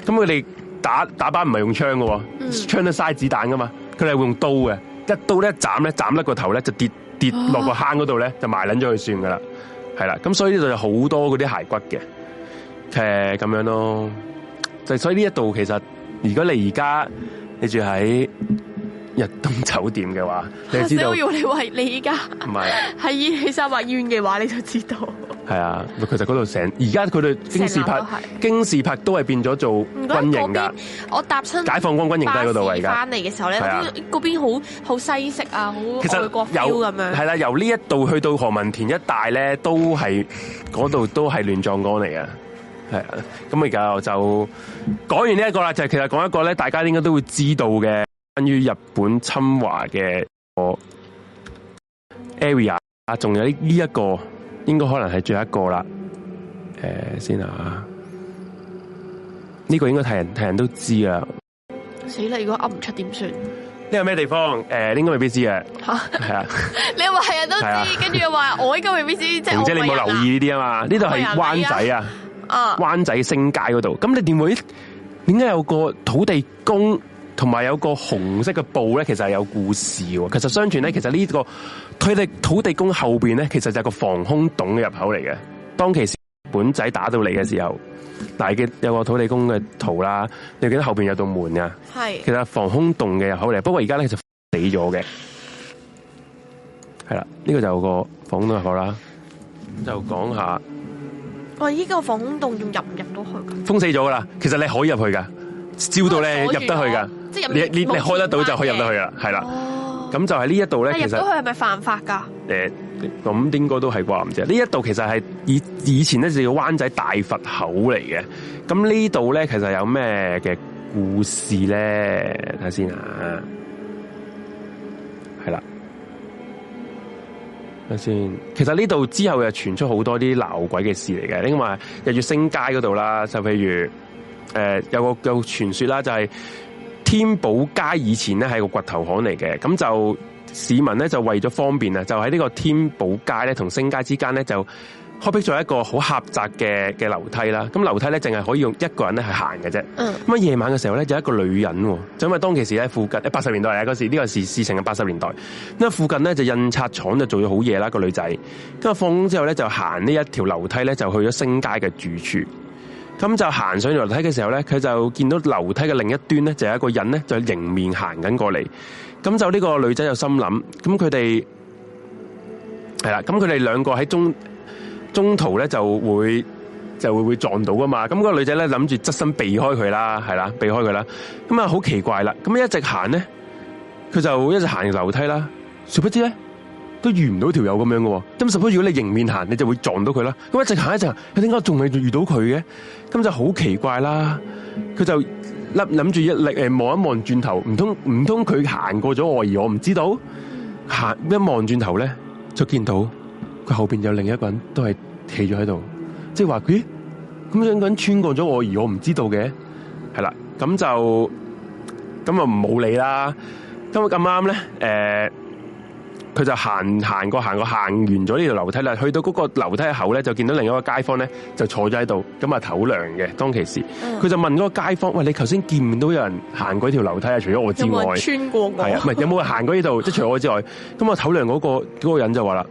咁佢哋打打靶唔係用槍喎、啊，槍都嘥子彈噶嘛，佢哋係用刀嘅，一刀咧斬咧，斬甩個頭咧就跌。跌落個坑嗰度咧，就埋捻咗佢算噶啦，係啦，咁所以呢度有好多嗰啲骸骨嘅，誒咁樣咯，就係所以呢一度其實，如果你而家你住喺日東酒店嘅話，你都要你喂，你依家唔係，係伊利沙伯醫院嘅話，你就知道。係 *laughs* 啊 *laughs* 係，其實嗰度成而家佢哋京士柏京士柏都係變咗做軍營㗎。我搭親解放軍軍營喺嗰度啊！而家翻嚟嘅時候咧，嗰邊好好西式其實樣啊，好國風咁樣。係啦，由呢一度去到何文田一帶咧，都係嗰度都係亂葬崗嚟嘅。係、啊，咁而家就講完呢一個啦。就係其實講一個咧，大家應該都會知道嘅。關於日本侵華嘅個 area 啊，仲有呢、這、一個，應該可能係最後一個啦。誒、呃，先啊，呢、這個應該係人，係人都知啊。死啦！如果噏唔出點算？呢個咩地方？誒、呃，你應該未必知啊。係啊， *laughs* 你話係人都知，跟住又話我應該未必知。即係、 *laughs* 啊，或你冇留意呢啲啊嘛？呢度係灣仔啊，灣仔啊，灣仔星街嗰度。咁你點會？點解有個土地公？同埋有一個紅色嘅布咧，其實係有故事喎。其實相傳咧，其實呢、呢個佢哋土地公後邊咧，其實就係個防空洞嘅入口嚟嘅。當其時本仔打到嚟嘅時候，嗱，有個土地公嘅圖啦，你記得後邊有道門噶、啊是。其實防空洞嘅入口嚟，不過而家咧就死咗嘅。係啦，呢個就有個防空洞嘅入口啦。就講下，喂、哦，依、呢個防空洞仲入唔入到去噶？封死咗噶啦，其實你可以入去噶。燒到咧入得去噶即你你你開得到就可以入得去㗎，係啦、哦。咁就係、是、呢一度咧。入到實去係咪犯法噶？誒、欸，咁應該都係啩，唔知。呢一度其實係以以前咧就叫灣仔大佛口嚟嘅。咁呢度咧其實有咩嘅故事咧？睇先啊，係啦。睇先、啊，其實呢度之後又傳出好多啲鬧鬼嘅事嚟嘅。因為，又要星街嗰度啦，就譬如。誒、呃，有個有個傳說啦，就係、是、天寶街以前咧係個掘頭巷嚟嘅。咁就市民咧就為咗方便啊，就喺呢個天寶街咧同星街之間咧就開闢咗一個好狹窄嘅嘅樓梯啦。咁樓梯咧淨係可以用一個人咧去行嘅啫。咁啊夜晚嘅時候咧就一個女人，就因為當其時喺附近，八十年代啊，嗰時呢個事事情係八十年代，咁、這個、附近咧就印刷廠就做咗好夜啦、那個女仔，咁啊放工之後咧就行呢一條樓梯咧就去咗星街嘅住處。咁就行上樓梯嘅時候咧，佢就見到樓梯嘅另一端咧，就有一個人咧就迎面行緊過嚟。咁就呢個女仔就心諗，咁佢哋係啦，咁佢哋兩個喺中中途咧就會就會撞到噶嘛。咁個女仔咧諗住側身避開佢啦，係啦避開佢啦。咁啊好奇怪啦，咁一直行咧，佢就一直行樓梯啦，殊不知咧。都遇唔到條友咁樣嘅，咁十分如果你迎面行，你就會撞到佢啦。咁一直行一陣，佢點解仲未遇到佢嘅？咁就好奇怪啦。佢就諗諗住一力誒望一望轉頭，唔通唔通佢行過咗我而我唔知道？行一望轉頭咧，就見到佢後邊有另一個人都係企咗喺度，即係話咦咁樣個人穿過咗我而我唔知道嘅，係啦，咁就咁就唔好理啦。都咁啱咧，誒、呃。佢就行行過行過行完咗呢條樓梯啦，去到嗰個樓梯口咧，就見到另一個街坊咧就坐咗喺度，咁啊唞涼嘅。當其時，佢就問嗰個街坊：嗯、喂，你頭先見唔到有人行過呢條樓梯啊？除咗我之外，有有穿過我，唔係、啊、有冇人行過呢度？ *laughs* 即係除我之外，咁啊唞涼嗰個、嗰個人就話啦：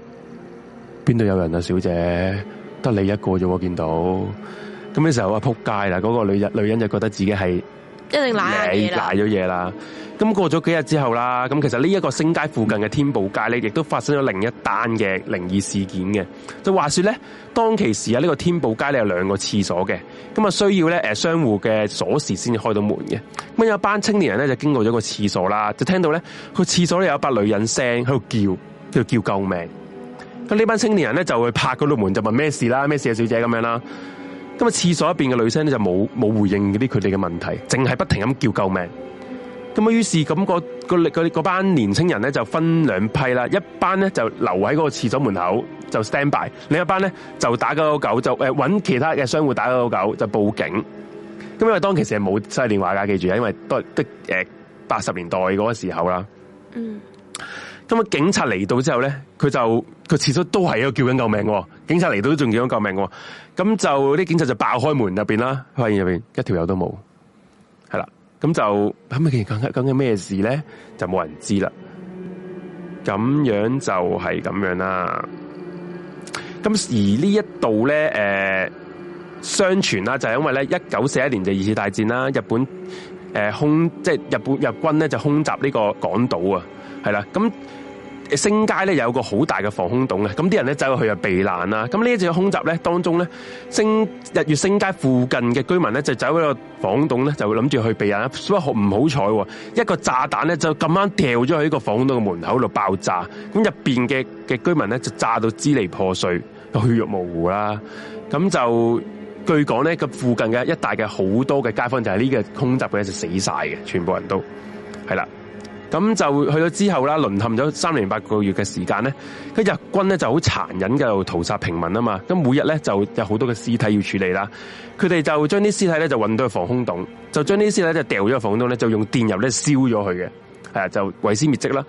邊度有人啊，小姐，得你一個啫，我見到咁嘅時候啊，撲街啦！嗰、嗰個女日女人就覺得自己係。一定賴咗嘢啦，咁過咗幾日之後啦，咁其實呢一個星街附近嘅天寶街咧，亦都發生咗另一單嘅靈異事件嘅。就話說咧，當其時啊，呢個天寶街咧有兩個廁所嘅，咁啊需要咧誒相互嘅鎖匙先至開到門嘅。咁有一班青年人咧就經過咗個廁所啦，就聽到咧、那個廁所咧有一把女人聲喺度叫，喺度叫救命。咁呢班青年人咧就去拍嗰度門，就問咩事啦，咩事啊，小姐咁樣啦。咁啊！廁所一邊嘅女聲咧就冇冇回應嗰啲佢哋嘅問題，淨係不停咁叫救命。咁啊，於是咁個、嗰個嗰班、嗰個嗰個、年青人咧就分兩批啦，一班咧就留喺嗰個廁所門口就 stand by，另一班咧就打九九九，就誒揾、呃、其他嘅商戶打九九九，就報警。咁因為當其時係冇晒電話㗎，記住，因為都都誒八十年代嗰個時候啦。嗯。咁啊，警察嚟到之後咧，佢就個廁所都係喺度叫緊救命的。警察嚟到都仲叫緊救命。咁就啲警察就爆開門入邊啦，發現入邊一條友都冇，係啦，咁就咁嘅，咁咪講緊，究竟咩事咧，就冇人知啦。咁樣就係咁樣啦。咁而呢一度咧，誒、呃，相傳啦，就係因為咧，一九四一年就二次大戰啦，日本誒、呃、空，即係日本日軍咧就空襲呢個港島啊，係啦，咁。星街咧有個好大嘅防空洞嘅，咁啲人咧走入去就避難啦。咁呢一隻空襲咧，當中咧星日月星街附近嘅居民咧就走喺個防空洞咧，就諗住去避難。不過唔好彩，一個炸彈咧就咁啱掉咗喺個防空洞嘅門口度爆炸。咁入邊嘅嘅居民咧就炸到支離破碎，血肉模糊啦。咁就據講咧，個附近嘅一帶嘅好多嘅街坊就係、是、呢個空襲嘅就死晒嘅，全部人都係啦。咁就去到之後啦，淪陷咗三年零八個月嘅時間咧，個日軍咧就好殘忍嘅，就屠殺平民啊嘛，咁每日咧就有好多嘅屍體要處理啦，佢哋就將啲屍體咧就運到去防空洞，就將啲屍體就掉咗去防空洞咧，就用電油咧燒咗佢嘅，係啊，就毀屍滅跡啦。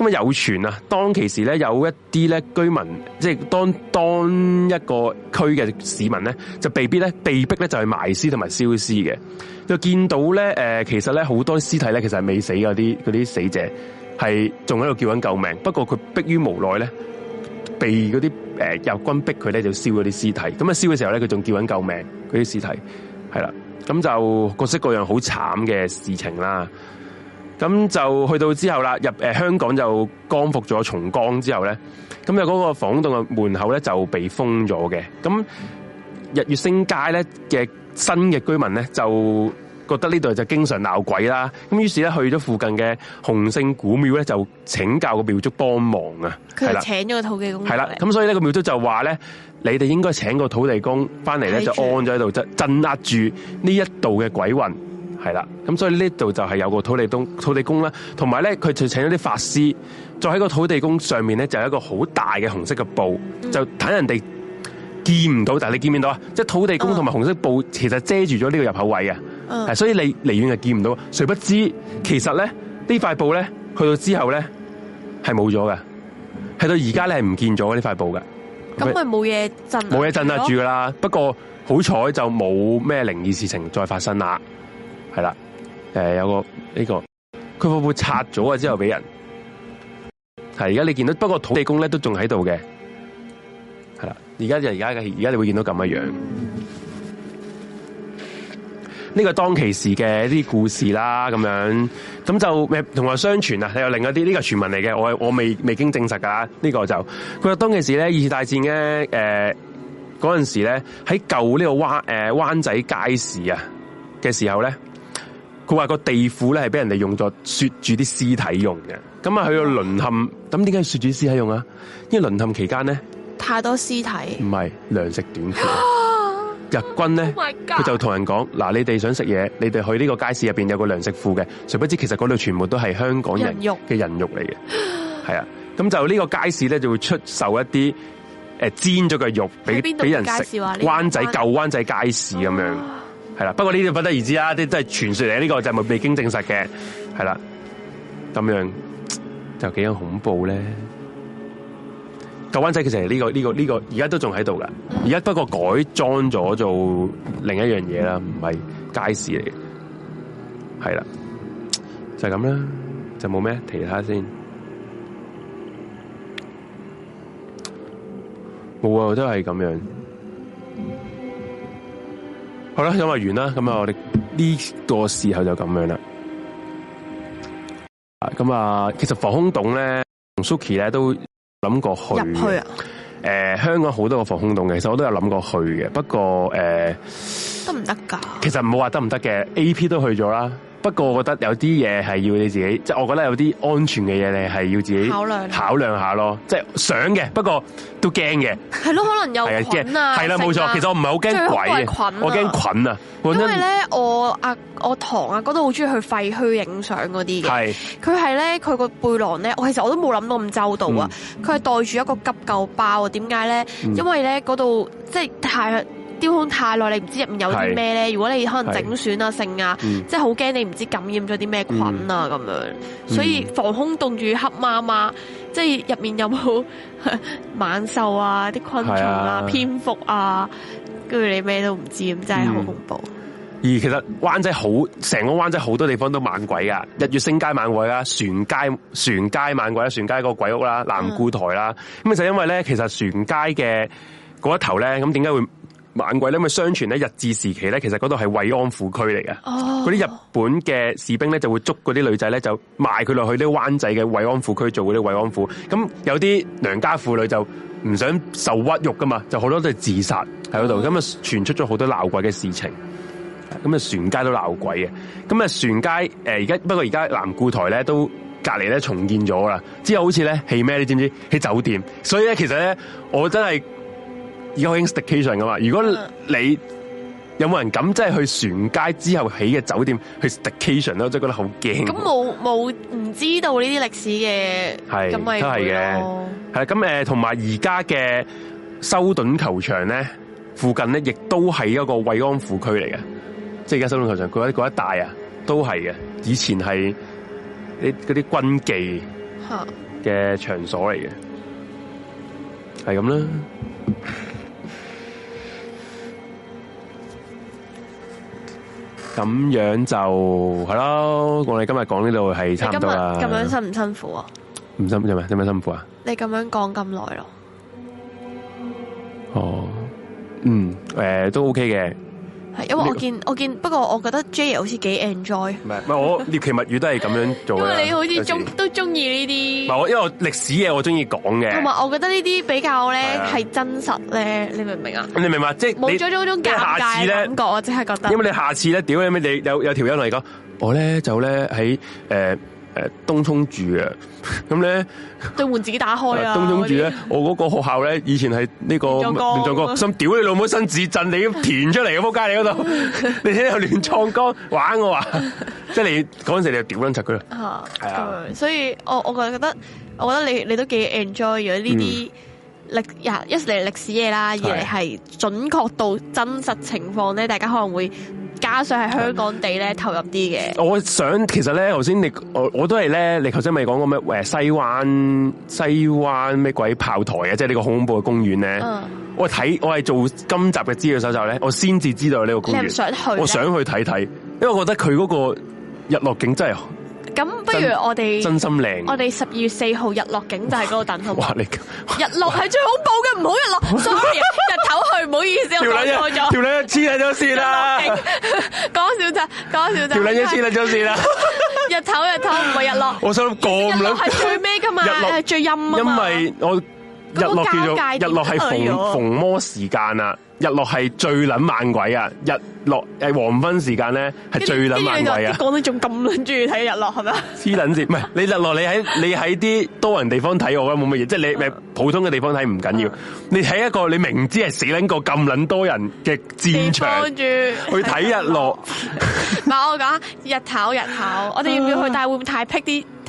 咁啊有傳啊，當其時咧有一啲咧居民，即係當當一個區嘅市民咧，就被逼咧，被逼咧就係埋屍同埋燒屍嘅。就見到咧，誒、呃，其實咧好多屍體咧，其實係未死啲嗰啲死者係仲喺度叫緊救命。不過佢迫於無奈咧，被嗰啲誒日軍逼佢咧就燒嗰啲屍體。咁啊燒嘅時候咧，佢仲叫緊救命。嗰啲屍體係啦，咁就各式各樣好慘嘅事情啦。咁就去到之後啦，入、呃、香港就光復咗重光之後咧，咁有嗰個防空洞嘅門口咧就被封咗嘅。咁日月星街咧嘅新嘅居民咧就覺得呢度就經常鬧鬼啦。咁於是咧去咗附近嘅洪聖古廟咧就請教個廟祝幫忙啊。佢請咗個土地公。係啦，咁所以呢個廟祝就話咧，你哋應該請個土地公翻嚟咧就安咗喺度，就鎮壓住呢一度嘅鬼魂。係啦，咁所以呢度就係有個土地公土地公啦、啊，同埋咧佢就請咗啲法師，再喺個土地公上面咧就有一個好大嘅紅色嘅布，嗯、就睇人哋見唔到，但係你見唔見到啊？即係土地公同埋紅色布，其實遮住咗呢個入口位嘅、嗯，所以你離遠就見唔到。誰不知其實咧呢塊布咧去到之後咧係冇咗嘅，去、嗯、到而家咧係唔見咗呢塊布嘅。咁佢冇嘢鎮，冇嘢鎮得住噶啦，哦、不過好彩就冇咩靈異事情再發生啦。係啦，誒、呃，有個呢、這個，佢會唔會拆咗啊？之後俾人，係而家你見到，不過土地公咧都仲喺度嘅，係啦，而家就而家嘅，而家你會見到咁嘅樣，樣。呢、這個當其時嘅一啲故事啦，咁樣，咁就誒，同埋相傳啊，有另一啲呢、這個傳聞嚟嘅，我我未未經證實噶，呢、這個就佢話當其時咧，二次大戰咧誒嗰陣時咧，喺舊呢個灣誒、呃、灣仔街市啊嘅時候咧。佢話個地庫咧係俾人哋用作雪住啲屍體用嘅，咁啊去到淪陷，咁點解雪住屍體用啊？因為淪陷期間咧，太多屍體，唔係糧食短缺。 *coughs* 日軍咧，佢、oh、就同人講：嗱，你哋想食嘢，你哋去呢個街市入邊有個糧食庫嘅，誰不知其實嗰度全部都係香港人肉嘅人肉嚟嘅，係啊。咁 *coughs* 就呢個街市咧就會出售一啲誒煎咗嘅肉俾俾人食，灣仔舊灣仔街市咁樣。啊係啦，不過呢啲不得而知啊，啲都係傳說嚟，呢個就係未未經證實嘅，係啦，咁樣就幾樣恐怖咧。舊灣仔其實係呢個呢個呢個，而家都仲喺度噶，而家不過改裝咗做另一樣嘢啦，唔係街市嚟，係啦，就係咁啦，就冇咩其他先，冇啊，都係咁樣。好啦，因為完啦，咁啊，我哋呢個時候就咁樣啦。咁啊，其實防空洞咧，同 Suki 咧都諗過去。入去啊？誒、呃，香港好多個防空洞嘅，其實我都有諗過去嘅，不過誒，得唔得噶。其實唔好話得唔得嘅，AP 都去咗啦。不過我覺得有啲嘢係要你自己，即係我覺得有啲安全嘅嘢你係要自己考量考量下咯，即係想嘅，不過都驚嘅。係咯，可能有菌啊，係啦，冇錯，其實我唔係好驚鬼，我驚菌啊。菌啊菌啊因為咧，我阿我堂啊哥都好中意去廢墟影相嗰啲嘅，係佢係咧佢個背囊咧，我其實我都冇諗到咁周到啊，佢係袋住一個急救包，點解咧？因為咧嗰度即係太。雕空太耐，你唔知入面有啲咩咧。是如果你可能整損啊、性啊，即係好驚你唔知感染咗啲咩菌啊咁樣。所以防空洞住黑麻麻、啊，嗯、即係入面有冇猛獸啊、啲昆蟲啊、啊蝙蝠啊，跟住你咩都唔知，咁真係好恐怖、嗯。而其實灣仔好，成個灣仔好多地方都猛鬼噶，日月星街猛鬼啦，船街船街猛鬼啊，船街嗰個鬼屋啦，南固台啦。咁、嗯、就因為咧，其實船街嘅嗰一頭咧，咁點解會，猛鬼咧，咁啊，相傳咧，日治時期咧，其實嗰度係慰安婦區嚟嘅。哦，嗰啲日本嘅士兵咧，就會捉嗰啲女仔咧，就賣佢落去啲灣仔嘅慰安婦區做嗰啲慰安婦。咁有啲良家婦女就唔想受屈辱㗎嘛，就好多都係自殺喺嗰度。咁啊，傳出咗好多鬧鬼嘅事情。咁啊，船街都鬧鬼嘅。咁啊，船街而家、呃、不過而家南固台咧都隔籬咧重建咗啦。之後好似咧起咩？你知唔知？起酒店。所以咧，其實咧，我真係。而家去 staycation 噶嘛？如果你有冇人敢即係去船街之後起嘅酒店去 staycation 咧，真係覺得好驚。咁冇冇唔知道呢啲歷史嘅係，都係嘅。係咁誒，同埋而家嘅修頓球場咧，附近咧亦都係一個慰安婦區嚟嘅，即係而家修頓球場嗰一嗰一帶啊，都係嘅。以前係啲嗰啲軍妓嘅場所嚟嘅，係咁啦。咁樣就係咯，我哋今日講呢度係差唔多啦。咁樣辛唔辛苦啊？唔辛苦？做咩？點樣辛苦啊？你咁樣講咁耐咯？哦，嗯，誒、呃，都 OK 嘅。係，因為我見你我見，不過我覺得 J 好似幾 enjoy。唔係，唔係我獵奇物語都係咁樣做。 *laughs* 因為你好似中都中意呢啲。唔係我，因為我歷史嘢我中意講嘅。同埋，我覺得呢啲比較咧係是、啊、真實咧，你明唔明啊？你明白即係冇咗嗰種尷尬感覺，我真係覺得。因為你下次咧，屌你咩？你有有條友嚟講，我咧就咧喺誒。誒，東涌住嘅，咁咧對門自己打開啊！東涌住咧， *laughs* 我嗰個學校咧，以前係呢、這個亂葬崗，甚屌你老母身子震，你填出嚟嘅扑街，你嗰度 *laughs* 你喺度亂葬崗玩我話， *laughs* 即係你嗰陣時你就屌撚柒佢啦，係啊，所以我我覺覺得，我覺得你你都幾 enjoy 咗呢啲。嗯歷一嚟，歷史嘢啦，二嚟係準確到真實情況咧，對 大家可能會加上係香港地咧投入啲嘅。我想其實咧，頭先你我我都係咧，你頭先咪講過咩誒西灣西灣咩鬼炮台啊，即係呢個恐怖嘅公園咧，嗯。我睇我係做今集嘅資料蒐集咧，我先至知道呢個公園。你唔想去？我想去睇睇，因為我覺得佢嗰個日落景真係。咁不如我哋，真心靚。我哋十二月四號日落景就喺嗰度等好唔好？日落係最恐怖嘅，唔好日落。sorry，日頭去，唔好意思，我錯咗。條捻嘢，黐喺咗線啦。講笑咋？講笑咋。條捻嘢，黐喺咗線啦。日頭，日頭唔係日落。我想講係最尾噶嘛？日落係最陰啊嘛。因為我。日落叫做日落係逢逢魔時間啊！日落係最捻猛鬼啊！日落誒黃昏時間咧係最捻猛鬼啊！講得仲咁捻中意睇日落係咪啊？黐捻線，唔係你日落你喺你喺啲多人地方睇，我覺得冇乜嘢。 *laughs* 即係你咪普通嘅地方睇唔緊要。你睇一個你明知係死捻個咁捻多人嘅戰場去睇日落。嗱 *laughs* *laughs* 我講日頭日頭，我哋要唔要去？但會唔會太僻啲？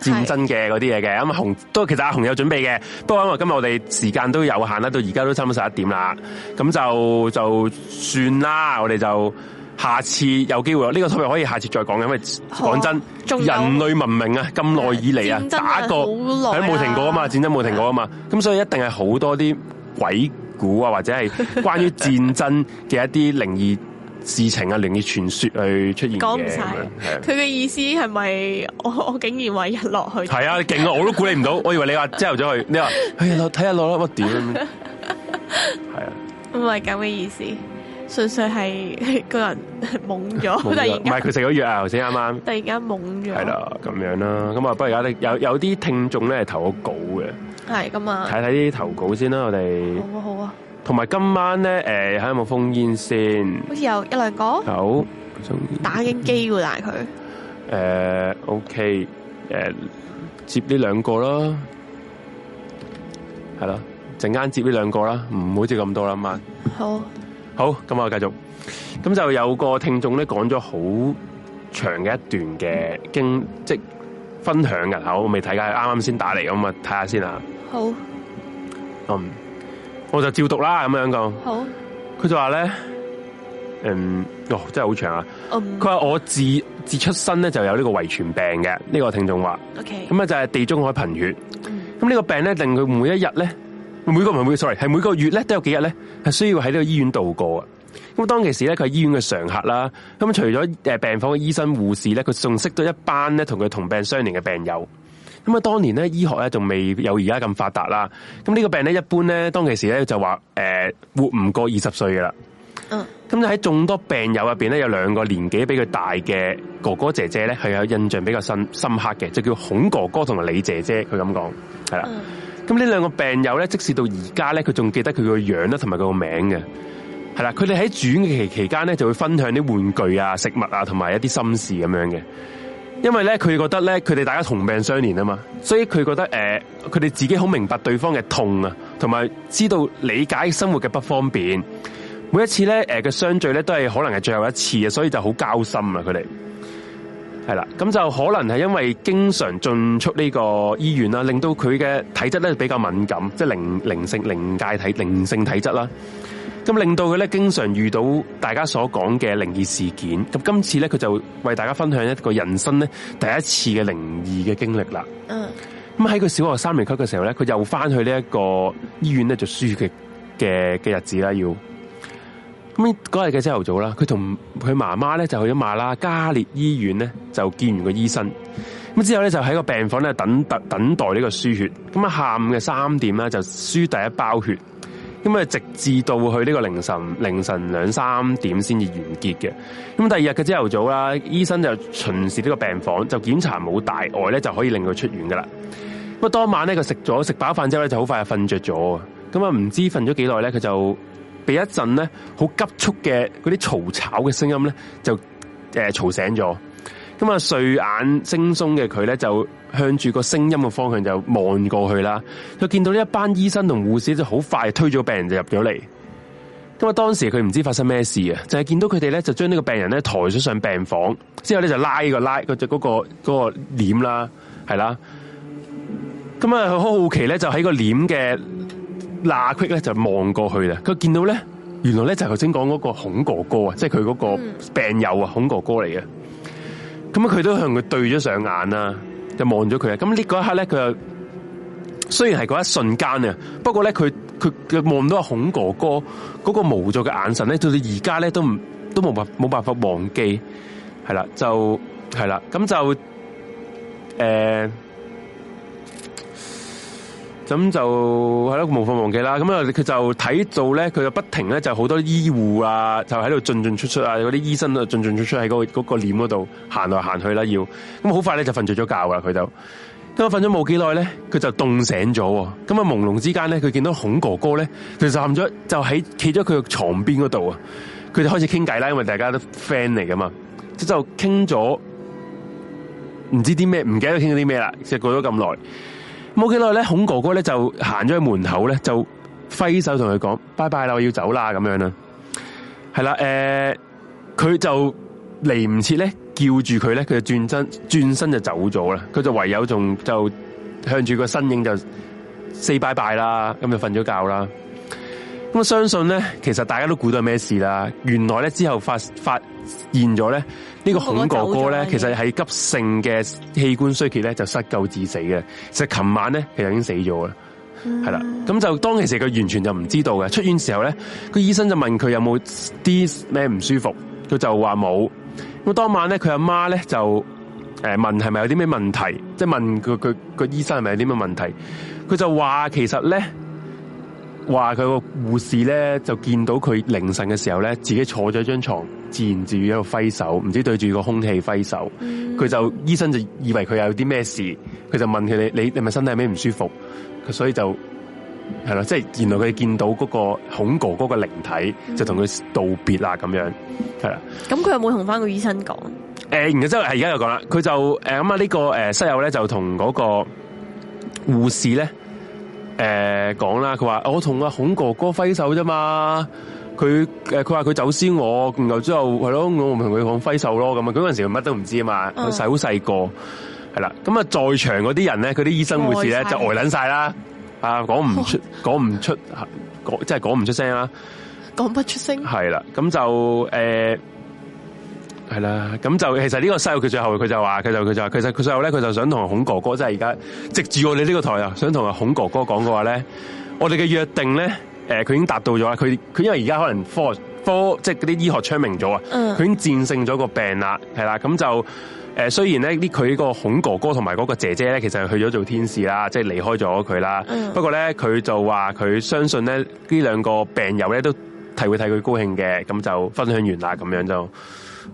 是戰爭嘅嗰啲嘢嘅，咁啊紅都其實阿紅，紅有準備嘅，不過因為今日我哋時間都有限啦，到而家都差唔多十一點啦，咁就就算啦，我哋就下次有機會，呢、這個 topic 可以下次再講嘅，因為講、哦、真，有人類文明啊咁耐以嚟啊，啊打過，係冇停過啊嘛，戰爭冇停過啊嘛，咁、啊、所以一定係好多啲鬼故啊，或者係關於戰爭嘅一啲靈異。事情啊，靈異傳說去出現，講唔晒，佢嘅意思係咪我我竟然話一落去？係啊，勁啊！我都估你唔到，我以為你話朝頭早去。你話睇下落啦，乜點！係啊，唔係咁嘅意思，純粹係個人懵咗。唔係佢食咗藥啊，頭先啱啱。突然間懵咗。係啦，咁樣啦。咁啊，不過而家有有啲聽眾咧係投個稿嘅。係咁啊，睇睇啲投稿先啦，我哋。好啊，好啊。同埋今晚咧，誒喺有冇烽煙先，好似有一兩個，有好打緊機喎，但係佢誒 OK，誒、呃、接呢兩個咯，係咯，陣間接呢兩個啦，唔好接咁多啦，阿好，好，咁我繼續，咁就有個聽眾咧講咗好長嘅一段嘅經，嗯、即分享嘅，好我未睇下啱啱先打嚟咁啊，睇下先啊。好，嗯。Um, 我就照讀啦，咁樣講。好。佢就話咧，嗯，哦，真係好長啊。佢話、um, 我自自出生咧就有呢個遺傳病嘅。呢、這個聽眾話。OK。咁啊就係地中海貧血。咁呢個病咧令佢每一日咧，每個唔係每，sorry，係每個月咧都有幾日咧係需要喺呢個醫院度過啊。咁當其時咧佢係醫院嘅常客啦。咁除咗誒病房嘅醫生護士咧，佢仲識到一班咧同佢同病相憐嘅病友。咁啊，當年咧醫學咧仲未有而家咁發達啦。咁、這、呢個病咧一般咧當其時咧就話誒、呃、活唔過二十歲噶啦。嗯。咁就喺眾多病友入邊咧，有兩個年紀比佢大嘅哥哥姐姐咧，係有印象比較深深刻嘅，就叫孔哥哥同埋李姐姐。佢咁講係啦。咁呢、嗯、兩個病友咧，即使到而家咧，佢仲記得佢個樣咧，同埋佢個名嘅。係啦，佢哋喺住院嘅期期間咧，就會分享啲玩具啊、食物啊，同埋一啲心事咁樣嘅。因為咧，佢覺得咧，佢哋大家同病相憐啊嘛，所以佢覺得誒，佢哋自己好明白對方嘅痛啊，同埋知道理解生活嘅不方便。每一次咧，誒嘅相聚咧，都係可能係最後一次啊，所以就好交心啊。佢哋係啦，咁就可能係因為經常進出呢個醫院啦，令到佢嘅體質咧比較敏感，即係靈靈性靈界體靈性體質啦。咁令到佢咧，經常遇到大家所講嘅靈異事件。咁今次咧，佢就為大家分享一個人生咧第一次嘅靈異嘅經歷啦。嗯。咁喺佢小學三年級嘅時候咧，佢又返去呢一個醫院咧，就輸血嘅嘅嘅日子啦，要咁嗰日嘅朝頭早啦，佢同佢媽媽咧就去咗馬拉加列醫院咧，就見完個醫生咁之後咧，就喺個病房咧等等等待呢個輸血。咁啊，下午嘅三點咧就輸第一包血。咁啊，直至到去呢個凌晨，凌晨兩三點先至完結嘅。咁第二日嘅朝頭早啦，醫生就巡視呢個病房，就檢查冇大礙咧，就可以令佢出院噶啦。咁啊，當晚咧佢食咗食飽飯之後咧，就好快就瞓著咗。咁啊，唔知瞓咗幾耐咧，佢就俾一陣咧好急促嘅嗰啲嘈吵嘅聲音咧，就誒嘈醒咗。咁啊，睡眼惺忪嘅佢咧，就向住個聲音嘅方向就望過去啦。佢見到呢一班醫生同護士，就好快就推咗病人就入咗嚟。咁啊，當時佢唔知發生咩事啊，就係、係、見到佢哋咧，就將呢個病人咧抬咗上病房，之後咧就拉、這個拉嗰隻嗰個嗰、嗰個簾啦，係、那、啦、個。咁啊，佢好好奇咧，就喺個簾嘅罅隙咧，就望過去啦。佢見到咧，原來咧就係頭先講嗰個孔哥哥啊，即係佢嗰個病友啊，孔、嗯、哥哥嚟嘅。咁佢都向佢對咗上眼啦，就望咗佢啊！咁呢嗰一刻咧，佢又雖然係嗰一瞬間啊，不過咧，佢佢佢望到阿孔哥哥嗰個無助嘅眼神咧，到到而家咧都唔都冇辦冇辦法忘記，係啦，就係啦，咁就誒。欸咁就係咯，冇法忘記啦。咁啊，佢就睇做咧，佢就不停咧，就好多醫護啊，就喺度進進出出啊，嗰啲醫生啊，進進出出喺嗰個簾嗰度行來行去啦，要咁好快咧就瞓著咗覺啦，佢就咁啊瞓咗冇幾耐咧，佢就凍醒咗。咁啊，朦朧之間咧，佢見到孔哥哥咧，就喊咗就喺企咗佢個床邊嗰度啊。佢就開始傾偈啦，因為大家都 friend 嚟噶嘛，即就傾咗唔知啲咩，唔記得傾咗啲咩啦，即過咗咁耐。冇幾耐咧，孔哥哥咧就行咗去門口咧，就揮手同佢講：拜拜啦，我要走啦，咁樣啦。係啦，誒、呃，佢就嚟唔切咧，叫住佢咧，佢就轉身轉身就走咗啦。佢就唯有仲就，就向住個身影就 say 拜拜啦，咁就瞓咗覺啦。咁相信咧，其實大家都估到咩事啦。原來咧之後發發現咗咧，呢個孔哥哥咧，其實係急性嘅器官衰竭咧，就失救致死嘅。其實琴晚咧，其實已經死咗啦。係啦、嗯，咁就當其時佢完全就唔知道嘅。出院時候咧，個醫生就問佢有冇啲咩唔舒服，佢就話冇。咁當晚咧，佢阿媽咧就誒問係咪有啲咩問題，即係問佢個醫生係咪有啲咩問題。佢就話其實咧。話佢個護士咧就見到佢凌晨嘅時候咧，自己坐咗張床，自言自語喺度揮手，唔知對住個空氣揮手。佢、嗯、就醫生就以為佢有啲咩事，佢就問佢，你你係咪身體有咩唔舒服？佢所以就係啦，即係原來佢見到嗰個孔哥哥嘅靈體，嗯、就同佢道別啦咁樣，係啦。咁佢有冇同翻個醫生講？誒、呃，然之後而家又講啦，佢就誒，咁啊呢個誒室友咧就同嗰個護士咧。誒，講啦、呃，佢話我同阿孔哥哥揮手啫嘛，佢誒，佢話佢走先我，然後之後係咯，我咪同佢講揮手咯咁啊，佢嗰陣時乜都唔知啊嘛，佢細好細個，係啦，咁啊，在場嗰啲人咧，佢啲醫生護士咧就呆捻晒啦，啊，講唔出，講唔 *laughs* 出，講即係講唔出聲啦，講、即係、不出聲，係啦， *laughs* 咁就誒。呃係啦，咁就其實呢個西，佢最後佢就話佢就佢就其實佢最後咧，佢就想同孔哥哥，即係而家藉住我哋呢個台啊，想同啊孔哥哥講嘅話咧，我哋嘅約定咧，誒、呃，佢已經達到咗啦。佢佢因為而家可能科科即係嗰啲醫學昌明咗啊，佢已經戰勝咗個病啦，係啦。咁就誒、呃，雖然咧呢，佢個孔哥哥同埋嗰個姐姐咧，其實去咗做天使啦，即係離開咗佢啦。嗯、不過咧，佢就話佢相信咧呢兩個病友咧都睇會替佢高興嘅，咁就分享完啦，咁樣就。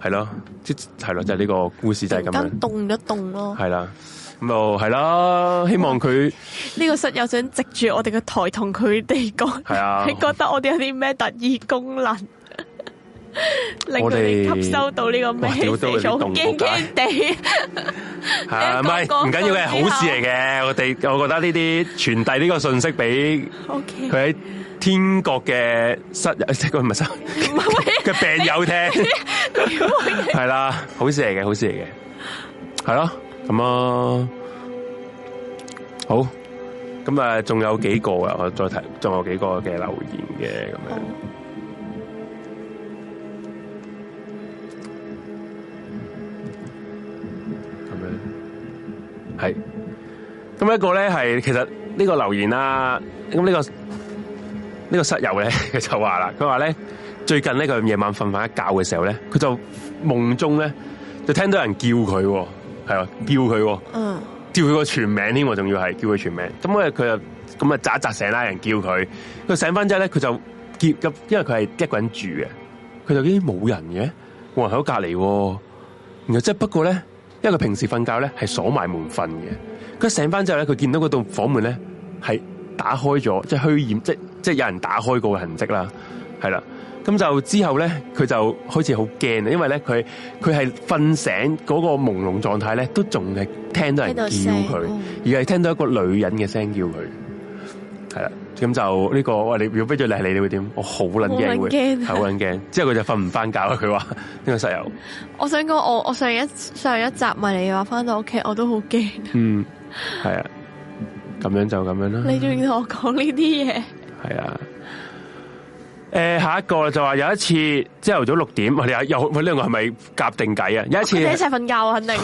係咯，即係咯，就係、是、呢個故事就係咁樣。凍動一凍動咯、啊。係啦，咁就係啦。希望佢呢個室友想藉住我哋嘅台同佢哋講，係啊的，佢覺得我哋有啲咩特異功能，們令佢哋吸收到呢個咩？好凍，好驚驚地。唔係，唔緊、啊、 *laughs* 要嘅，後後好事嚟嘅。我哋，我覺得呢啲傳遞呢個信息俾佢。的天國嘅室，即係佢唔係室嘅是病友聽你，係啦， *laughs* *laughs* 好事嚟嘅，好事嚟嘅，係咯，咁啊，好，咁啊，仲有幾個啊，我再睇，仲有幾個嘅留言嘅咁樣，咁啊、嗯，係，咁一個咧係，其實呢個留言啊，咁呢、這個。呢個室友咧，佢就話啦，佢話咧最近咧，佢夜晚瞓瞓一覺嘅時候咧，佢就夢中咧就聽到人叫佢，係啊，叫佢，哦，嗯，叫佢個全名添，我仲要係叫佢全名。咁啊，佢就咁啊，扎扎成拉人叫佢。佢醒翻之後咧，佢就結因，因為佢係一個人住嘅，佢就已經冇人嘅，冇人喺隔籬。然後即係不過咧，因為佢平時瞓覺咧係鎖埋門瞓嘅。佢醒翻之後咧，佢見到嗰道房門咧係打開咗，即係虛掩，即係即係有人打開過嘅痕跡啦，係啦，咁就之後咧，佢就開始好驚，因為咧佢佢係瞓醒嗰、那個朦朧狀態咧，都仲係聽到人叫佢，而係聽到一個女人嘅聲叫佢，係啦，咁就呢、這個喂，你如果逼住你係你你會點？我好撚驚，係好撚驚。之後佢就瞓唔翻覺啦，佢話呢個室友。我想講我我上一上一集咪你話翻到屋企我都好驚， *laughs* 嗯，係啊，咁樣就咁樣啦。你仲要同我講呢啲嘢？係啊，誒，下一個就話有一次朝頭早六點，我哋又兩個係咪夾定偈啊？有一次一齊瞓覺啊，肯定。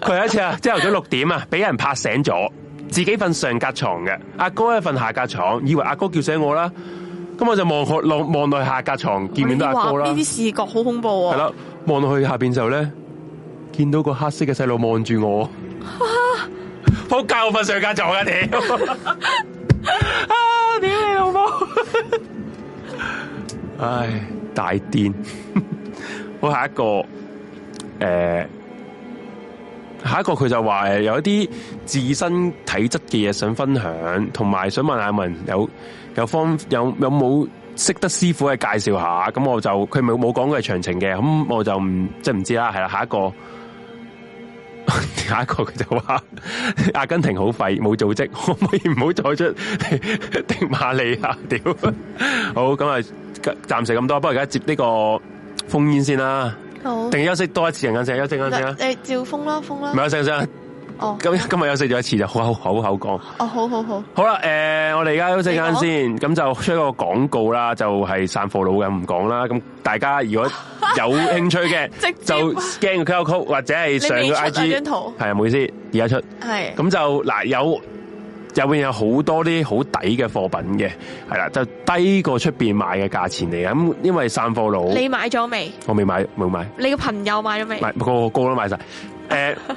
佢 *laughs* 有一次啊，朝頭 *laughs* 早六點啊，俾人拍醒咗，自己瞓上格床嘅，阿哥，哥一瞓下格床，以為阿哥，哥叫醒我啦，咁我就望落望落去下格床，見面都阿哥啦。呢啲視覺好恐怖、哦、啊！係啦，望落去下邊就咧，見到個黑色嘅細路望住我，好教瞓上格床一、啊、啲。 *laughs* 屌你老母！ *laughs* 唉，大癲。 *laughs* 好，下一個，誒、欸，下一個佢就話誒，有一啲自身體質嘅嘢，想分享，同埋想問阿文有有方有有冇識得師傅嘅介紹下？咁我就佢咪冇講佢係詳情嘅，咁我就唔即係唔知啦，係啦，下一個。下一個佢就話阿根廷好廢，冇組織，可唔可以唔好再出迪馬利亞啊？屌， *laughs* 好咁啊，暫時咁多，不過而家接呢個烽煙先啦，好，定休息多一次陣間先，休息陣間先，你照烽啦，烽啦，唔係啊，聲聲。咁今日休息咗一次就好好口講。哦，好好好。好啦，誒，吧 uh, 我哋而家休息間先，咁說就出一個廣告啦，就係、是、散貨佬嘅唔講啦。咁大家如果有興趣嘅，啊、就 scan 個 QR 或者係上 IG，係啊，唔好意思，而家出。係是的。咁就嗱，有入邊有好多啲好抵嘅貨品嘅，係啦，就低過出邊買嘅價錢嚟嘅。咁因為散貨佬，你買咗未？我未買，冇買。你個朋友買咗未？買個個都買晒。誒、uh,。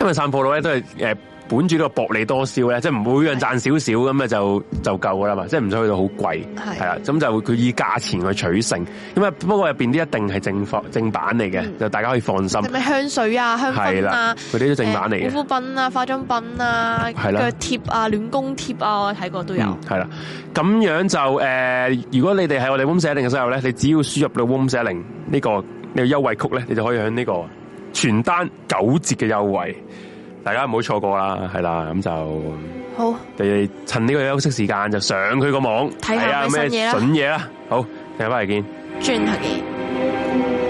因為散鋪佬咧都係誒，本着個薄利多銷咧，即係每樣賺少少咁啊，就就夠噶啦嘛，即係唔使去到好貴，係啦。咁就佢以價錢去取勝。咁啊，不過入邊啲一定係正貨正版嚟嘅，嗯、就大家可以放心。係咪香水啊、香薰啊，佢啲都正版嚟嘅。護膚、欸、品啊、化妝品啊、腳貼是的 啊、暖宮貼啊，我睇過都有、嗯。係啦，咁樣就誒、呃，如果你哋喺我哋 Room410 嘅時候咧，你只要輸入到 Room410 呢個呢、這個優惠 code 咧，你就可以喺呢、這個。全單九折嘅優惠，大家唔好錯過啦，係啦，咁就好，你哋趁呢個休息時間就上佢個網睇下有咩嘢筍嘢啦，好，啊、好，聽日翻嚟見，轉頭見。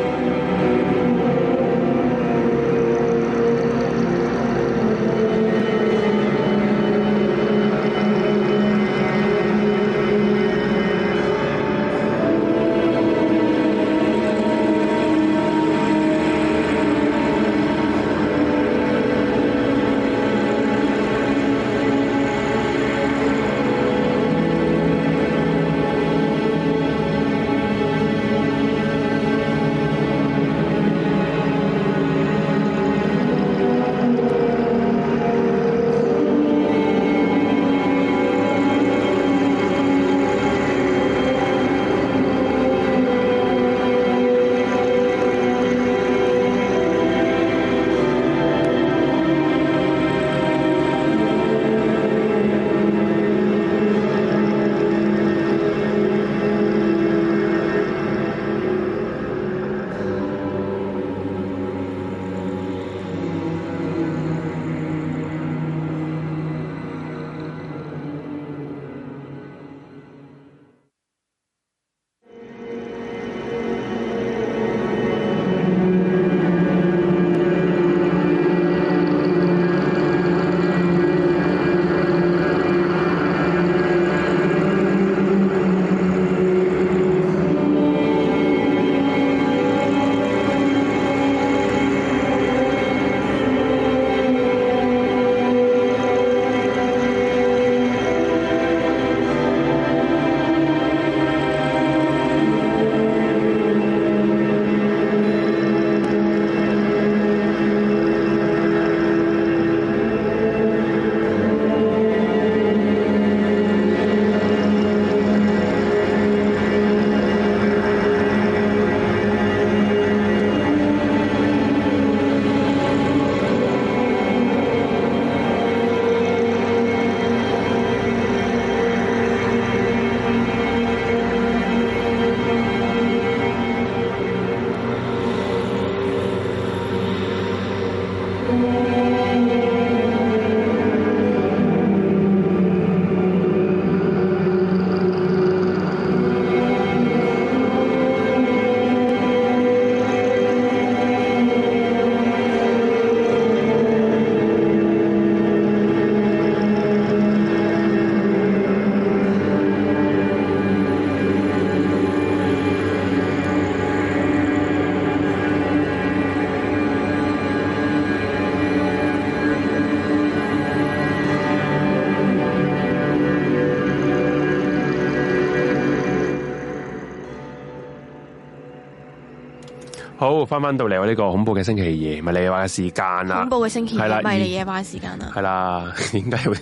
翻翻到嚟我呢個恐怖嘅星期二，迷離夜話嘅時間啦。恐怖嘅星期二，係迷離夜話嘅時間啦。係啦，點解會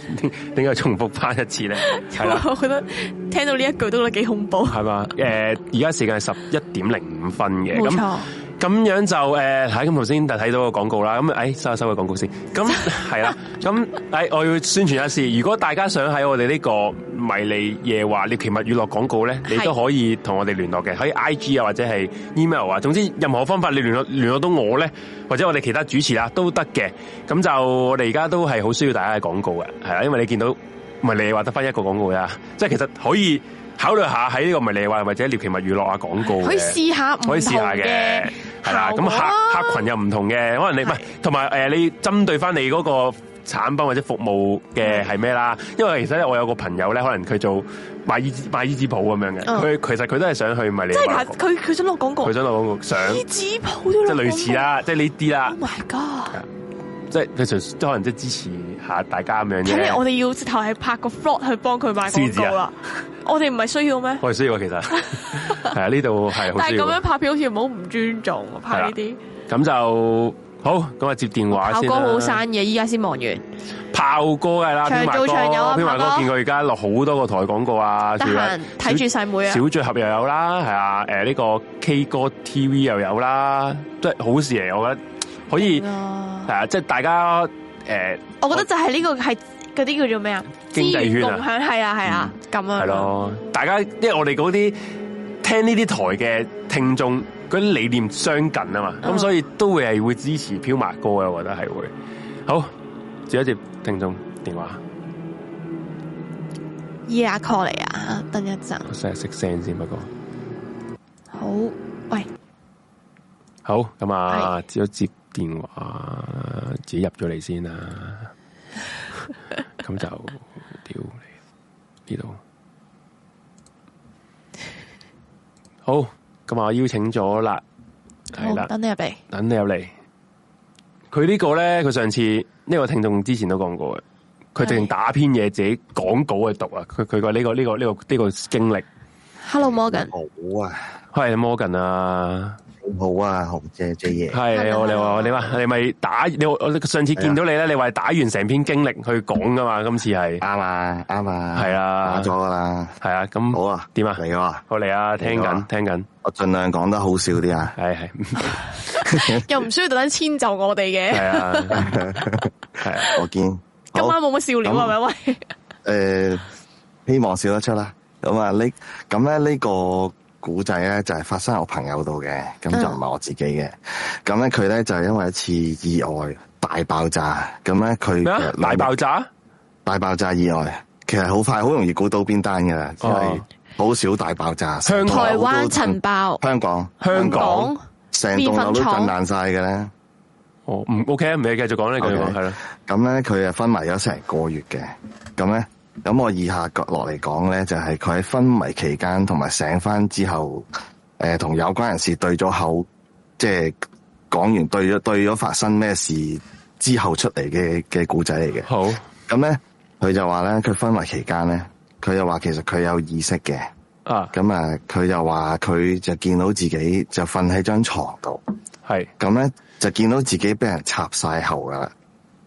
點解重複翻一次咧？ *laughs* 係啦，我覺得聽到呢一句都覺得幾恐怖。係、呃、嘛，誒，而家時間係十一點零五分嘅。冇錯。咁樣就誒，睇咁頭先就睇到個廣告啦。咁誒，收一收個廣告先。咁係啦，咁誒， *laughs* 我要宣傳一次，如果大家想喺我哋呢、這個。迷離夜話獵奇物娛樂廣告咧，你都可以同我哋聯絡嘅，可以 I G 啊，或者係 email 啊，總之任何方法你聯絡聯絡到我咧，或者我哋其他主持啊都得嘅。咁就我哋而家都係好需要大家嘅廣告嘅，係啊，因為你見到迷離夜話得返一個廣告啊，即係其實可以考慮下喺呢個迷離夜話或者獵奇物娛樂啊廣告，可以試下，可以試下嘅，係啊，咁客客群又唔同嘅，可能你唔係，同埋誒你針對返你嗰個，產品或者服務嘅係咩啦？因為其實咧，我有個朋友咧，可能佢做賣衣賣衣紙鋪咁樣嘅，佢其實佢都係想去賣你。即係佢佢想落廣告，佢想落廣告，想。紙鋪都即係類似啦，即係呢啲啦。Oh my god！即係佢純可能即係支持下大家咁樣。所以我哋要直頭係拍個 float 去幫佢賣紙啊！我哋唔係需要咩下？我哋需要，需要其實係啊， *laughs* 呢度係。但係咁樣拍片好似唔好唔尊重，拍呢啲咁就。好，咁啊接電話先炮哥，好生意，依家先忙完。炮哥嘅啦，長做長有啊，炮哥。見過而家落好多個台廣告啊。得閒睇住細妹啊。小聚合又有啦，係啊，誒呢個 K 歌 TV 又有啦，都係好事嚟，我覺得可以，係啊，即係大家誒。我覺得就係呢個係嗰啲叫做咩啊？經濟圈共享係啊係啊，咁樣係咯，大家，因為我哋嗰啲聽呢啲台嘅聽眾。嗰啲理念相近啊嘛，咁、oh. 嗯、所以都會係會支持飄埋歌啊，我覺得係會。好，接一接聽眾電話。Yeah，call 嚟啊，等一陣。我成日識聲先不聲，不過好，喂，好咁啊，只、嗯、有是接一接電話，自己入咗嚟先啦。咁 *laughs* *laughs* 就屌你，呢度好。今日我邀請咗啦，係啦，等你入嚟，等你入嚟。佢呢個呢，佢上次呢、這個聽眾之前都講過嘅，佢淨對打篇嘢自己講稿去讀啊，佢佢、這個呢、這個呢、這個呢個呢個經歷。Hello，Morgan，好啊，係 Morgan 啊。好啊，學嘅嘢係，我你話你話你咪打你我上次見到你咧，你話打完成篇經歷去講噶嘛？今次係啱啊，啱啊，係啊，講咗噶啦，係啊，咁好啊，點啊嚟啊，好嚟啊，聽緊聽緊，我盡量講得好笑啲啊，係係，又唔需要特登遷就我哋嘅，係啊，係啊，我見今晚冇乜笑料啊，咪喂，誒，希望笑得出啦，咁啊呢咁咧呢個。古仔咧就係發生喺我朋友度嘅，咁就唔係我自己嘅。咁咧佢咧就係因為一次意外大爆炸，咁咧佢大爆炸，大爆炸意外，其實好快好容易估到邊單噶啦，即係好少大爆炸。上台灣塵爆，香港香港成棟樓都震爛晒嘅咧。哦，唔 OK 啊，唔理，繼續講呢個係啦。咁咧佢啊分埋咗成個月嘅，咁咧。咁我以下角落嚟講咧，就係佢喺昏迷期間同埋醒翻之後，誒、呃，同有關人士對咗口，即係講完對咗對咗發生咩事之後出嚟嘅嘅故仔嚟嘅。好，咁咧，佢就話咧，佢昏迷期間咧，佢又話其實佢有意識嘅。啊，咁啊，佢又話佢就見到自己就瞓喺張床度。係是，咁咧就見到自己俾人插晒喉噶啦。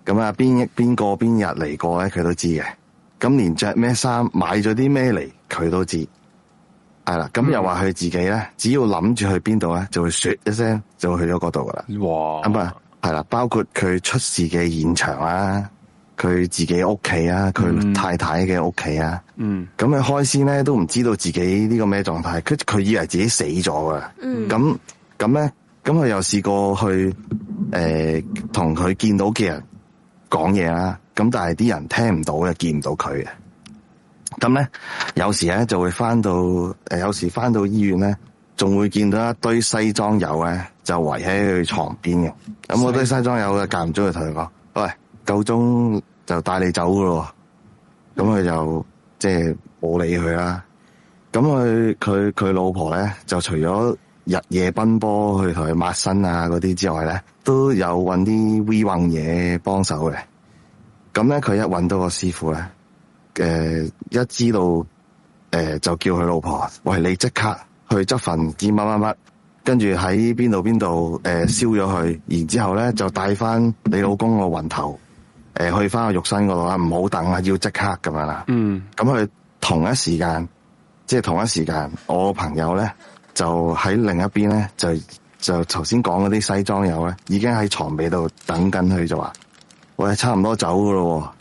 咁啊，邊邊個邊日嚟過咧，佢都知嘅。咁連着咩衫買咗啲咩嚟，佢都知。係啦，咁、嗯、又話佢自己咧，只要諗住去邊度咧，就會雪一聲，就會去咗嗰度噶啦。哇！咁啊，係啦，包括佢出事嘅現場啊，佢自己屋企啊，佢太太嘅屋企啊。嗯。咁佢、嗯、開先咧都唔知道自己呢個咩狀態，佢佢以為自己死咗噶。嗯。咁咁咧，咁佢又試過去誒，同、呃、佢見到嘅人講嘢啦。咁但係啲人聽唔到嘅，見唔到佢嘅。咁咧，有時咧就會翻到，誒、呃，有時翻到醫院咧，仲會見到一堆西裝友咧，就圍喺佢床邊嘅。咁嗰堆西裝友嘅，間唔中就同佢講，喂，夠鐘就帶你走噶咯。咁佢就即係冇理佢啦。咁佢佢佢老婆咧，就除咗日夜奔波去同佢抹身啊嗰啲之外咧，都有搵啲 v e 嘢幫手嘅。咁咧，佢一揾到個師傅咧，誒、呃，一知道，誒、呃，就叫佢老婆，喂，你即刻去執份紙乜乜乜，跟住喺邊度邊度，誒，燒咗佢，然之後咧就帶翻你老公個魂頭，誒、呃，去翻個肉身嗰度啊，唔好等啊，要即刻咁樣啦。嗯。咁佢同一時間，即係同一時間，我朋友咧就喺另一邊咧，就就頭先講嗰啲西裝友咧，已經喺床尾度等緊佢就話。喂，差唔多走噶咯，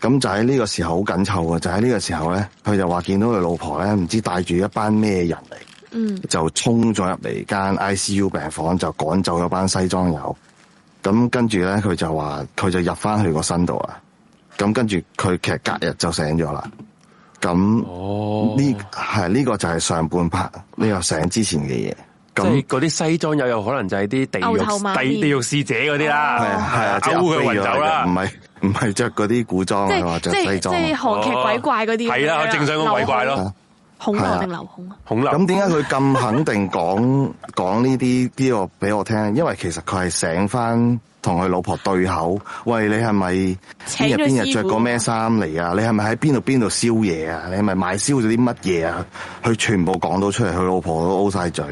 咁就喺呢個時候好緊湊啊，就喺呢個時候咧，佢就話見到佢老婆咧，唔知帶住一班咩人嚟，嗯，就衝咗入嚟間 ICU 病房，就趕走咗班西裝友，咁跟住咧，佢就話佢就入翻去個身度啊，咁跟住佢其實，隔日就醒咗啦，咁哦，呢係呢個就係上半拍，呢個醒之前嘅嘢。咁嗰啲西裝又有可能就係啲地獄地地獄者嗰啲啦，係啊，勾佢魂走啦，唔係唔係着嗰啲古裝，即係西係即係韓劇鬼怪嗰啲，係啦，正常個鬼怪咯，恐龍定流恐啊？恐龍咁點解佢咁肯定講講呢啲呢我俾我聽？因為其實佢係醒翻同佢老婆對口。喂，你係咪聽咗宵邊日着過咩衫嚟啊？你係咪喺邊度邊度宵夜啊？你係咪買宵咗啲乜嘢啊？佢全部講到出嚟，佢老婆都 o 晒嘴。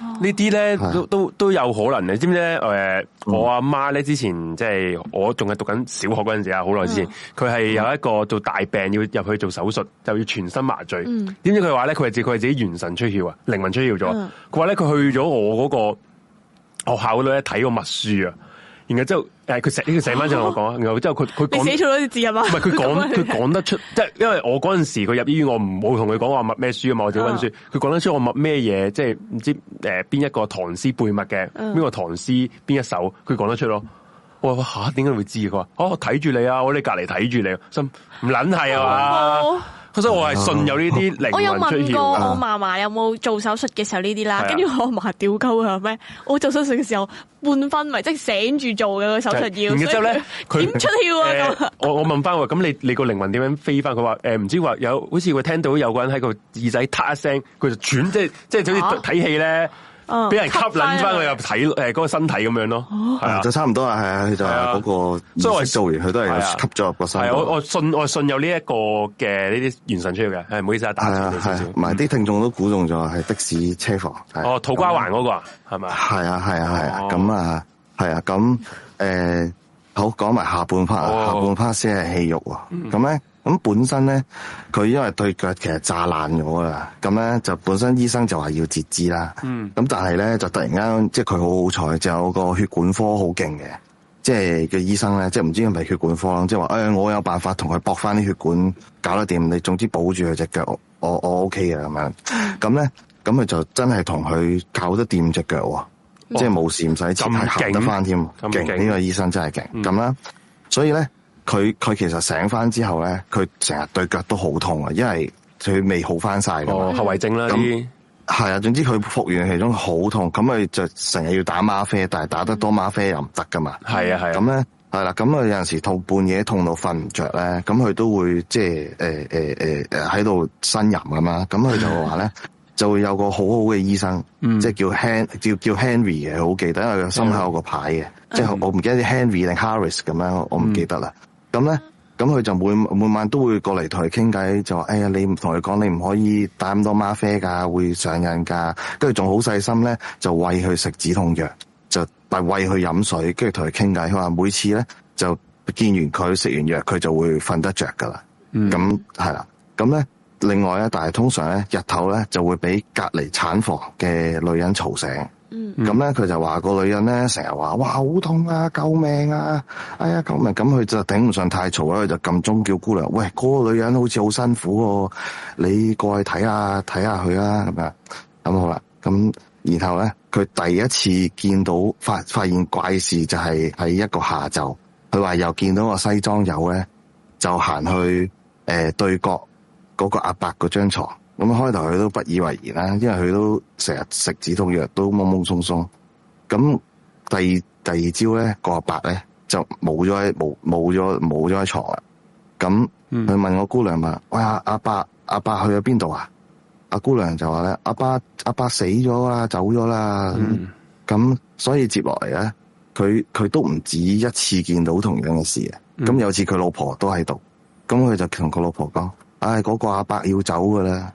這些呢啲咧、哦、都都都有可能，你知唔知咧？誒、嗯，我阿媽咧，之前即係我仲係讀緊小學嗰陣時啊，好耐之前，佢係有一個做大病要入去做手術，就要全身麻醉。點、嗯、知佢話咧，佢係自佢係自己元神出竅啊，靈魂出竅咗。佢話咧，佢去咗我嗰個學校度咧睇個密書啊。然後之後，誒、啊，佢寫呢寫翻就同我講，哦、然後之後佢佢寫錯咗啲字啊嘛，唔係佢講佢講得出，即係 *laughs* 因為我嗰陣時佢入醫院，我唔冇同佢講話默咩書啊，我自溫溫書，佢講得出我默咩嘢，即係唔知誒邊一個唐詩背默嘅，邊個唐詩邊一首，佢講得出咯。我話吓，點解會知？佢話哦，睇住你啊，我喺隔籬睇住你，心唔撚係啊嘛。所以，我係信有呢啲靈魂，我有問過我嫲嫲有冇做手術嘅時候這些呢啲啦，是的 跟住我阿嫲屌鳩佢話咩？我做手術嘅時候半昏迷，即係醒住做嘅個手術要。然之後咧，佢點出竅啊？ *laughs* 呃、我我問翻，咁你你個靈魂點樣飛翻？佢話誒，唔、呃、知話有，好似會聽到有個人喺個耳仔嗒一聲，佢就轉，即係即係好似睇戲咧。啊俾人吸引翻佢個體誒個身體咁樣咯，就差唔多啦，係啊，佢就係嗰個，即係做完佢都係吸咗入個身。我我信我信有呢一個嘅呢啲元神出嚟嘅，係唔好意思啊，打錯字埋啲聽眾都估中咗，係的士車房。哦，土瓜灣嗰個啊，係咪？係啊係啊係啊，咁啊係啊，咁誒好講埋下半 part 啊，下半 part 先係戲肉咁咧。咁本身咧，佢因為對腳其實炸爛咗啦，咁咧就本身醫生就話要截肢啦。嗯。咁但係咧就突然間，即係佢好好彩，就有個血管科好勁嘅，即係嘅醫生咧，即係唔知係咪血管科咯，即係話誒，我有辦法同佢搏翻啲血管搞得掂，你總之保住佢隻腳，我我 OK 嘅咁 *laughs* 樣呢。咁咧，咁佢就真係同佢搞得掂隻腳，哦、即係冇事，唔使截。咁勁。行得翻添，勁呢、呢個醫生真係勁。咁啦、嗯，所以咧。佢佢其實醒翻之後咧，佢成日對腳都好痛啊，因為佢未好翻晒哦，後遺症啦，咁係啊，那經總之佢復原其中好痛，咁佢就成日要打嗎啡，但係打得多嗎啡又唔得㗎嘛。係啊係。咁咧係啦，咁佢那吧有陣時痛，半夜痛到瞓唔着咧，咁佢都會即係誒誒誒誒喺度呻吟咁啦。咁、呃、佢、呃呃、就話咧，嗯、就會有個好好嘅醫生，嗯、即係叫 Han，叫叫 Henry 嘅，好記得，因為佢心口有個牌嘅，嗯、即係我唔記得 Henry 定 Harris 咁樣，我唔記得啦。嗯咁咧，咁佢就每每晚都會過嚟同佢傾偈，就話：哎呀，你唔同佢講，你唔可以打咁多嗎啡㗎，會上癮㗎。跟住仲好細心咧，就餵佢食止痛藥，就但係餵佢飲水，跟住同佢傾偈。佢話每次咧就見完佢食完藥，佢就會瞓得著㗎啦。咁係啦，咁咧另外咧，但係通常咧日頭咧就會俾隔離產房嘅女人嘈醒。咁咧，佢、嗯、就話個女人咧成日話，哇好痛啊，救命啊！哎呀，救命！咁佢就頂唔順太嘈，佢就撳鐘叫姑娘，喂，嗰、嗰個女人好似好辛苦喎，啊，你過去睇下睇下佢呀。」咁啊，咁好啦。咁然後咧，佢第一次見到發發現怪事就係喺一個下晝，佢話又見到個西裝友咧，就行去誒、呃、對角嗰個阿伯嗰張床。咁開頭佢都不以為然啦，因為佢都成日食止痛藥，都懵懵鬆鬆。咁第第二朝咧，呢個阿伯咧就冇咗喺冇冇咗冇咗喺床啊！咁佢問我姑娘話：，嗯、喂阿阿、啊、伯阿、啊伯，啊、伯去咗邊度啊？阿、啊、姑娘就話咧：，阿、啊、伯阿、啊、伯死咗啊走咗啦。咁、嗯、所以接落嚟咧，佢佢都唔止一次見到同樣嘅事。咁有次佢老婆都喺度，咁佢就同佢老婆講：，唉、哎，嗰、那個阿伯要走㗎啦。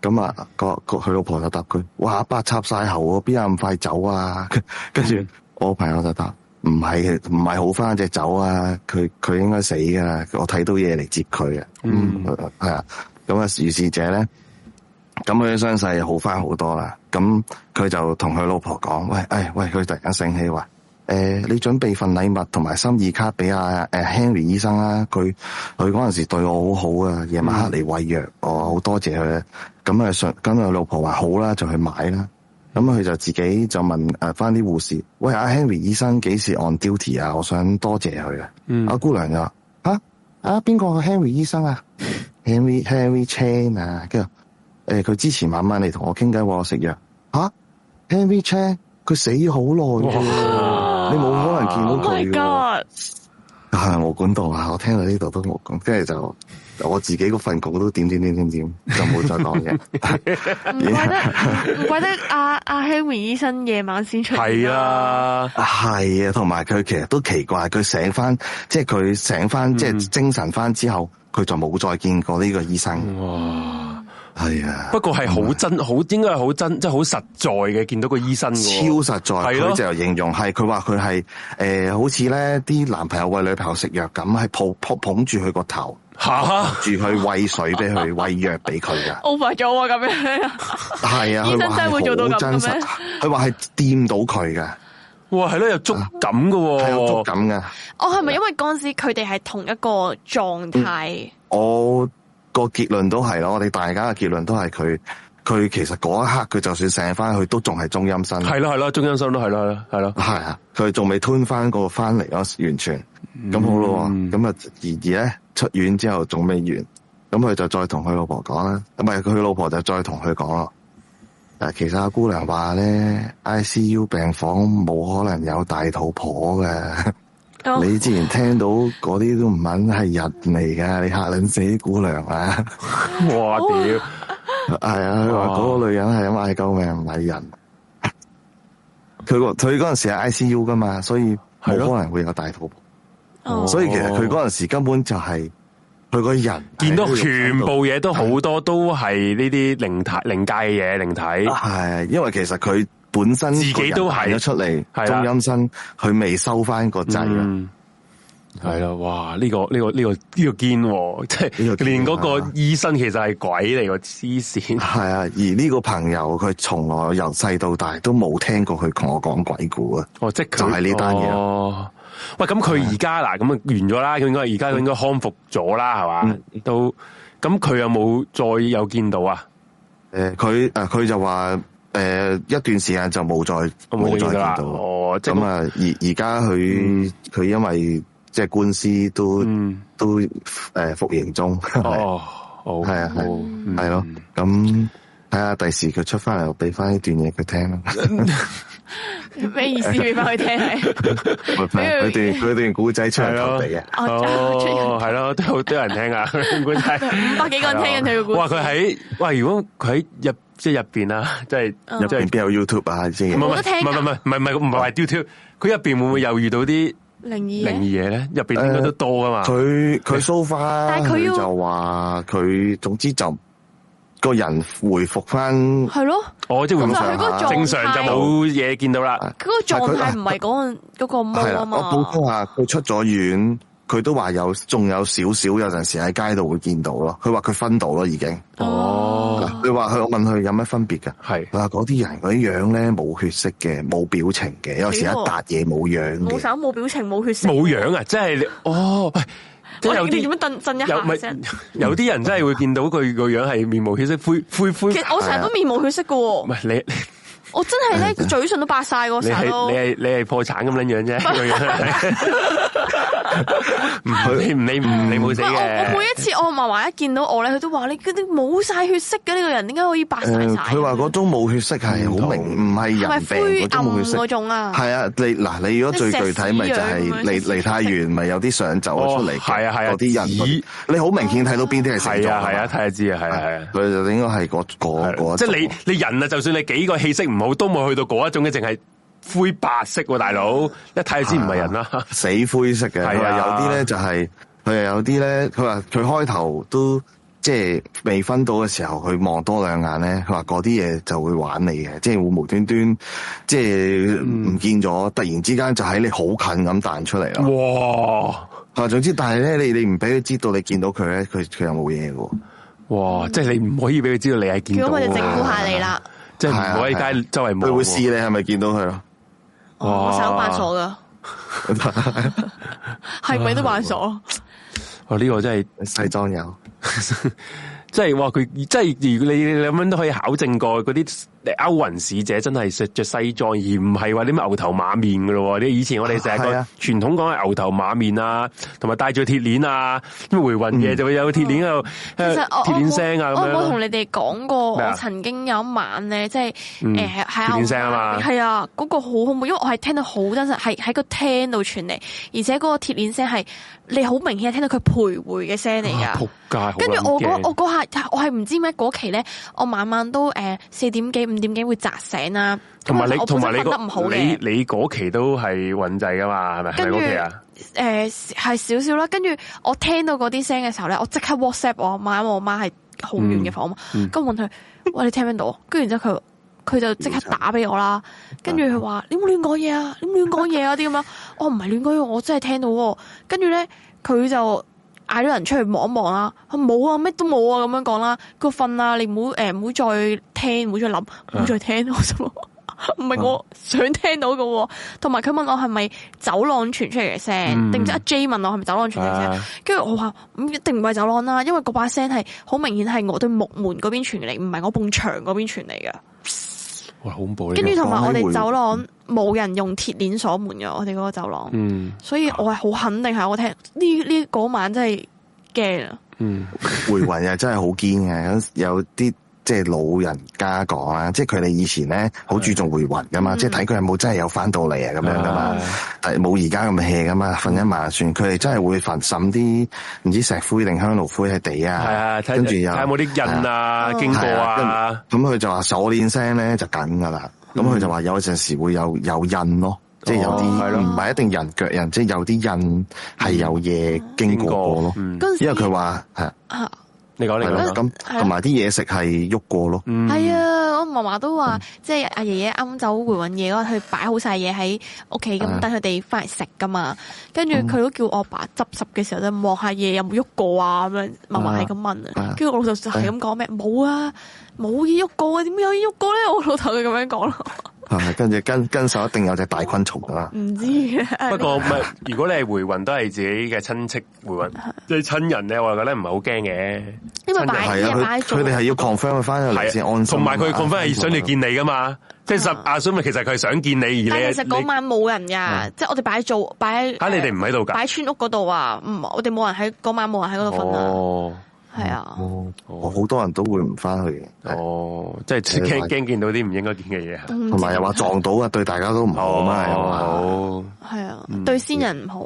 咁啊，個個佢老婆就答佢：，哇，阿伯插曬喉，邊有咁快走啊？跟住、嗯、我朋友就答：，唔係，唔係好翻只走啊，佢佢應該死噶啦，我睇到嘢嚟接佢啊。嗯，係啊，咁啊如是者咧，咁佢傷勢又好翻好多啦。咁佢就同佢老婆講：，喂，哎喂，佢突然間醒起話誒、呃，你準備份禮物同埋心意卡俾阿誒 Henry 醫生啦、啊，佢佢嗰陣時對我好好啊，夜晚黑嚟餵藥，我好多謝佢啊。咁啊，跟住老婆話好啦、啊，就去買啦。咁、啊、佢就自己就問誒，翻啲護士，喂、啊、阿 Henry 醫生幾時 on duty 啊？我想多謝佢啊。阿、嗯啊、姑娘就話：吓，啊邊個、啊、Henry 醫生啊 *laughs* ？Henry Henry Chan 啊？跟住誒，佢、啊、之前晚晚嚟同我傾偈，話我食藥。吓、啊、，Henry Chan，佢死好耐你冇可能見到佢嘅，但係我講到啊，我聽到呢度都我講，跟住就我自己嗰份稿都點點點點點，就冇再講嘢。唔怪得，唔怪得阿阿希文醫生夜晚先出嚟。係啊，係啊，同埋佢其實都奇怪，佢醒翻，即係佢醒翻，即係精神翻之後，佢就冇再見過呢個醫生。哇係啊，不過係好真，是啊、好應該係好真，即係好實在嘅。見到個醫生的超實在，佢、啊、就形容係佢話佢係誒，好似咧啲男朋友喂女朋友食藥咁，係抱捧住佢個頭，吓住佢喂水俾佢，喂藥俾佢嘅。over 咗咁樣，係啊，醫生真係會做 *laughs* 到咁。佢話係掂到佢㗎！哇，係咯、啊，有觸感嘅、啊，係有觸感㗎！我係咪因為嗰陣時佢哋係同一個狀態？嗯個結論都係咯，我哋大家嘅結論都係佢，佢其實嗰一刻佢就算醒翻去都仲係中陰身。係囉，係囉，中陰身都係囉。係囉，係啊，佢仲未吞翻個翻嚟咯，完全咁好咯，咁啊、嗯、而而咧出院之後仲未完，咁佢就再同佢老婆講啦，咁係佢老婆就再同佢講咯。誒，其實阿姑娘話咧，I C U 病房冇可能有大肚婆嘅。你之前聽到嗰啲都唔肯係人嚟嘅，你嚇撚死姑娘 *laughs* 啊！哇屌，係啊！佢話嗰個女人係咁嗌救命唔係人，佢個佢嗰陣時係 I C U 㗎嘛，所以好可能會有大肚。啊哦、所以其實佢嗰陣時根本就係佢個人見到，到全部嘢都好多都係呢啲靈體對靈界嘅嘢，靈體係因為其實佢。本身自己都行咗出嚟，中陰身，佢未收翻個仔啊。係啦。哇！呢個呢個呢個呢個堅，即係連嗰個醫生其實係鬼嚟個黐線。係啊，而呢個朋友佢從來由細到大都冇聽過佢同我講鬼故啊。哦，即係就係呢單嘢。喂，咁佢而家嗱咁啊完咗啦，佢應該而家佢應該康復咗啦，係嘛？都咁佢有冇再有見到啊？誒，佢誒，佢就話。誒，一段時間就冇再冇再見到哦。咁啊，而而家佢佢因為即係官司都都誒服刑中哦。哦係啊係係咯。咁睇下第時佢出翻嚟，俾翻呢段嘢佢聽咯。咩意思俾翻佢聽？佢段佢段古仔出嚟嘅哦，係咯，都好多人聽啊，五百幾個人聽緊佢嘅古。哇，佢喺哇，如果佢喺入。即係入邊啊，即係入邊邊有 YouTube 啊，即係。冇冇聽。唔係唔係唔係唔係唔係 YouTube，佢入邊會唔會又遇到啲靈異嘢？靈異嘢咧，入邊應該都多噶嘛。佢佢 so far，就話佢總之就個人回复翻係咯。我即係回覆下，正常就冇嘢見到啦。佢個狀態唔係講嗰個乜啊嘛。我補充下，佢出咗院。佢都話有，仲有少少，有陣時喺街度會見到咯。佢話佢分到咯，已經。哦，佢話佢，我問佢有咩分別㗎？佢話嗰啲人嗰啲樣咧冇血色嘅，冇表情嘅，的有時一笪嘢冇樣嘅，冇手，冇表情，冇血色。冇樣啊！即係哦，喂， *laughs* 我哋點樣震震一下有啲 *laughs* 人真係會見到佢個樣係面無血色、灰灰灰。其實我成日都面無血色㗎喎。唔係你。你我真係咧，嘴唇都白晒嗰，你係你係你係破產咁樣樣啫。唔你唔你唔會死嘅。我每一次我嫲嫲一見到我咧，佢都話你嗰啲冇晒血色嘅呢個人，點解可以白晒？佢話嗰種冇血色係好明，唔係人。唔係灰暗嗰種啊。係啊，你嗱，你如果最具體咪就係離離太遠，咪有啲相走咗出嚟。係啊係啊。嗰啲人，你好明顯睇到邊啲係死咗係嘛？睇下知啊，係啊係啊。佢就應該係嗰嗰即係你你人啊，就算你幾個氣色唔。冇都冇去到嗰一種嘅，淨係灰白色、啊，大佬一睇就知唔係人啦、啊，死灰色嘅。佢話、啊、有啲咧就係、是，佢有啲咧，佢話佢開頭都即係未分到嘅時候，佢望多兩眼咧，佢話嗰啲嘢就會玩你嘅，即係會無端端即係唔見咗，嗯、突然之間就喺你好近咁彈出嚟啦。哇！啊，總之，但係咧，你你唔俾佢知道你見到佢咧，佢佢又冇嘢嘅。哇！即係你唔可以俾佢知道你係見到。咁我就照顧下你啦。即係唔可以街周圍望，佢會試你係咪見到佢咯？我想扮傻噶，係咪都扮傻哦，呢個真係西裝友。 *laughs* 即係，哇！佢即係如果你兩樣都可以考證過嗰啲。歐云使者真係食着西裝，而唔係話啲咩牛頭馬面噶咯。你以前我哋成日傳統講係牛頭馬面啊，同埋帶住鐵鏈啊，回魂嘅就會有鐵鏈喺度。其實我鐵鏈聲我冇同樣你哋講過，麼我曾經有一晚咧，即係，誒係歐鐵鏈聲啊嘛，係啊，嗰、嗰個好恐怖，因為我係聽到好真實，係喺個廳度傳嚟，而且嗰個鐵鏈聲係。你好明顯聽到佢徘徊嘅聲嚟噶，跟住、啊、我嗰我嗰下我係唔知咩嗰期咧，我晚晚都誒四、呃、點幾五點幾會扎醒啦、啊。同埋你同埋你個，你你嗰期都係混滯噶嘛，係咪係嗰期啊？誒、呃，係少少啦。跟住我聽到嗰啲聲嘅時候咧，我即刻 WhatsApp 我阿媽，我阿媽係好遠嘅房嘛，跟住我問佢，喂，你聽唔聽到？跟住然之後佢。佢就即刻打俾我啦，跟住佢話，你唔好亂講嘢啊，你唔亂講嘢啊，啲咁樣。我唔係亂講嘢，我真係聽到。跟住咧，佢就嗌咗人出去望一望啦。冇啊，咩都冇啊，咁樣講啦。佢瞓啦，你唔好誒，唔、呃、好再聽，唔好再諗，唔好、啊、再聽我。我心話唔係我想聽到嘅，同埋佢問我係咪走廊傳出嚟嘅聲，定唔知阿 J 問我係咪走廊傳出嚟嘅聲？跟住、啊、我話、嗯、一定唔係走廊啦，因為嗰把聲係好明顯係我對木門嗰邊傳嚟，唔係我埲牆嗰邊傳嚟嘅。哇，好恐怖！跟住同埋我哋走廊冇人用鐵鏈鎖門嘅，我哋嗰個走廊，嗯、所以我係好肯定係我聽呢呢嗰晚真係驚啦。嗯，回魂又 *laughs* 真係好堅嘅，有啲。即係老人家講呀，即係佢哋以前咧好注重回魂噶嘛，即係睇佢有冇真係有翻到嚟啊咁樣噶嘛，冇而家咁 hea 噶嘛，瞓一晚就算。佢哋真係會焚燬啲唔知石灰定香爐灰喺地啊，跟住有冇啲印啊經過啊。咁佢就話鎖鏈聲咧就緊噶啦，咁佢就話有陣時會有有印咯，即係有啲唔係一定人腳印，即係有啲印係有嘢經過囉。咯，因為佢話你講你講啦，咁同埋啲嘢食係喐過咯。係啊，我嫲嫲都話，即係阿爺爺啱走會揾嘢咯，去擺好晒嘢喺屋企咁等佢哋翻嚟食㗎嘛。跟住佢都叫我爸執拾嘅時候都望下嘢有冇喐過啊咁樣，嫲嫲係咁問啊。跟住我老豆就係咁講咩，冇啊，冇嘢喐過啊，點會有嘢喐過咧？我老頭就咁樣講咯。 *laughs* 跟住跟跟手一定有隻大昆蟲㗎啦，唔知 *laughs* 不。不過唔係，如果你係回魂都係自己嘅親戚回魂，即係親人咧，我覺得唔係好驚嘅。因為擺嘢佢哋係要 confirm 翻，先安心。同埋佢 confirm 係想要見你㗎嘛？啊、即係阿阿蘇咪，其實佢係想見你。但係其實嗰晚冇人㗎，啊、即係我哋擺做擺喺。吓你哋唔喺度㗎？擺、啊、村屋嗰度啊？唔，我哋冇人喺嗰晚冇人喺嗰度瞓啊。哦。係啊，好多人都會唔翻去嘅。哦，即係驚驚見到啲唔應該見嘅嘢，同埋又話撞到啊，對大家都唔好啊。係啊，對先人唔好，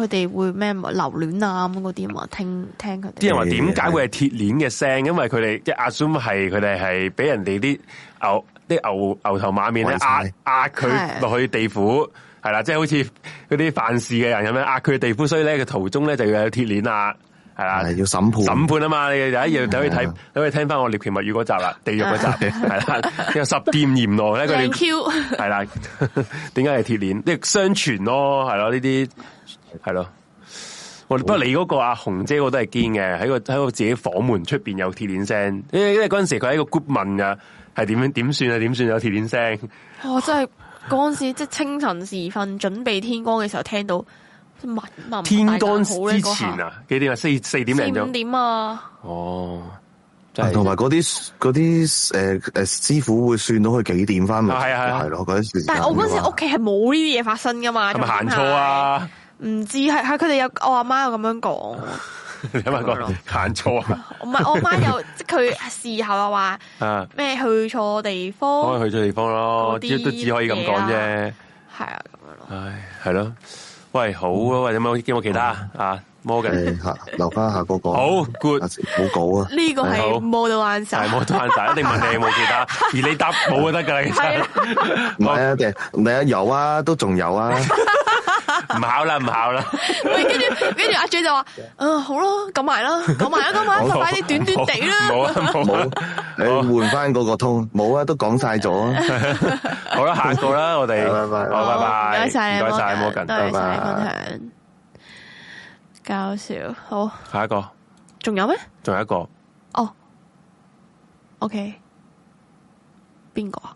佢哋會咩留戀啊咁嗰啲啊。聽聽佢。啲人話點解會係鐵鏈嘅聲？因為佢哋即阿 assume 係佢哋係俾人哋啲牛啲牛牛頭馬面嚟壓壓佢，落去地府係啦。即係好似嗰啲犯事嘅人咁樣壓佢地府，所以咧嘅途中咧就要有鐵鏈啊。係啦，要審判審判啊嘛！你第一樣等佢睇，等佢的聽翻我《獵奇物語》嗰集啦，地獄嗰集嘅，係啦，十殿閻羅嘅。佢哋，係啦，點解係鐵鏈？即係相傳咯，係咯，呢啲係咯。是的我不過你嗰個阿紅姐嗰，都係堅嘅，喺個喺個自己房門出邊有鐵鏈聲，因為嗰陣時佢喺個 group 問噶，係點點算啊？點算有鐵鏈聲？我、哦、真係嗰陣時即係清晨時分，準備天光嘅時候聽到。天光之前啊，幾點啊？四四點零鐘？五點啊？哦，同埋嗰啲啲，誒誒，師傅會算到佢幾點翻嚟？係啊係咯，但係我嗰時屋企係冇呢啲嘢發生噶嘛？係咪行錯啊？唔知係係佢哋有我阿媽有咁樣講，咁咪咯，行錯啊？唔係我阿媽有，即係佢事後又話，咩去錯地方？去錯地方咯，都只可以咁講啫。係啊，咁樣咯。唉，係咯。喂，好啊，嗯、喂，有冇有冇其他、嗯、啊？model 吓留翻下嗰個好 good，冇稿啊，呢個係 model answer，model answer 一定問你有冇其他，而你答冇就得㗎啦，係啦，唔係啊，定唔係啊？有啊，都仲有啊，唔考啦，唔考啦，跟住跟住阿 J 就話，嗯好咯，講埋啦，講埋啦，講埋快啲短短地啦，冇冇，你換翻嗰個通，冇啊都講晒咗，好啦下一個啦，我哋拜拜，拜拜，唔該晒，唔該晒，model，多謝分享。搞笑，好，下一個，仲有咩？仲有一個哦，OK，邊個啊？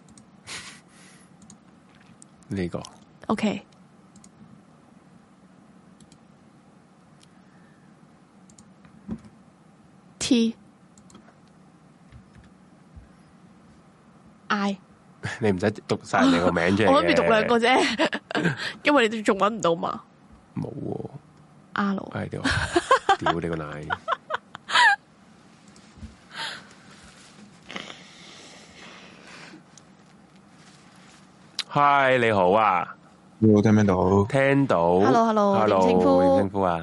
呢個 OK，T，I， *laughs* 你唔使讀晒你個名啫， *laughs* 我諗住讀兩個啫， *laughs* 因為你都仲搵唔到嘛，冇。阿盧，屌你、啊、 *laughs* 個奶！嗨，你好啊，你好，聽唔聽到？聽到。Hello，Hello，hello 夫，點稱呼啊，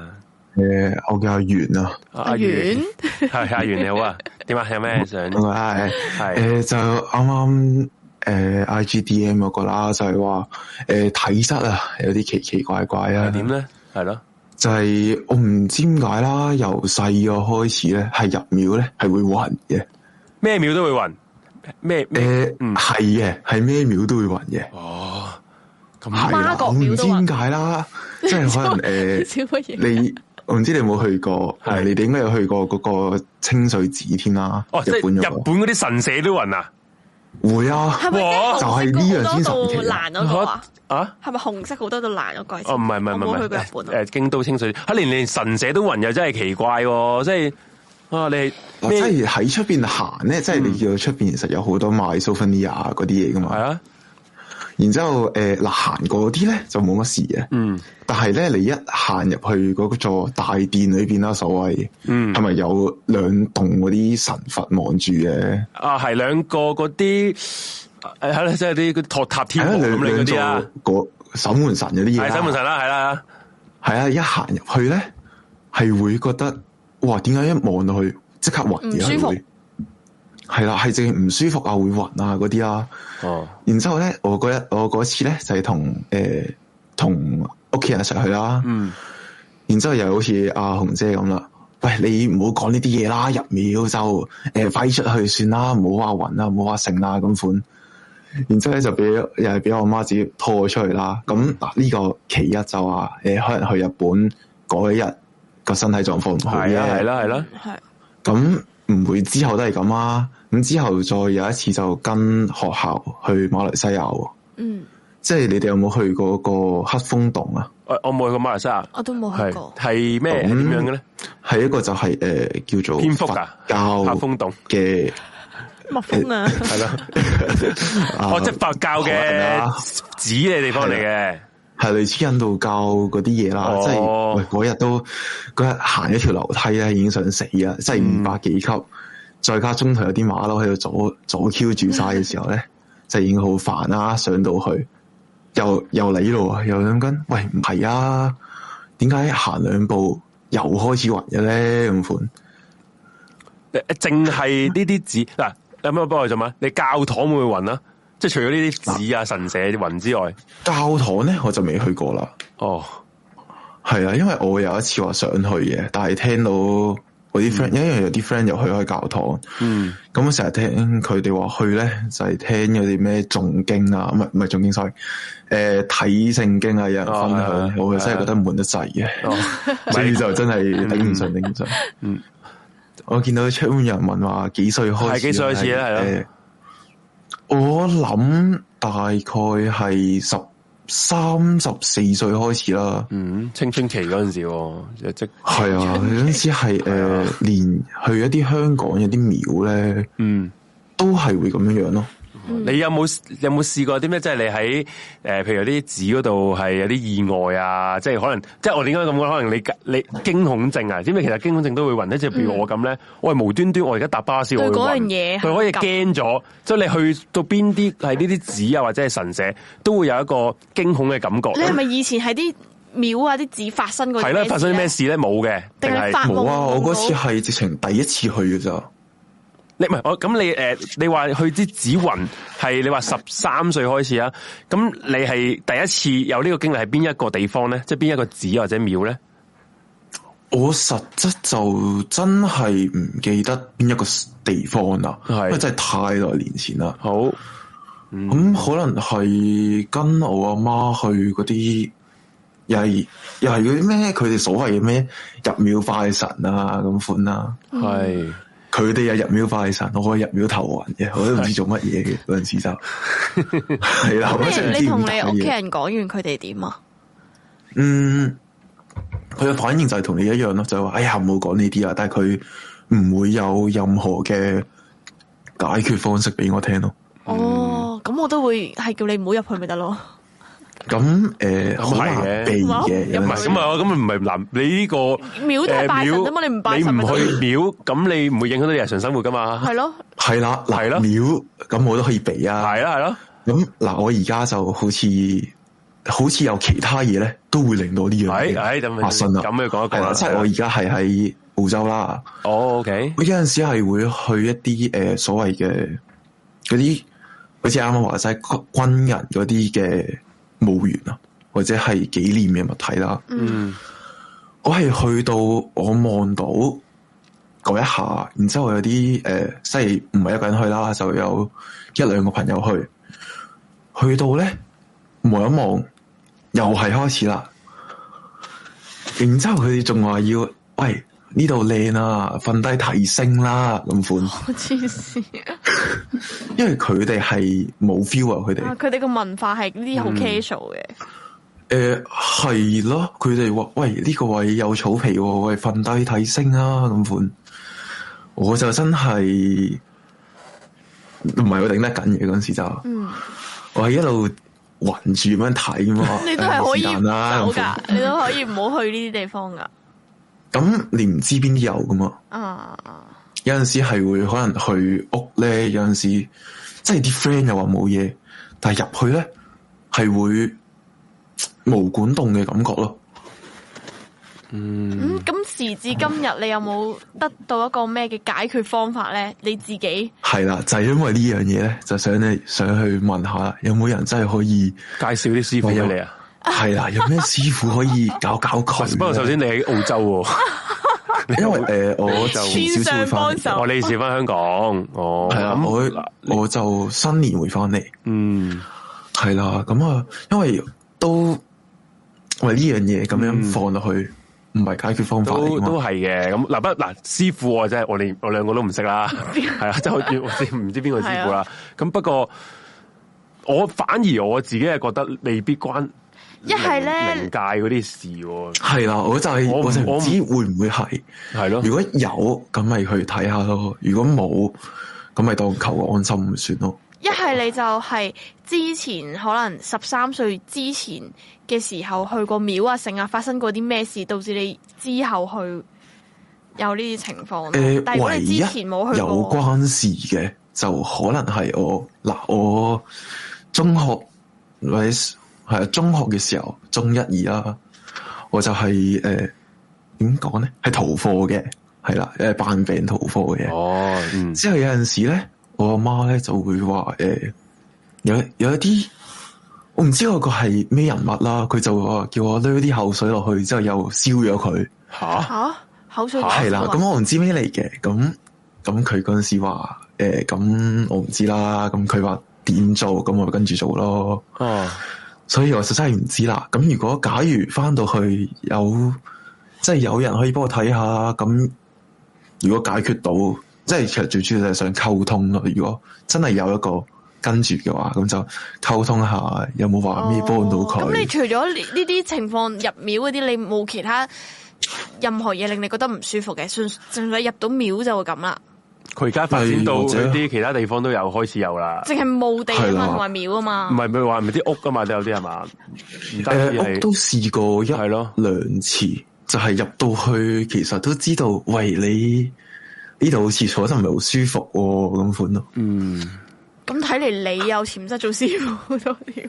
誒、呃，我叫阿圓啊，阿袁係阿圓，你好啊，點啊？有咩想？係誒，就啱啱誒，I G D M 嗰個啦，就係話誒體質啊，有啲奇奇怪怪啊，點咧？係咯。就係、是、我唔知點解啦，由細個開始咧，係入廟咧係會暈嘅，咩廟都會暈，咩誒，係嘅、呃，係咩廟都會暈嘅。哦，咁係啊，我唔知點解啦，即係可能誒，你我唔知你有冇去過，係、 *laughs* 呃、你哋應該有去過嗰個清水寺添啦。哦，即係日本嗰、那、啲、個、神社都暈啊！會啊，就係呢樣先數難咯，話啊，係咪紅色好多都難嗰個？哦、啊，唔係唔係唔係，我冇去過日本誒、啊啊啊，京都清水，喺連連神社都雲又真係奇怪，啊，即係啊，你即係喺出邊行咧，即係你叫出邊，其實有好多賣 sophia 嗰啲嘢噶嘛。嗯然之後，誒、呃，嗱，行過啲咧就冇乜事嘅。嗯，但係咧你一行入去嗰座大殿裏邊啦，所謂，嗯，係咪有兩棟嗰啲神佛望住嘅？啊，係兩個嗰啲，誒，係咯，即係啲托塔天王咁嚟，嗰啲啊，嗰守、啊、門神嗰啲嘢。係守門神啦，係啦，係啊！一行入去咧，係會覺得，哇！點解一望落去，即刻唔舒係啦，係淨係唔舒服暈啊，會暈啊，嗰啲啦哦，然之後咧，我嗰日我嗰次咧就係同誒同屋企人上去啦，嗯，mm. 然之後又好似阿、啊、紅姐咁啦，喂，你唔好講呢啲嘢啦，入廟就誒快、呃 mm. 出去算啦，唔好話暈啦，唔好話成啦咁款，然之後咧就俾、mm. 又係俾我媽自己拖出去啦，咁嗱呢個其一就話誒、呃、可能去日本嗰一日個身體狀況唔好，係啊，係啦、啊，係啦，係咁。唔會之後都係咁啊！咁之後再有一次就跟學校去馬來西亞喎。嗯，即係你哋有冇去過個黑風洞啊、嗯？我冇去過馬來西亞，我都冇去過。係咩點樣嘅咧？係一個就係、是、誒、呃、叫做蝙蝠洞教、啊、黑風洞嘅蜜蜂啊，係啦 *laughs* *laughs* 哦， *laughs* 哦即係佛教嘅、啊、寺嘅地方嚟嘅。係類似印度教嗰啲嘢啦，哦、即係喂日都嗰日行一條樓梯咧，已經想死啦，即係五百幾級，嗯、再加中途有啲馬騮喺度阻阻 Q 住晒嘅時候咧， *laughs* 就已經好煩啦。上到去又又嚟咯，又諗緊，喂唔係啊？點解行兩步又開始暈嘅咧？咁款誒，淨係呢啲紙嗱，有咩幫我做咩？你教堂會唔會暈啊？即係除咗呢啲紙啊、神社啲云之外，教堂咧我就未去過啦。哦，係啊，因為我有一次話想去嘅，但係聽到我啲 friend，、mm. 因為有啲 friend 又去開教堂。嗯、mm.，咁我成日聽佢哋話去咧就係聽嗰啲咩誦經啊，唔係唔係誦經 sorry 誒睇聖經啊，有人分享，oh, yeah, yeah, yeah. 我真係覺得悶得滯嘅，oh. *laughs* 所以就真係頂唔順，頂唔順。我見到出門人問話，幾歲開？係幾歲開始啊？係我諗大概係十三、十四歲開始啦。嗯，青春期嗰陣時，即係啊，有陣時係誒、啊呃，連去一啲香港有啲廟咧，嗯，都係會咁樣樣咯。嗯、你有冇有冇試過啲咩？即係你喺誒、呃，譬如紙有啲紙嗰度係有啲意外啊！即係可能，即係我點解咁講？可能你你驚恐症啊？點解其實驚恐症都會暈？即係譬如我咁咧，嗯、我係無端端我而家搭巴士，對嗰樣嘢，佢可以驚咗。即係你去到邊啲係呢啲紙啊，或者係神社，都會有一個驚恐嘅感覺。你係咪以前喺啲廟啊啲紙發生嗰啲？係咯，發生啲咩事咧？冇嘅，定係冇啊！我嗰次係直情第一次去嘅咋。你唔係我咁，你誒，你話去啲紫雲，係你話十三歲開始啊？咁你係第一次有呢個經歷係邊一個地方咧？即係邊一個寺或者廟咧？我實質就真係唔記得邊一個地方啦，係，真係太耐年前啦。好，咁、嗯、可能係跟我阿媽去嗰啲又係又係嗰啲咩？佢哋所謂嘅咩入廟拜神啊咁款啊。係。嗯。是。佢哋有入廟拜神，我可以入廟頭暈嘅，我都唔知做乜嘢嘅嗰陣時就係啦。你同 *laughs* 你屋企、OK、人講完佢哋點啊？嗯，佢嘅反應就係同你一樣咯，就話、是、哎呀唔好講呢啲啊，但係佢唔會有任何嘅解決方式俾我聽咯。哦，咁、嗯、我都會係叫你唔好入去咪得咯。咁誒，係嘅，唔係咁啊，咁啊唔係嗱，你呢個廟都拜神啊嘛，你唔拜神唔去廟，咁你唔會影響到日常生活噶嘛？係咯，係啦，嗱，廟咁我都可以避啊，係啦，係咯。咁嗱，我而家就好似好似有其他嘢咧，都會令到呢樣嘢誒，發生啦。咁要講一講，即係我而家係喺澳洲啦。哦，OK，我有陣時係會去一啲誒，所謂嘅嗰啲，好似啱啱話齋軍人嗰啲嘅。墓園啊，或者係紀念嘅物體啦。嗯，我係去到我望到嗰一下，然之後有啲誒，即係唔係一個人去啦，就有一兩個朋友去。去到咧望一望，又係開始啦。然之後佢哋仲話要喂。呢度靚啊，瞓低，啊，提升啦咁款。我黐線，啊， *laughs* 因為佢哋係冇 feel 啊，佢哋。佢哋個文化係呢啲好 casual 嘅。誒，嗯，係，呃，咯，佢哋話喂呢，這個位有草皮喎，啊，喂，瞓低提升啦咁款。我就真係唔係我頂得緊嘅嗰陣時就是，嗯，我係一路暈住咁樣睇。咁你都係可以噶，你都可以唔好去呢啲地方噶。咁你唔知邊啲有嘛啊？啊、uh, 有陣時係會可能去屋咧，有陣時即係啲 friend 又話冇嘢，但係入去咧係會無管動嘅感覺咯。嗯，咁時至今日，你有冇得到一個咩嘅解決方法咧？你自己係啦，就係、是、因為呢樣嘢咧，就想咧想去問下，有冇人真係可以介紹啲師傅俾你啊？係啦， *laughs* 有咩師傅可以搞搞佢？不過首先你喺澳洲，啊， *laughs* *laughs* 因為誒、呃，我就線上幫手，哦、你試翻香港，哦，係啊，我你我就新年回翻嚟，嗯，係啦。咁啊，因為都喂呢樣嘢咁樣放落去，唔係，嗯、解決方法的都，都都係嘅。咁嗱，不嗱師傅我，我真係我哋我兩個都唔識啦，係啊， *laughs* *laughs* 即係唔知唔知邊個師傅啦。咁啦不過我反而我自己係覺得未必關。一係靈界嗰啲事，啊，係啦，我就係、是，我就唔知會唔會係，係咯。如果有咁，咪去睇下咯。如果冇，咁咪當求個安心算咯。一係你就係之前可能十三歲之前嘅時候去過廟啊、成啊，發生過啲咩事，導致你之後去有呢啲情況。誒、呃，唯一有關事嘅就可能係我嗱，我中學，係啊，中學嘅時候，中一二啦，我就係、是、誒，點講咧？係逃課嘅，係啦，誒，扮病逃課嘅。哦，嗯、之後有陣時咧，我阿媽咧就會話誒、呃，有有一啲，我唔知嗰個係咩人物啦，佢就話叫我攞啲口水落去，之後又燒咗佢。吓吓口水係啦，咁我唔知咩嚟嘅，咁咁佢嗰陣時話，誒，咁我唔知啦，咁佢話點做，咁我咪跟住做咯。哦。所以我實真係唔知啦。咁如果假如翻到去有，即係有人可以幫我睇下，咁如果解決到，即係其實最主要就係想溝通咯。如果真係有一個跟住嘅話，咁就溝通下有有，有冇話咩幫到佢？咁你除咗呢啲情況入廟嗰啲，你冇其他任何嘢令你覺得唔舒服嘅，算純粹入到廟就會咁啦。佢而家發展到啲其他地方都有開始有啦，淨係墓地啊對了 嘛，同埋廟啊嘛，唔係咪話唔係啲屋㗎嘛，都有啲係嘛，誒都試過一係咯兩次，就係入到去其實都知道，喂，你呢度好似坐得唔係好舒服咁款咯。咁睇嚟，你有潛質做師傅多啲，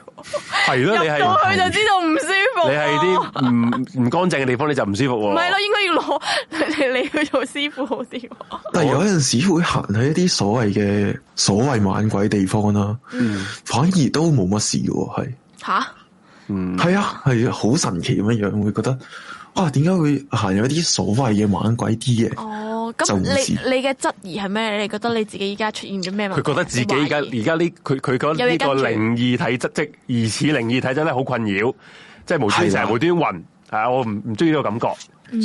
係咯？入到去就知道唔舒服。你係啲唔唔乾淨嘅地方，你就唔舒服。唔係咯，應該要攞嚟嚟你去做師傅好啲。但係有陣時會行喺一啲所謂嘅所謂猛鬼地方啦，反而都冇乜事。係吓，嗯，係啊，係啊，好神奇咁樣樣，會覺得啊，點解會行有一啲所謂嘅猛鬼啲嘢？哦咁、哦、你你嘅質疑係咩？你覺得你自己依家出現咗咩問題？佢覺得自己依家而家呢，佢佢覺得呢個靈異體質即係疑似靈異體質咧，好困擾，即係無端端成日無端端暈，係啊的，我唔唔中意呢個感覺。咁、嗯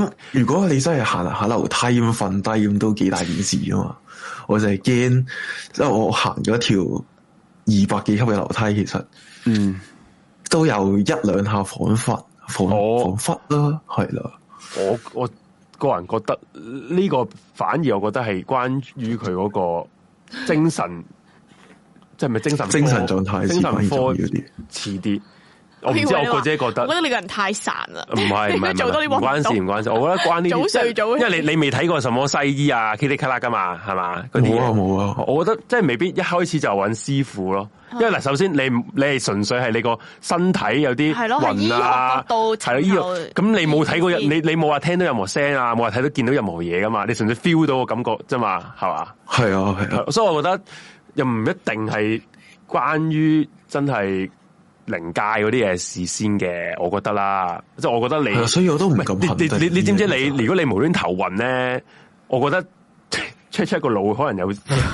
嗯、如果你真係行下樓梯咁瞓低咁都幾大件事啊嘛， *laughs* 我就係驚，即係我行咗一條二百幾級嘅樓梯，其實嗯都有一兩下恍惚，恍恍惚啦，係我啦，我我。我個人覺得呢個反而我覺得係關於佢嗰個精神， *laughs* 即係咪精神精神狀態、精神科，精神科遲啲。我唔知我個姐覺得，我覺得你個人太散啦。唔係唔係，唔關事唔關事，我覺得關呢啲，因為你你未睇過什麼西醫啊，嘰里卡啦噶嘛，係嘛？冇啊冇啊！我覺得即係未必一開始就揾師傅咯，因為嗱，首先你你係純粹係你個身體有啲暈呀，係依到度係咯，咁你冇睇過，你你冇話聽到任何聲啊，冇話睇到見到任何嘢噶嘛？你純粹 feel 到個感覺啫嘛，係嘛？係啊係啊，所以我覺得又唔一定係關於真係。靈界嗰啲嘢事先嘅，我覺得啦，即係我覺得你，所以我都唔敢。你你你你，你，你，你知唔知你？如果你無端頭暈咧，我覺得 check check 個腦可能有。 *laughs*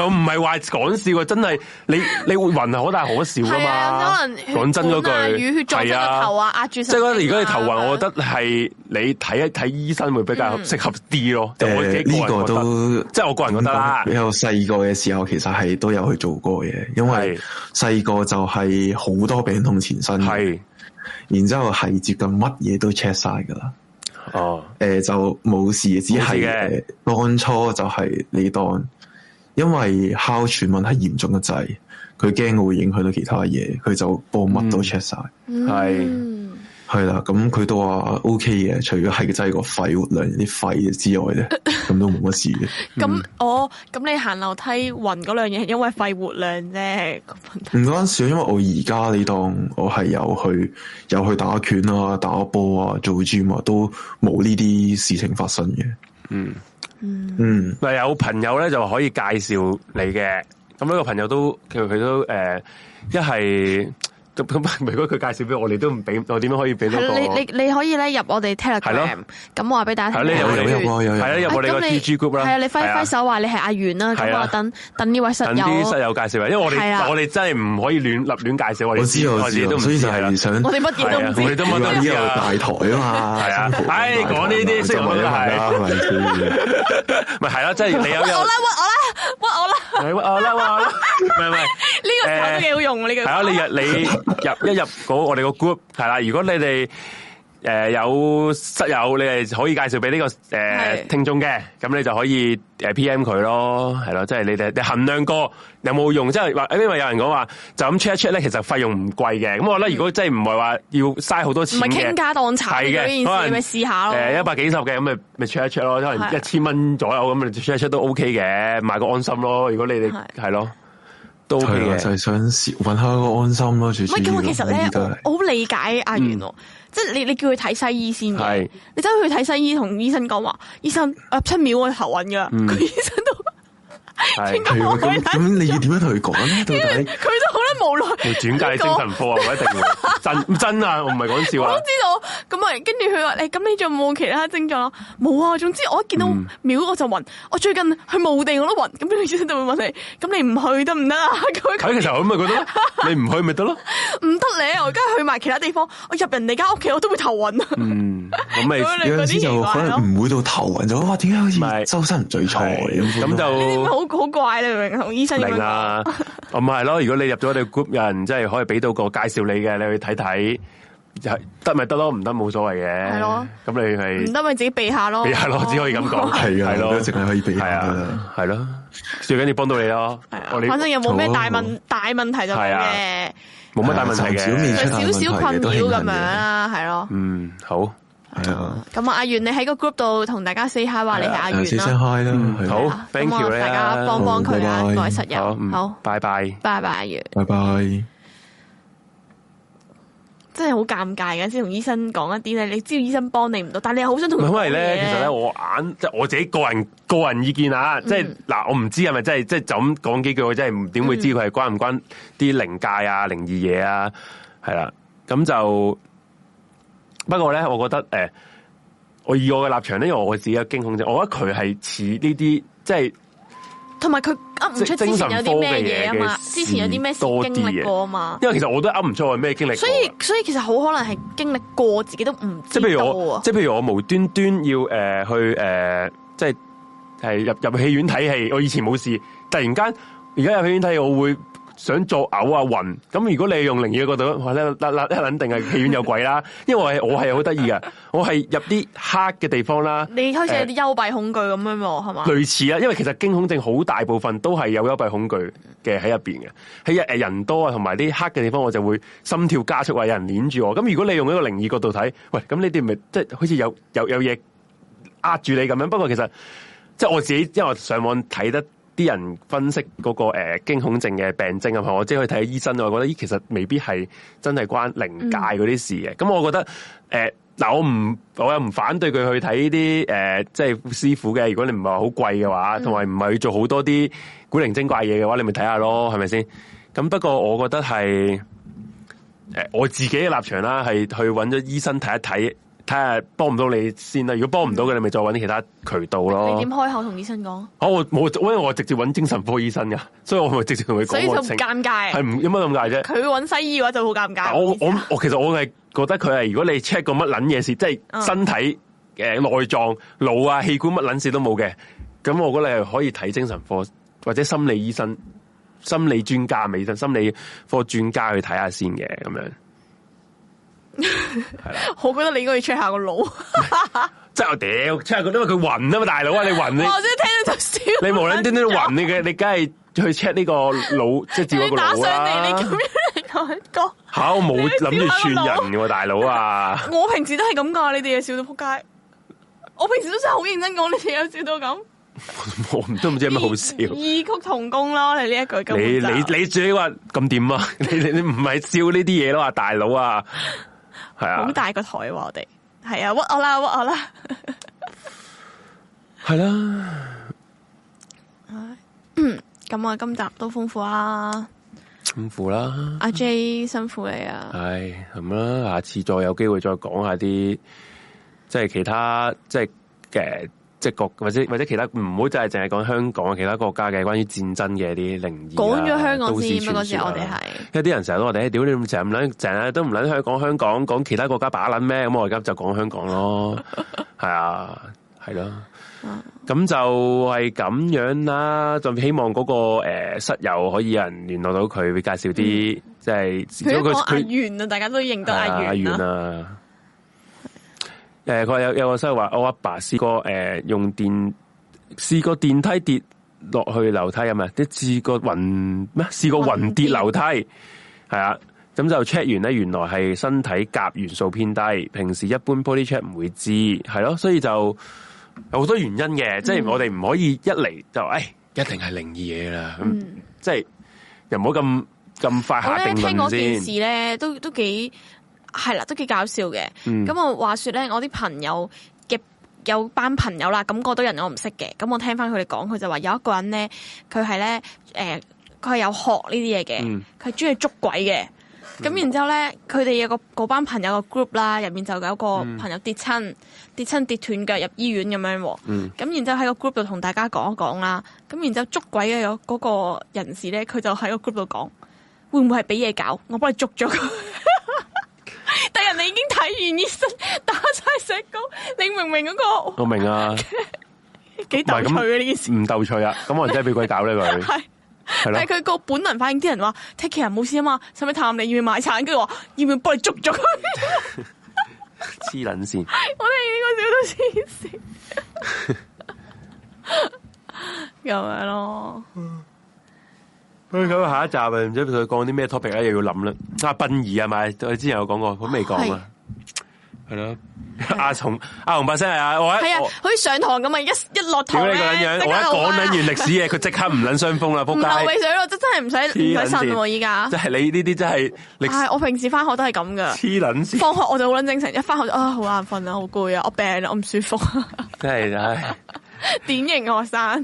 又唔係話講笑，真係你你會暈可大可小噶嘛。係可能講真嗰句，係啊，壓住。即係如果你頭暈，我覺得係你睇一睇醫生會比較適合啲咯。誒，呢個都即係我個人覺得比然後細個嘅時候其實係都有去做過嘢，因為細個就係好多病痛前身，係，然之後係接近乜嘢都 check 晒噶啦。哦，誒，就冇事，只係當初就係你當。因為哮喘問題嚴重得滯，佢驚我會影響到其他嘢，佢就幫乜都 check 晒，係係啦，咁佢都話 O K 嘅，除咗係真係個肺活量啲肺之外咧，咁都冇乜事嘅。咁我咁你行樓梯暈嗰兩嘢，係因為肺活量啫。唔關事，因為我而家你當我係有去有去打拳啊、打波啊、做 gym 啊，都冇呢啲事情發生嘅。嗯。嗯，嗱、嗯，有朋友咧就可以介紹你嘅，咁呢個朋友都其實佢都誒，一、呃、係。咁咁，如果佢介紹俾我哋，都唔俾我點樣可以俾？你你你可以咧入我哋 Telegram，咁話俾大家聽。係咧，有嚟有喎，有有。係啦，入去個 TG Group 啦。係啊，你揮一揮手話你係阿遠啦，咁啊等等呢位室友。等啲室友介紹，因為我哋我哋真係唔可以亂立亂介紹。我知我知，所以就係想我哋乜嘢都唔知。我哋都揾到呢個大台啊嘛，係啊，唉，講呢啲先啦，係咪係啦，真係你有。我啦，我啦，我我啦，我我啦，唔係呢個都幾好用喎。呢個係啊，你嘅你。 *laughs* 入一入嗰、那個、我哋個 group 係啦，如果你哋誒、呃、有室友，你哋可以介紹俾呢個誒、呃、是的 聽眾嘅，咁你就可以誒 P M 佢咯。係咯，即係你哋你衡量過有冇用，即係話因為有人講話就咁 check 一 check 咧，其實費用唔貴嘅，咁我覺得如果真係唔係話要嘥好多錢嘅，傾、嗯、的家蕩產嘅，咁你咪試下咯，誒一百幾十嘅咁咪咪 check 一 check 咯，可能、呃、查一千蚊是的 左右咁，你 check 一 check 都 O K 嘅，是的 買個安心咯，如果你哋係咯。是的 係啦，就係、是、想搵下個安心咯，最唔咁我其實咧，我好理解阿元、啊，嗯、即係你你叫佢睇西醫先，係是你走去睇西醫，同醫生講話，醫生啊七、呃、秒我頭暈噶，佢、嗯、醫生都係咁，你要點樣同佢講咧？佢都。無奈，你轉介係精神科啊，唔一定喎。真真啊，我唔係講笑啊。我都知道咁啊，跟住佢話誒，咁你仲有冇其他症狀啊？冇啊，總之我一見到廟我就暈，我最近去墓地我都暈。咁啲醫生就會問你，咁你唔去得唔得啊？睇其實咁咪覺得，你唔去咪得咯？唔得咧，我而家去埋其他地方，我入人哋間屋企我都會頭暈啊。嗯，咁咪有啲就可能唔會到頭暈，就哇點解好似周身唔聚財咁？咁就呢啲好好怪，你明唔明啊？同醫生明啊？咁咪係咯，如果你入咗我哋。group 人即係可以俾到個介紹你嘅，你去睇睇，係得咪得咯，唔得冇所謂嘅。係咯，咁你係唔得咪自己避下咯，避下咯，只可以咁講，係噶咯，只係可以避下，係咯，最緊要幫到你咯。係啊，反正又冇咩大問大問題就係嘅，冇乜大問題嘅，就少少困擾咁樣啦，係咯。嗯，好。係啊，咁啊，阿袁你喺個 group 度同大家 say hi 話你係阿袁啦。先開啦，好，thank you，大家幫幫佢啊，改室友，好，拜拜，拜拜，阿拜拜，真係好尷尬嘅，先同醫生講一啲咧，你知道醫生幫你唔到，但係你又好想同，因為咧，其實咧我眼即係我自己個人個人意見啊，即係嗱，我唔知係咪真係，即係就咁講幾句，我真係唔點會知佢係關唔關啲靈界啊、靈異嘢啊，係啦，咁就。不過咧，我覺得誒、呃，我以我嘅立場咧，因為我自己有驚恐症，我覺得佢係似呢啲，即係同埋佢噏唔出之前有啲咩嘢嘅事，多啲啊嘛。因為其實我都噏唔出我係咩經歷，所以所以其實好可能係經歷過自己都唔知。譬如我，即係譬如我無端端要誒、呃、去誒、呃，即係係入入戲院睇戲，我以前冇事，突然間而家入戲院睇戲我會。想作嘔啊暈咁，如果你用靈異嘅角度，話咧嗱，肯定係戲院有鬼啦，因為我係好得意嘅，我係入啲黑嘅地方啦。你開始有啲幽閉恐懼咁樣喎，係嘛？類似啦，因為其實驚恐症好大部分都係有幽閉恐懼嘅喺入邊嘅，喺人多啊同埋啲黑嘅地方，我就會心跳加速，或有人捏住我。咁如果你用一個靈異角度睇，喂，咁你哋咪即係好似有有有嘢壓住你咁樣？不過其實即係我自己，因為我上網睇得。啲人分析嗰個誒驚恐症嘅病症，啊，我即係去睇醫生，我覺得咦，其實未必係真係關靈界嗰啲事嘅。咁、嗯、我覺得誒，嗱、呃、我唔，我又唔反對佢去睇啲誒，即係師傅嘅。如果你唔係好貴嘅話，同埋唔係要做好多啲古靈精怪嘢嘅話，你咪睇下咯，係咪先？咁不過我覺得係誒、呃、我自己嘅立場啦，係去揾咗醫生睇一睇。睇下幫唔到你先啦，如果幫唔到嘅，嗯、你咪再揾啲其他渠道咯。你點開口同醫生講、啊？我冇，因為我直接揾精神科醫生噶，所以我咪直接同佢講，所以就唔尷尬。係唔有乜咁介啫？佢揾西醫嘅話就好尷尬。我我我，我其實我係覺得佢係如果你 check 個乜撚嘢事？即係身體誒內臟、腦、嗯呃、啊、器官乜撚事都冇嘅，咁我覺得你係可以睇精神科或者心理醫生、心理專家、美同心理科專家去睇下先嘅咁樣。係啦， *laughs* 我覺得你應該要 check 下個腦，真係我屌 check 下個，因為佢暈啊嘛，大佬啊，你暈咧、 *laughs* 啊，我真係聽到就笑，你無端端都暈，你嘅你梗係去 check 呢個腦，即係照嗰個腦啦。你你咁樣嚟講，吓，我冇諗住串人嘅，大佬啊！我平時都係咁噶，你哋又笑到扑街。我平時都真係好認真講，你哋又笑到咁，我唔都唔知有咩好笑。異曲同工咯，你呢一句咁，你你自己話咁點啊？你你唔係笑呢啲嘢咯，啊大佬啊！係啊，好大個台喎，我哋，係啊，屈我啦，屈我啦，係啦，咁啊，今集都豐富啦，辛苦啦，阿、啊、J 辛苦你啊，唉，係咁啦，下次再有機會再講下啲，即係其他即係嘅。即係或者或者其他，唔好就係淨係講香港啊，其他國家嘅關於戰爭嘅啲靈異講咗香港先傳、啊、我哋因為啲人成日、嗯、都我哋屌你唔正啦，成日都唔捻香港香港講其他國家把撚咩？咁、嗯、我而家就講香港咯，係 *laughs* 啊，係咯、啊。咁、嗯嗯、就係咁樣啦、啊。就希望嗰、那個誒、呃、室友可以有人聯絡到佢，介紹啲即係。佢阿源啊，大家都認得。阿源啊。 *laughs* 誒，佢、呃、有有個細話，我阿爸試過誒、呃、用電，試過電梯跌落去樓梯啊嘛，即試過暈咩？試過暈跌樓梯，係啊，咁就 check 完咧，原來係身體鉀元素偏低，平時一般 body check 唔會知，係咯，所以就有好多原因嘅，即係、嗯、我哋唔可以一嚟就誒、哎，一定係靈異嘢啦，即係又唔好咁咁快下定論。聽嗰件事咧，都都幾。係啦，都幾搞笑嘅。咁我、嗯、話說咧，我啲朋友嘅有班朋友啦，咁嗰堆人我唔識嘅。咁我聽翻佢哋講，佢就話有一個人咧，佢係咧，誒、呃，佢係有學呢啲嘢嘅，佢係中意捉鬼嘅。咁、嗯、然之後咧，佢哋有個嗰班朋友個 group 啦，入面就有個個朋友跌親、嗯，跌親跌斷腳入醫院咁樣。咁、嗯、然之後喺個 group 度同大家講一講啦。咁然之後捉鬼嘅嗰個人士咧，佢就喺個 group 度講，會唔會係俾嘢搞？我幫你捉咗佢。原意想打晒石膏，你明唔明嗰個？我明啊，幾鬥 *laughs* 趣啊呢件事？唔鬥趣啊，咁我真係俾鬼搞咧佢。係 *laughs* 是，係佢了個本能反應。啲人話 Take care 冇事啊嘛，使唔使探你？要唔要賣慘？跟住話要唔要幫你捉捉佢？黐捻線，我哋應該少到黐線，咁樣咯。咁 *laughs* 咯 *laughs* 下一集咪唔知佢講啲咩 topic 啊，又要諗啦。阿殯儀係咪？我之前有講過，我未講啊。係咯，阿紅阿紅把聲係啊，我喺係啊，好似上堂咁啊，一一落堂咧，我一講捻完歷史嘢，佢即刻唔捻傷風啦，唔流鼻水咯，真真係唔使唔使神喎，依家即係你呢啲真係，係我平時翻學都係咁噶，黐捻線，放學我就好捻精神，一翻學就啊好眼瞓啊，好攰啊，我病啦，我唔舒服，真係，典型學生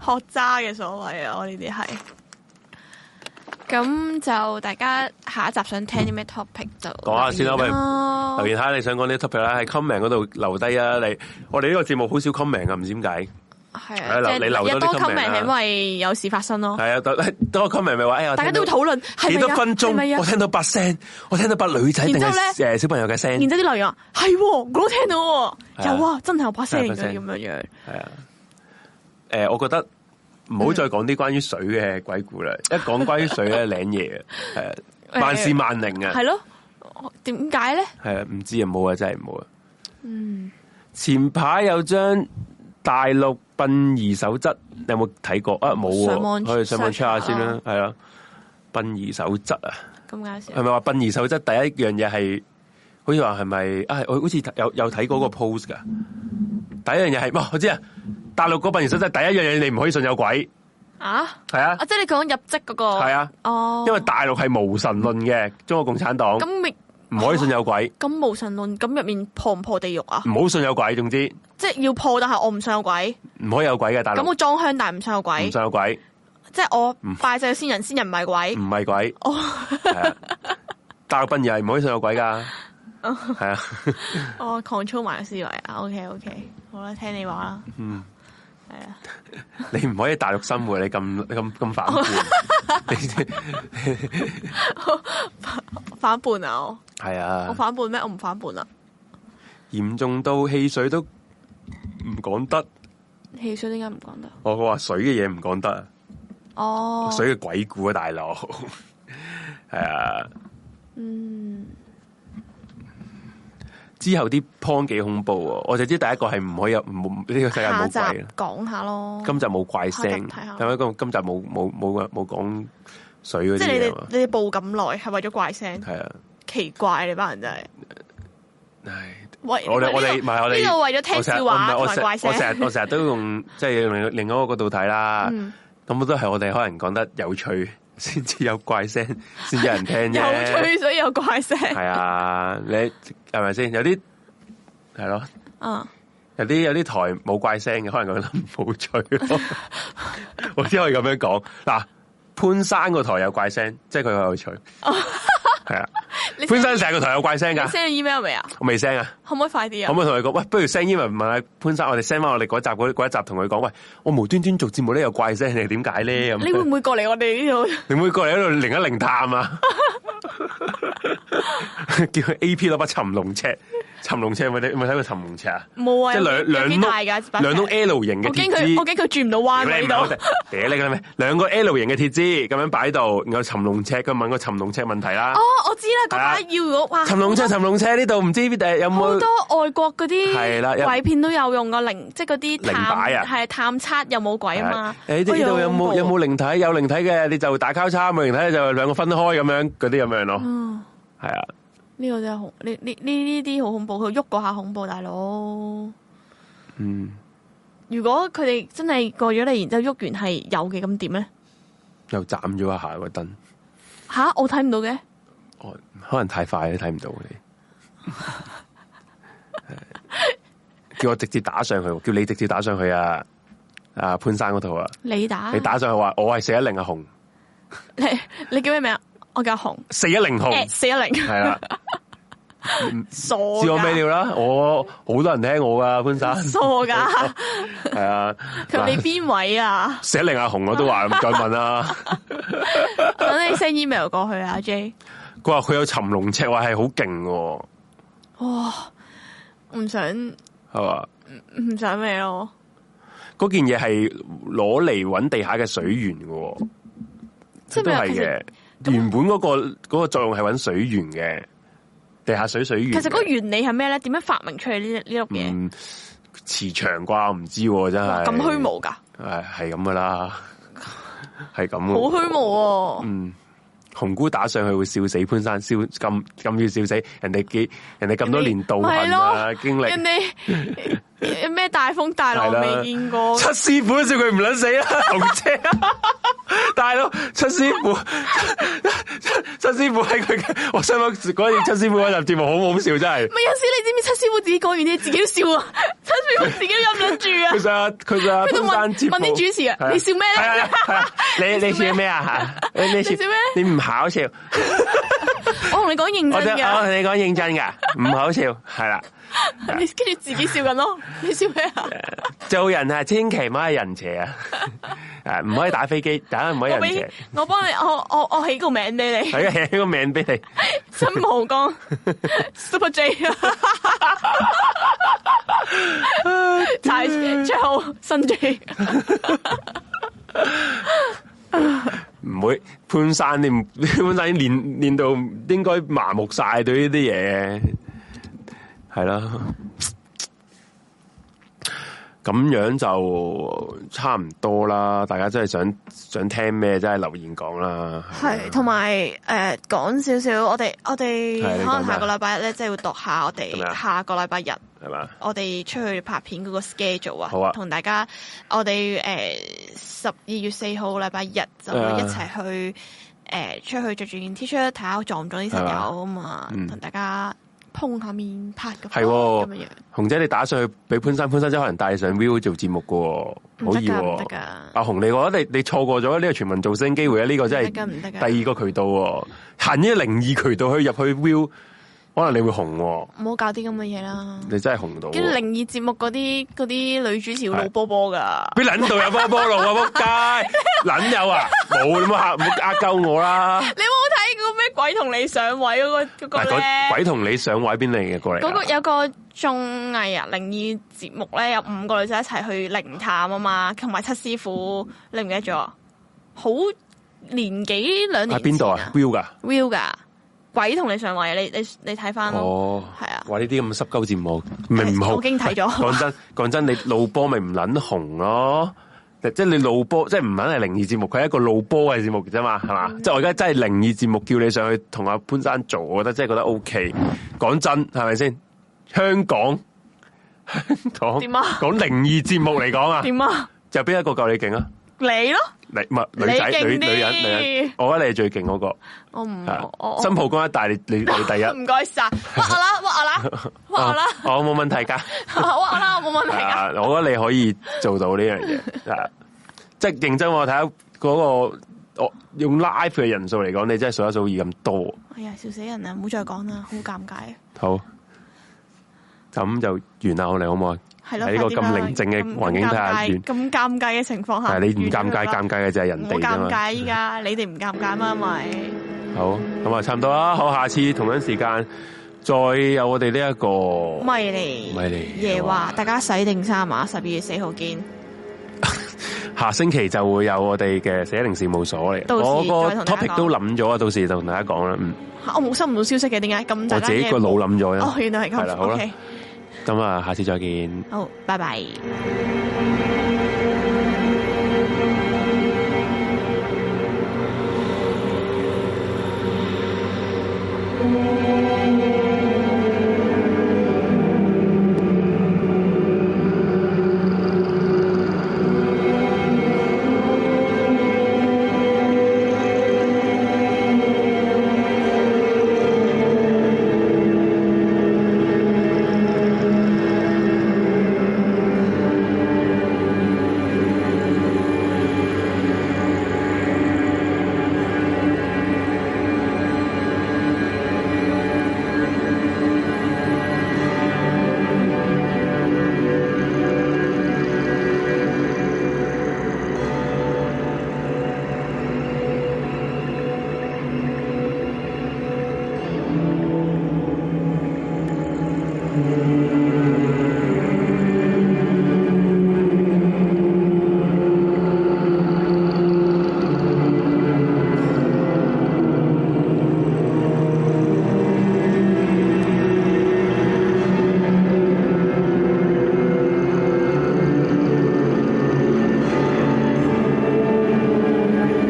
學渣嘅所謂啊，我呢啲係。咁就大家下一集想聽啲咩 topic 就講下先啦，留言下你想講啲 topic 啦，喺 comment 嗰度留低啊！你我哋呢個節目好少 comment 啊，唔知點解係啊？你留多 comment 係因為有事發生咯。係啊，多 comment 咪話哎呀，大家都會討論，係咪啊？係咪啊？我聽到把聲，我聽到把女仔然定誒小朋友嘅聲。然之後啲留言啊，係我都聽到，有啊，真係有把聲嘅咁樣樣。係啊，誒，我覺得。唔好再講啲關於水嘅鬼故啦！一講關於水咧，靚嘢嘅，係啊，萬事萬靈啊，係咯，點解咧？係啊，唔知啊，冇啊，真係冇啊。嗯，前排有張大陸殯儀守則，你有冇睇過？啊，冇喎啊，上網 check 下先啦，係啦，殯儀守則啊，咁搞笑！係咪話殯儀守則第一樣嘢係，好似話係咪啊？我好似有有睇嗰個 post 噶。嗯第一樣嘢係，我知啊，大陸嗰邊其實係第一樣嘢，你唔可以信有鬼啊，係啊，即係你講入職嗰個，係啊，哦，因為大陸係無神論嘅，中國共產黨，咁咪唔可以信有鬼，咁無神論，咁入面破唔破地獄啊？唔好信有鬼，總之，即係要破，但係我唔信有鬼，唔可以有鬼嘅大陸。咁我裝香但係唔信有鬼，唔信有鬼，即係我拜祭先人，先人唔係鬼，唔係鬼，哦，大陸賓友係唔可以信有鬼噶，係啊，control 埋個思維啊，OK，OK。好啦，聽你話啦。嗯，係啊。 *laughs* 你唔可以大陸生活，你咁咁咁反叛。反反叛啊！我係啊。我反叛咩？我唔反叛啊。嚴重到汽水都唔講得。汽水點解唔講得？我話水嘅嘢唔講得。哦。水嘅鬼故啊，大佬。係 *laughs* 啊。嗯。之後啲 point 幾恐怖啊！我就知第一個係唔可以有唔，呢個世界冇鬼啦。講下咯，今集冇怪聲，係咪今集冇冇冇冇講水嗰啲。即係你哋你哋報咁耐，係為咗怪聲？係啊，奇怪你班人真係。唉，我哋我哋唔係我哋呢度為咗聽笑話，唔係我成日我成日我成日都用即係用另外一個角度睇啦。咁都係我哋可能講得有趣。先至有怪聲，先有人聽啫。有趣，所以有怪聲。係 *laughs* 啊，你係咪先有啲係咯？有啲、uh. 有啲台冇怪聲嘅，可能覺得唔好趣咯。 *laughs* *laughs* 我只可以咁樣講。嗱， *laughs* 潘生個台有怪聲，即係佢好有趣。Uh. 係啊，潘生成個台有怪聲噶，你 send email 未啊？我未 send 啊，可唔可以快啲啊？可唔可以同佢講？喂，不如 send email 問下潘生，我哋 send 翻我哋嗰集嗰一集，同佢講，喂，我無端端做節目怪聲呢，有怪聲，係點解咧？咁你會唔會過嚟我哋呢度？你會唔會過嚟喺度零一零探啊？ *laughs* *laughs* 叫佢 AP 攞把尋龍尺。尋龍車有冇睇？有冇睇過尋龍車啊？冇啊，即係兩兩棟兩棟 L 型嘅鐵枝，我驚佢我驚佢轉唔到彎喺度，嗲你啦咩？兩個 L 型嘅鐵枝咁樣擺度，然後尋龍車佢問個尋龍車問題啦。哦，我知啦，嗰下要我哇！尋龍車，尋龍車呢度唔知第有冇好多外國嗰啲係啦鬼片都有用個靈，即係嗰啲探係探測有冇鬼啊嘛。誒，呢度有冇有冇靈體？有靈體嘅你就打交叉，冇靈體就兩個分開咁樣嗰啲咁樣咯。嗯，係啊。呢個真係好，呢呢呢呢啲好恐怖，佢喐過下恐怖大佬。嗯，如果佢哋真係過咗嚟，然之後喐完係有嘅，咁點咧？又斬咗一下個燈。吓，我睇唔到嘅。哦，可能太快都睇唔到你。 *laughs* *laughs* uh, 叫我直接打上去，叫你直接打上去啊！啊，潘生嗰套啊。你打，你打上去話，我係四一零啊紅。 *laughs* 你你叫咩名？我叫紅四一零紅，四一零係啦，傻，自我咩料啦，我好多人聽我噶潘生，傻噶，係啊，佢係邊位啊？四一零阿紅我都話唔再問啦，等你 send email 過去啊 J。佢話佢有尋龍尺，話係好勁嘅，哇，唔想係嘛？唔想咩咯？嗰件嘢係攞嚟搵地下嘅水源嘅，都係嘅。原本嗰、嗰個、嗰個作用係搵水源嘅，地下水水源。其實嗰個原理係咩咧？點樣發明出嚟呢？呢碌嘢？磁場啩？唔知道真係咁虛無噶。係係咁噶啦，係咁。好虛 *laughs* 無、喔。嗯，紅菇打上去會笑死潘山，笑咁咁要笑死人哋幾人哋咁多年到家。行啦咯，啊、經歷歷人咩大風大浪未見過，七師傅笑佢唔撚死啦，車 *laughs* *laughs* 姐、啊。 *laughs* 大佬，七師傅，七師傅喺佢，嘅。我想個嗰陣七師傅嗰集節目好好笑，真係。咪有時你知唔知七師傅自己講完啲自己笑啊？七師傅自己忍唔住他啊？佢就佢就問啲主持啊，啊你笑咩咧？你你笑咩啊？你你笑咩？你唔好笑。麼笑我同你講認真噶，我同你講認真噶，唔好， *laughs* 笑，係啦、啊。你跟住自己笑緊咯，你笑咩啊？做人啊，千祈唔可以人邪啊！唔 *laughs* 可以打飛機，打唔可以人邪。我幫你，我我我起個名俾你，大家起個名俾你。新毛光 *laughs* ，Super Jay 啊！再最後，新 Jay 唔會潘山，你唔潘山練練到應該麻木晒對呢啲嘢。係啦，咁、啊、樣就差唔多啦。大家真係想想聽咩，真係留言講啦。係，同埋誒講少少，我哋我哋可能下個禮拜、就是、一咧，即係會讀下我哋下個禮拜日係嘛，嗎我哋出去拍片嗰個 schedule 啊，同、啊、大家我哋誒十二月四號禮拜日就一齊去誒、啊呃、出去着住件 T 恤睇下撞唔撞啲室友啊嘛，同大家。嗯碰下面拍嘅，係咁、哦、樣。紅姐，你打上去俾潘生，潘生係可能帶你上 Viu 做節目好唔得噶。阿紅、啊、你，你，我覺得你錯過咗呢、這個全民造星機會啊！呢、這個真係第二個渠道、哦，行呢靈異渠道去入去 Viu。可能你會紅、啊，唔好搞啲咁嘅嘢啦。你真係紅到、啊，跟靈異節目嗰啲嗰啲女主持會露波波噶，邊捻到有波波啊，撲街，捻有啊，冇咁啊吓，呃鳩我啦。你有冇睇過咩鬼同你上位嗰、那個、那個、啊那個、鬼同你上位邊嚟嘅過嚟、啊？嗰個有個綜藝啊，靈異節目咧，有五個女仔一齊去靈探啊嘛，同埋七師傅，你唔記得咗？好年幾兩年、啊？喺邊度啊 r i l l 噶 r i l l 噶。鬼同你上位，你你你睇翻咯，係、哦、啊！話呢啲咁濕鳩節目，咪唔好。欸、我經睇咗。講是真，講 *laughs* 真，你露波咪唔撚紅咯、啊？ *laughs* 即係你露波，即係唔撚係靈異節目，佢係一個露波嘅節目啫嘛，係嘛？嗯、即係我而家真係靈異節目叫你上去同阿潘生做，我覺得真係覺得 O、OK、K。講真，係咪先？香港講講靈異節目嚟講啊？點啊？就邊一個夠你勁啊？你咯。女仔、女女，女人、女人，我覺得你係最勁嗰、那個。我唔新抱公一大，你你你第一。唔該晒，哇啦哇啦哇啦，我冇問題噶。啦，我冇問題噶。我覺得你可以做到呢樣嘢，即係認真我睇下嗰個我用 live 嘅人數嚟講，你真係數一數二咁多。哎呀，笑死人啦！唔好再講啦，好尷尬、啊。好，咁就完啦，我哋好唔好係咯，喺呢個咁寧靜嘅環境底下咁尷尬嘅情況下，係你唔尷尬，尷尬嘅就係人哋啊尷尬依家，你哋唔尷尬嘛咪。好，咁啊，差唔多啦。好，下次同樣時間再有我哋呢一個迷離，迷離夜話，大家洗定衫啊，十二月四號見。下星期就會有我哋嘅寫靈事務所嚟。到時我個 topic 都諗咗啊，到時就同大家講啦。我冇收唔到消息嘅，點解咁我自己個腦諗咗啦。哦，原來係咁。咁啊，下次再見。好，拜拜。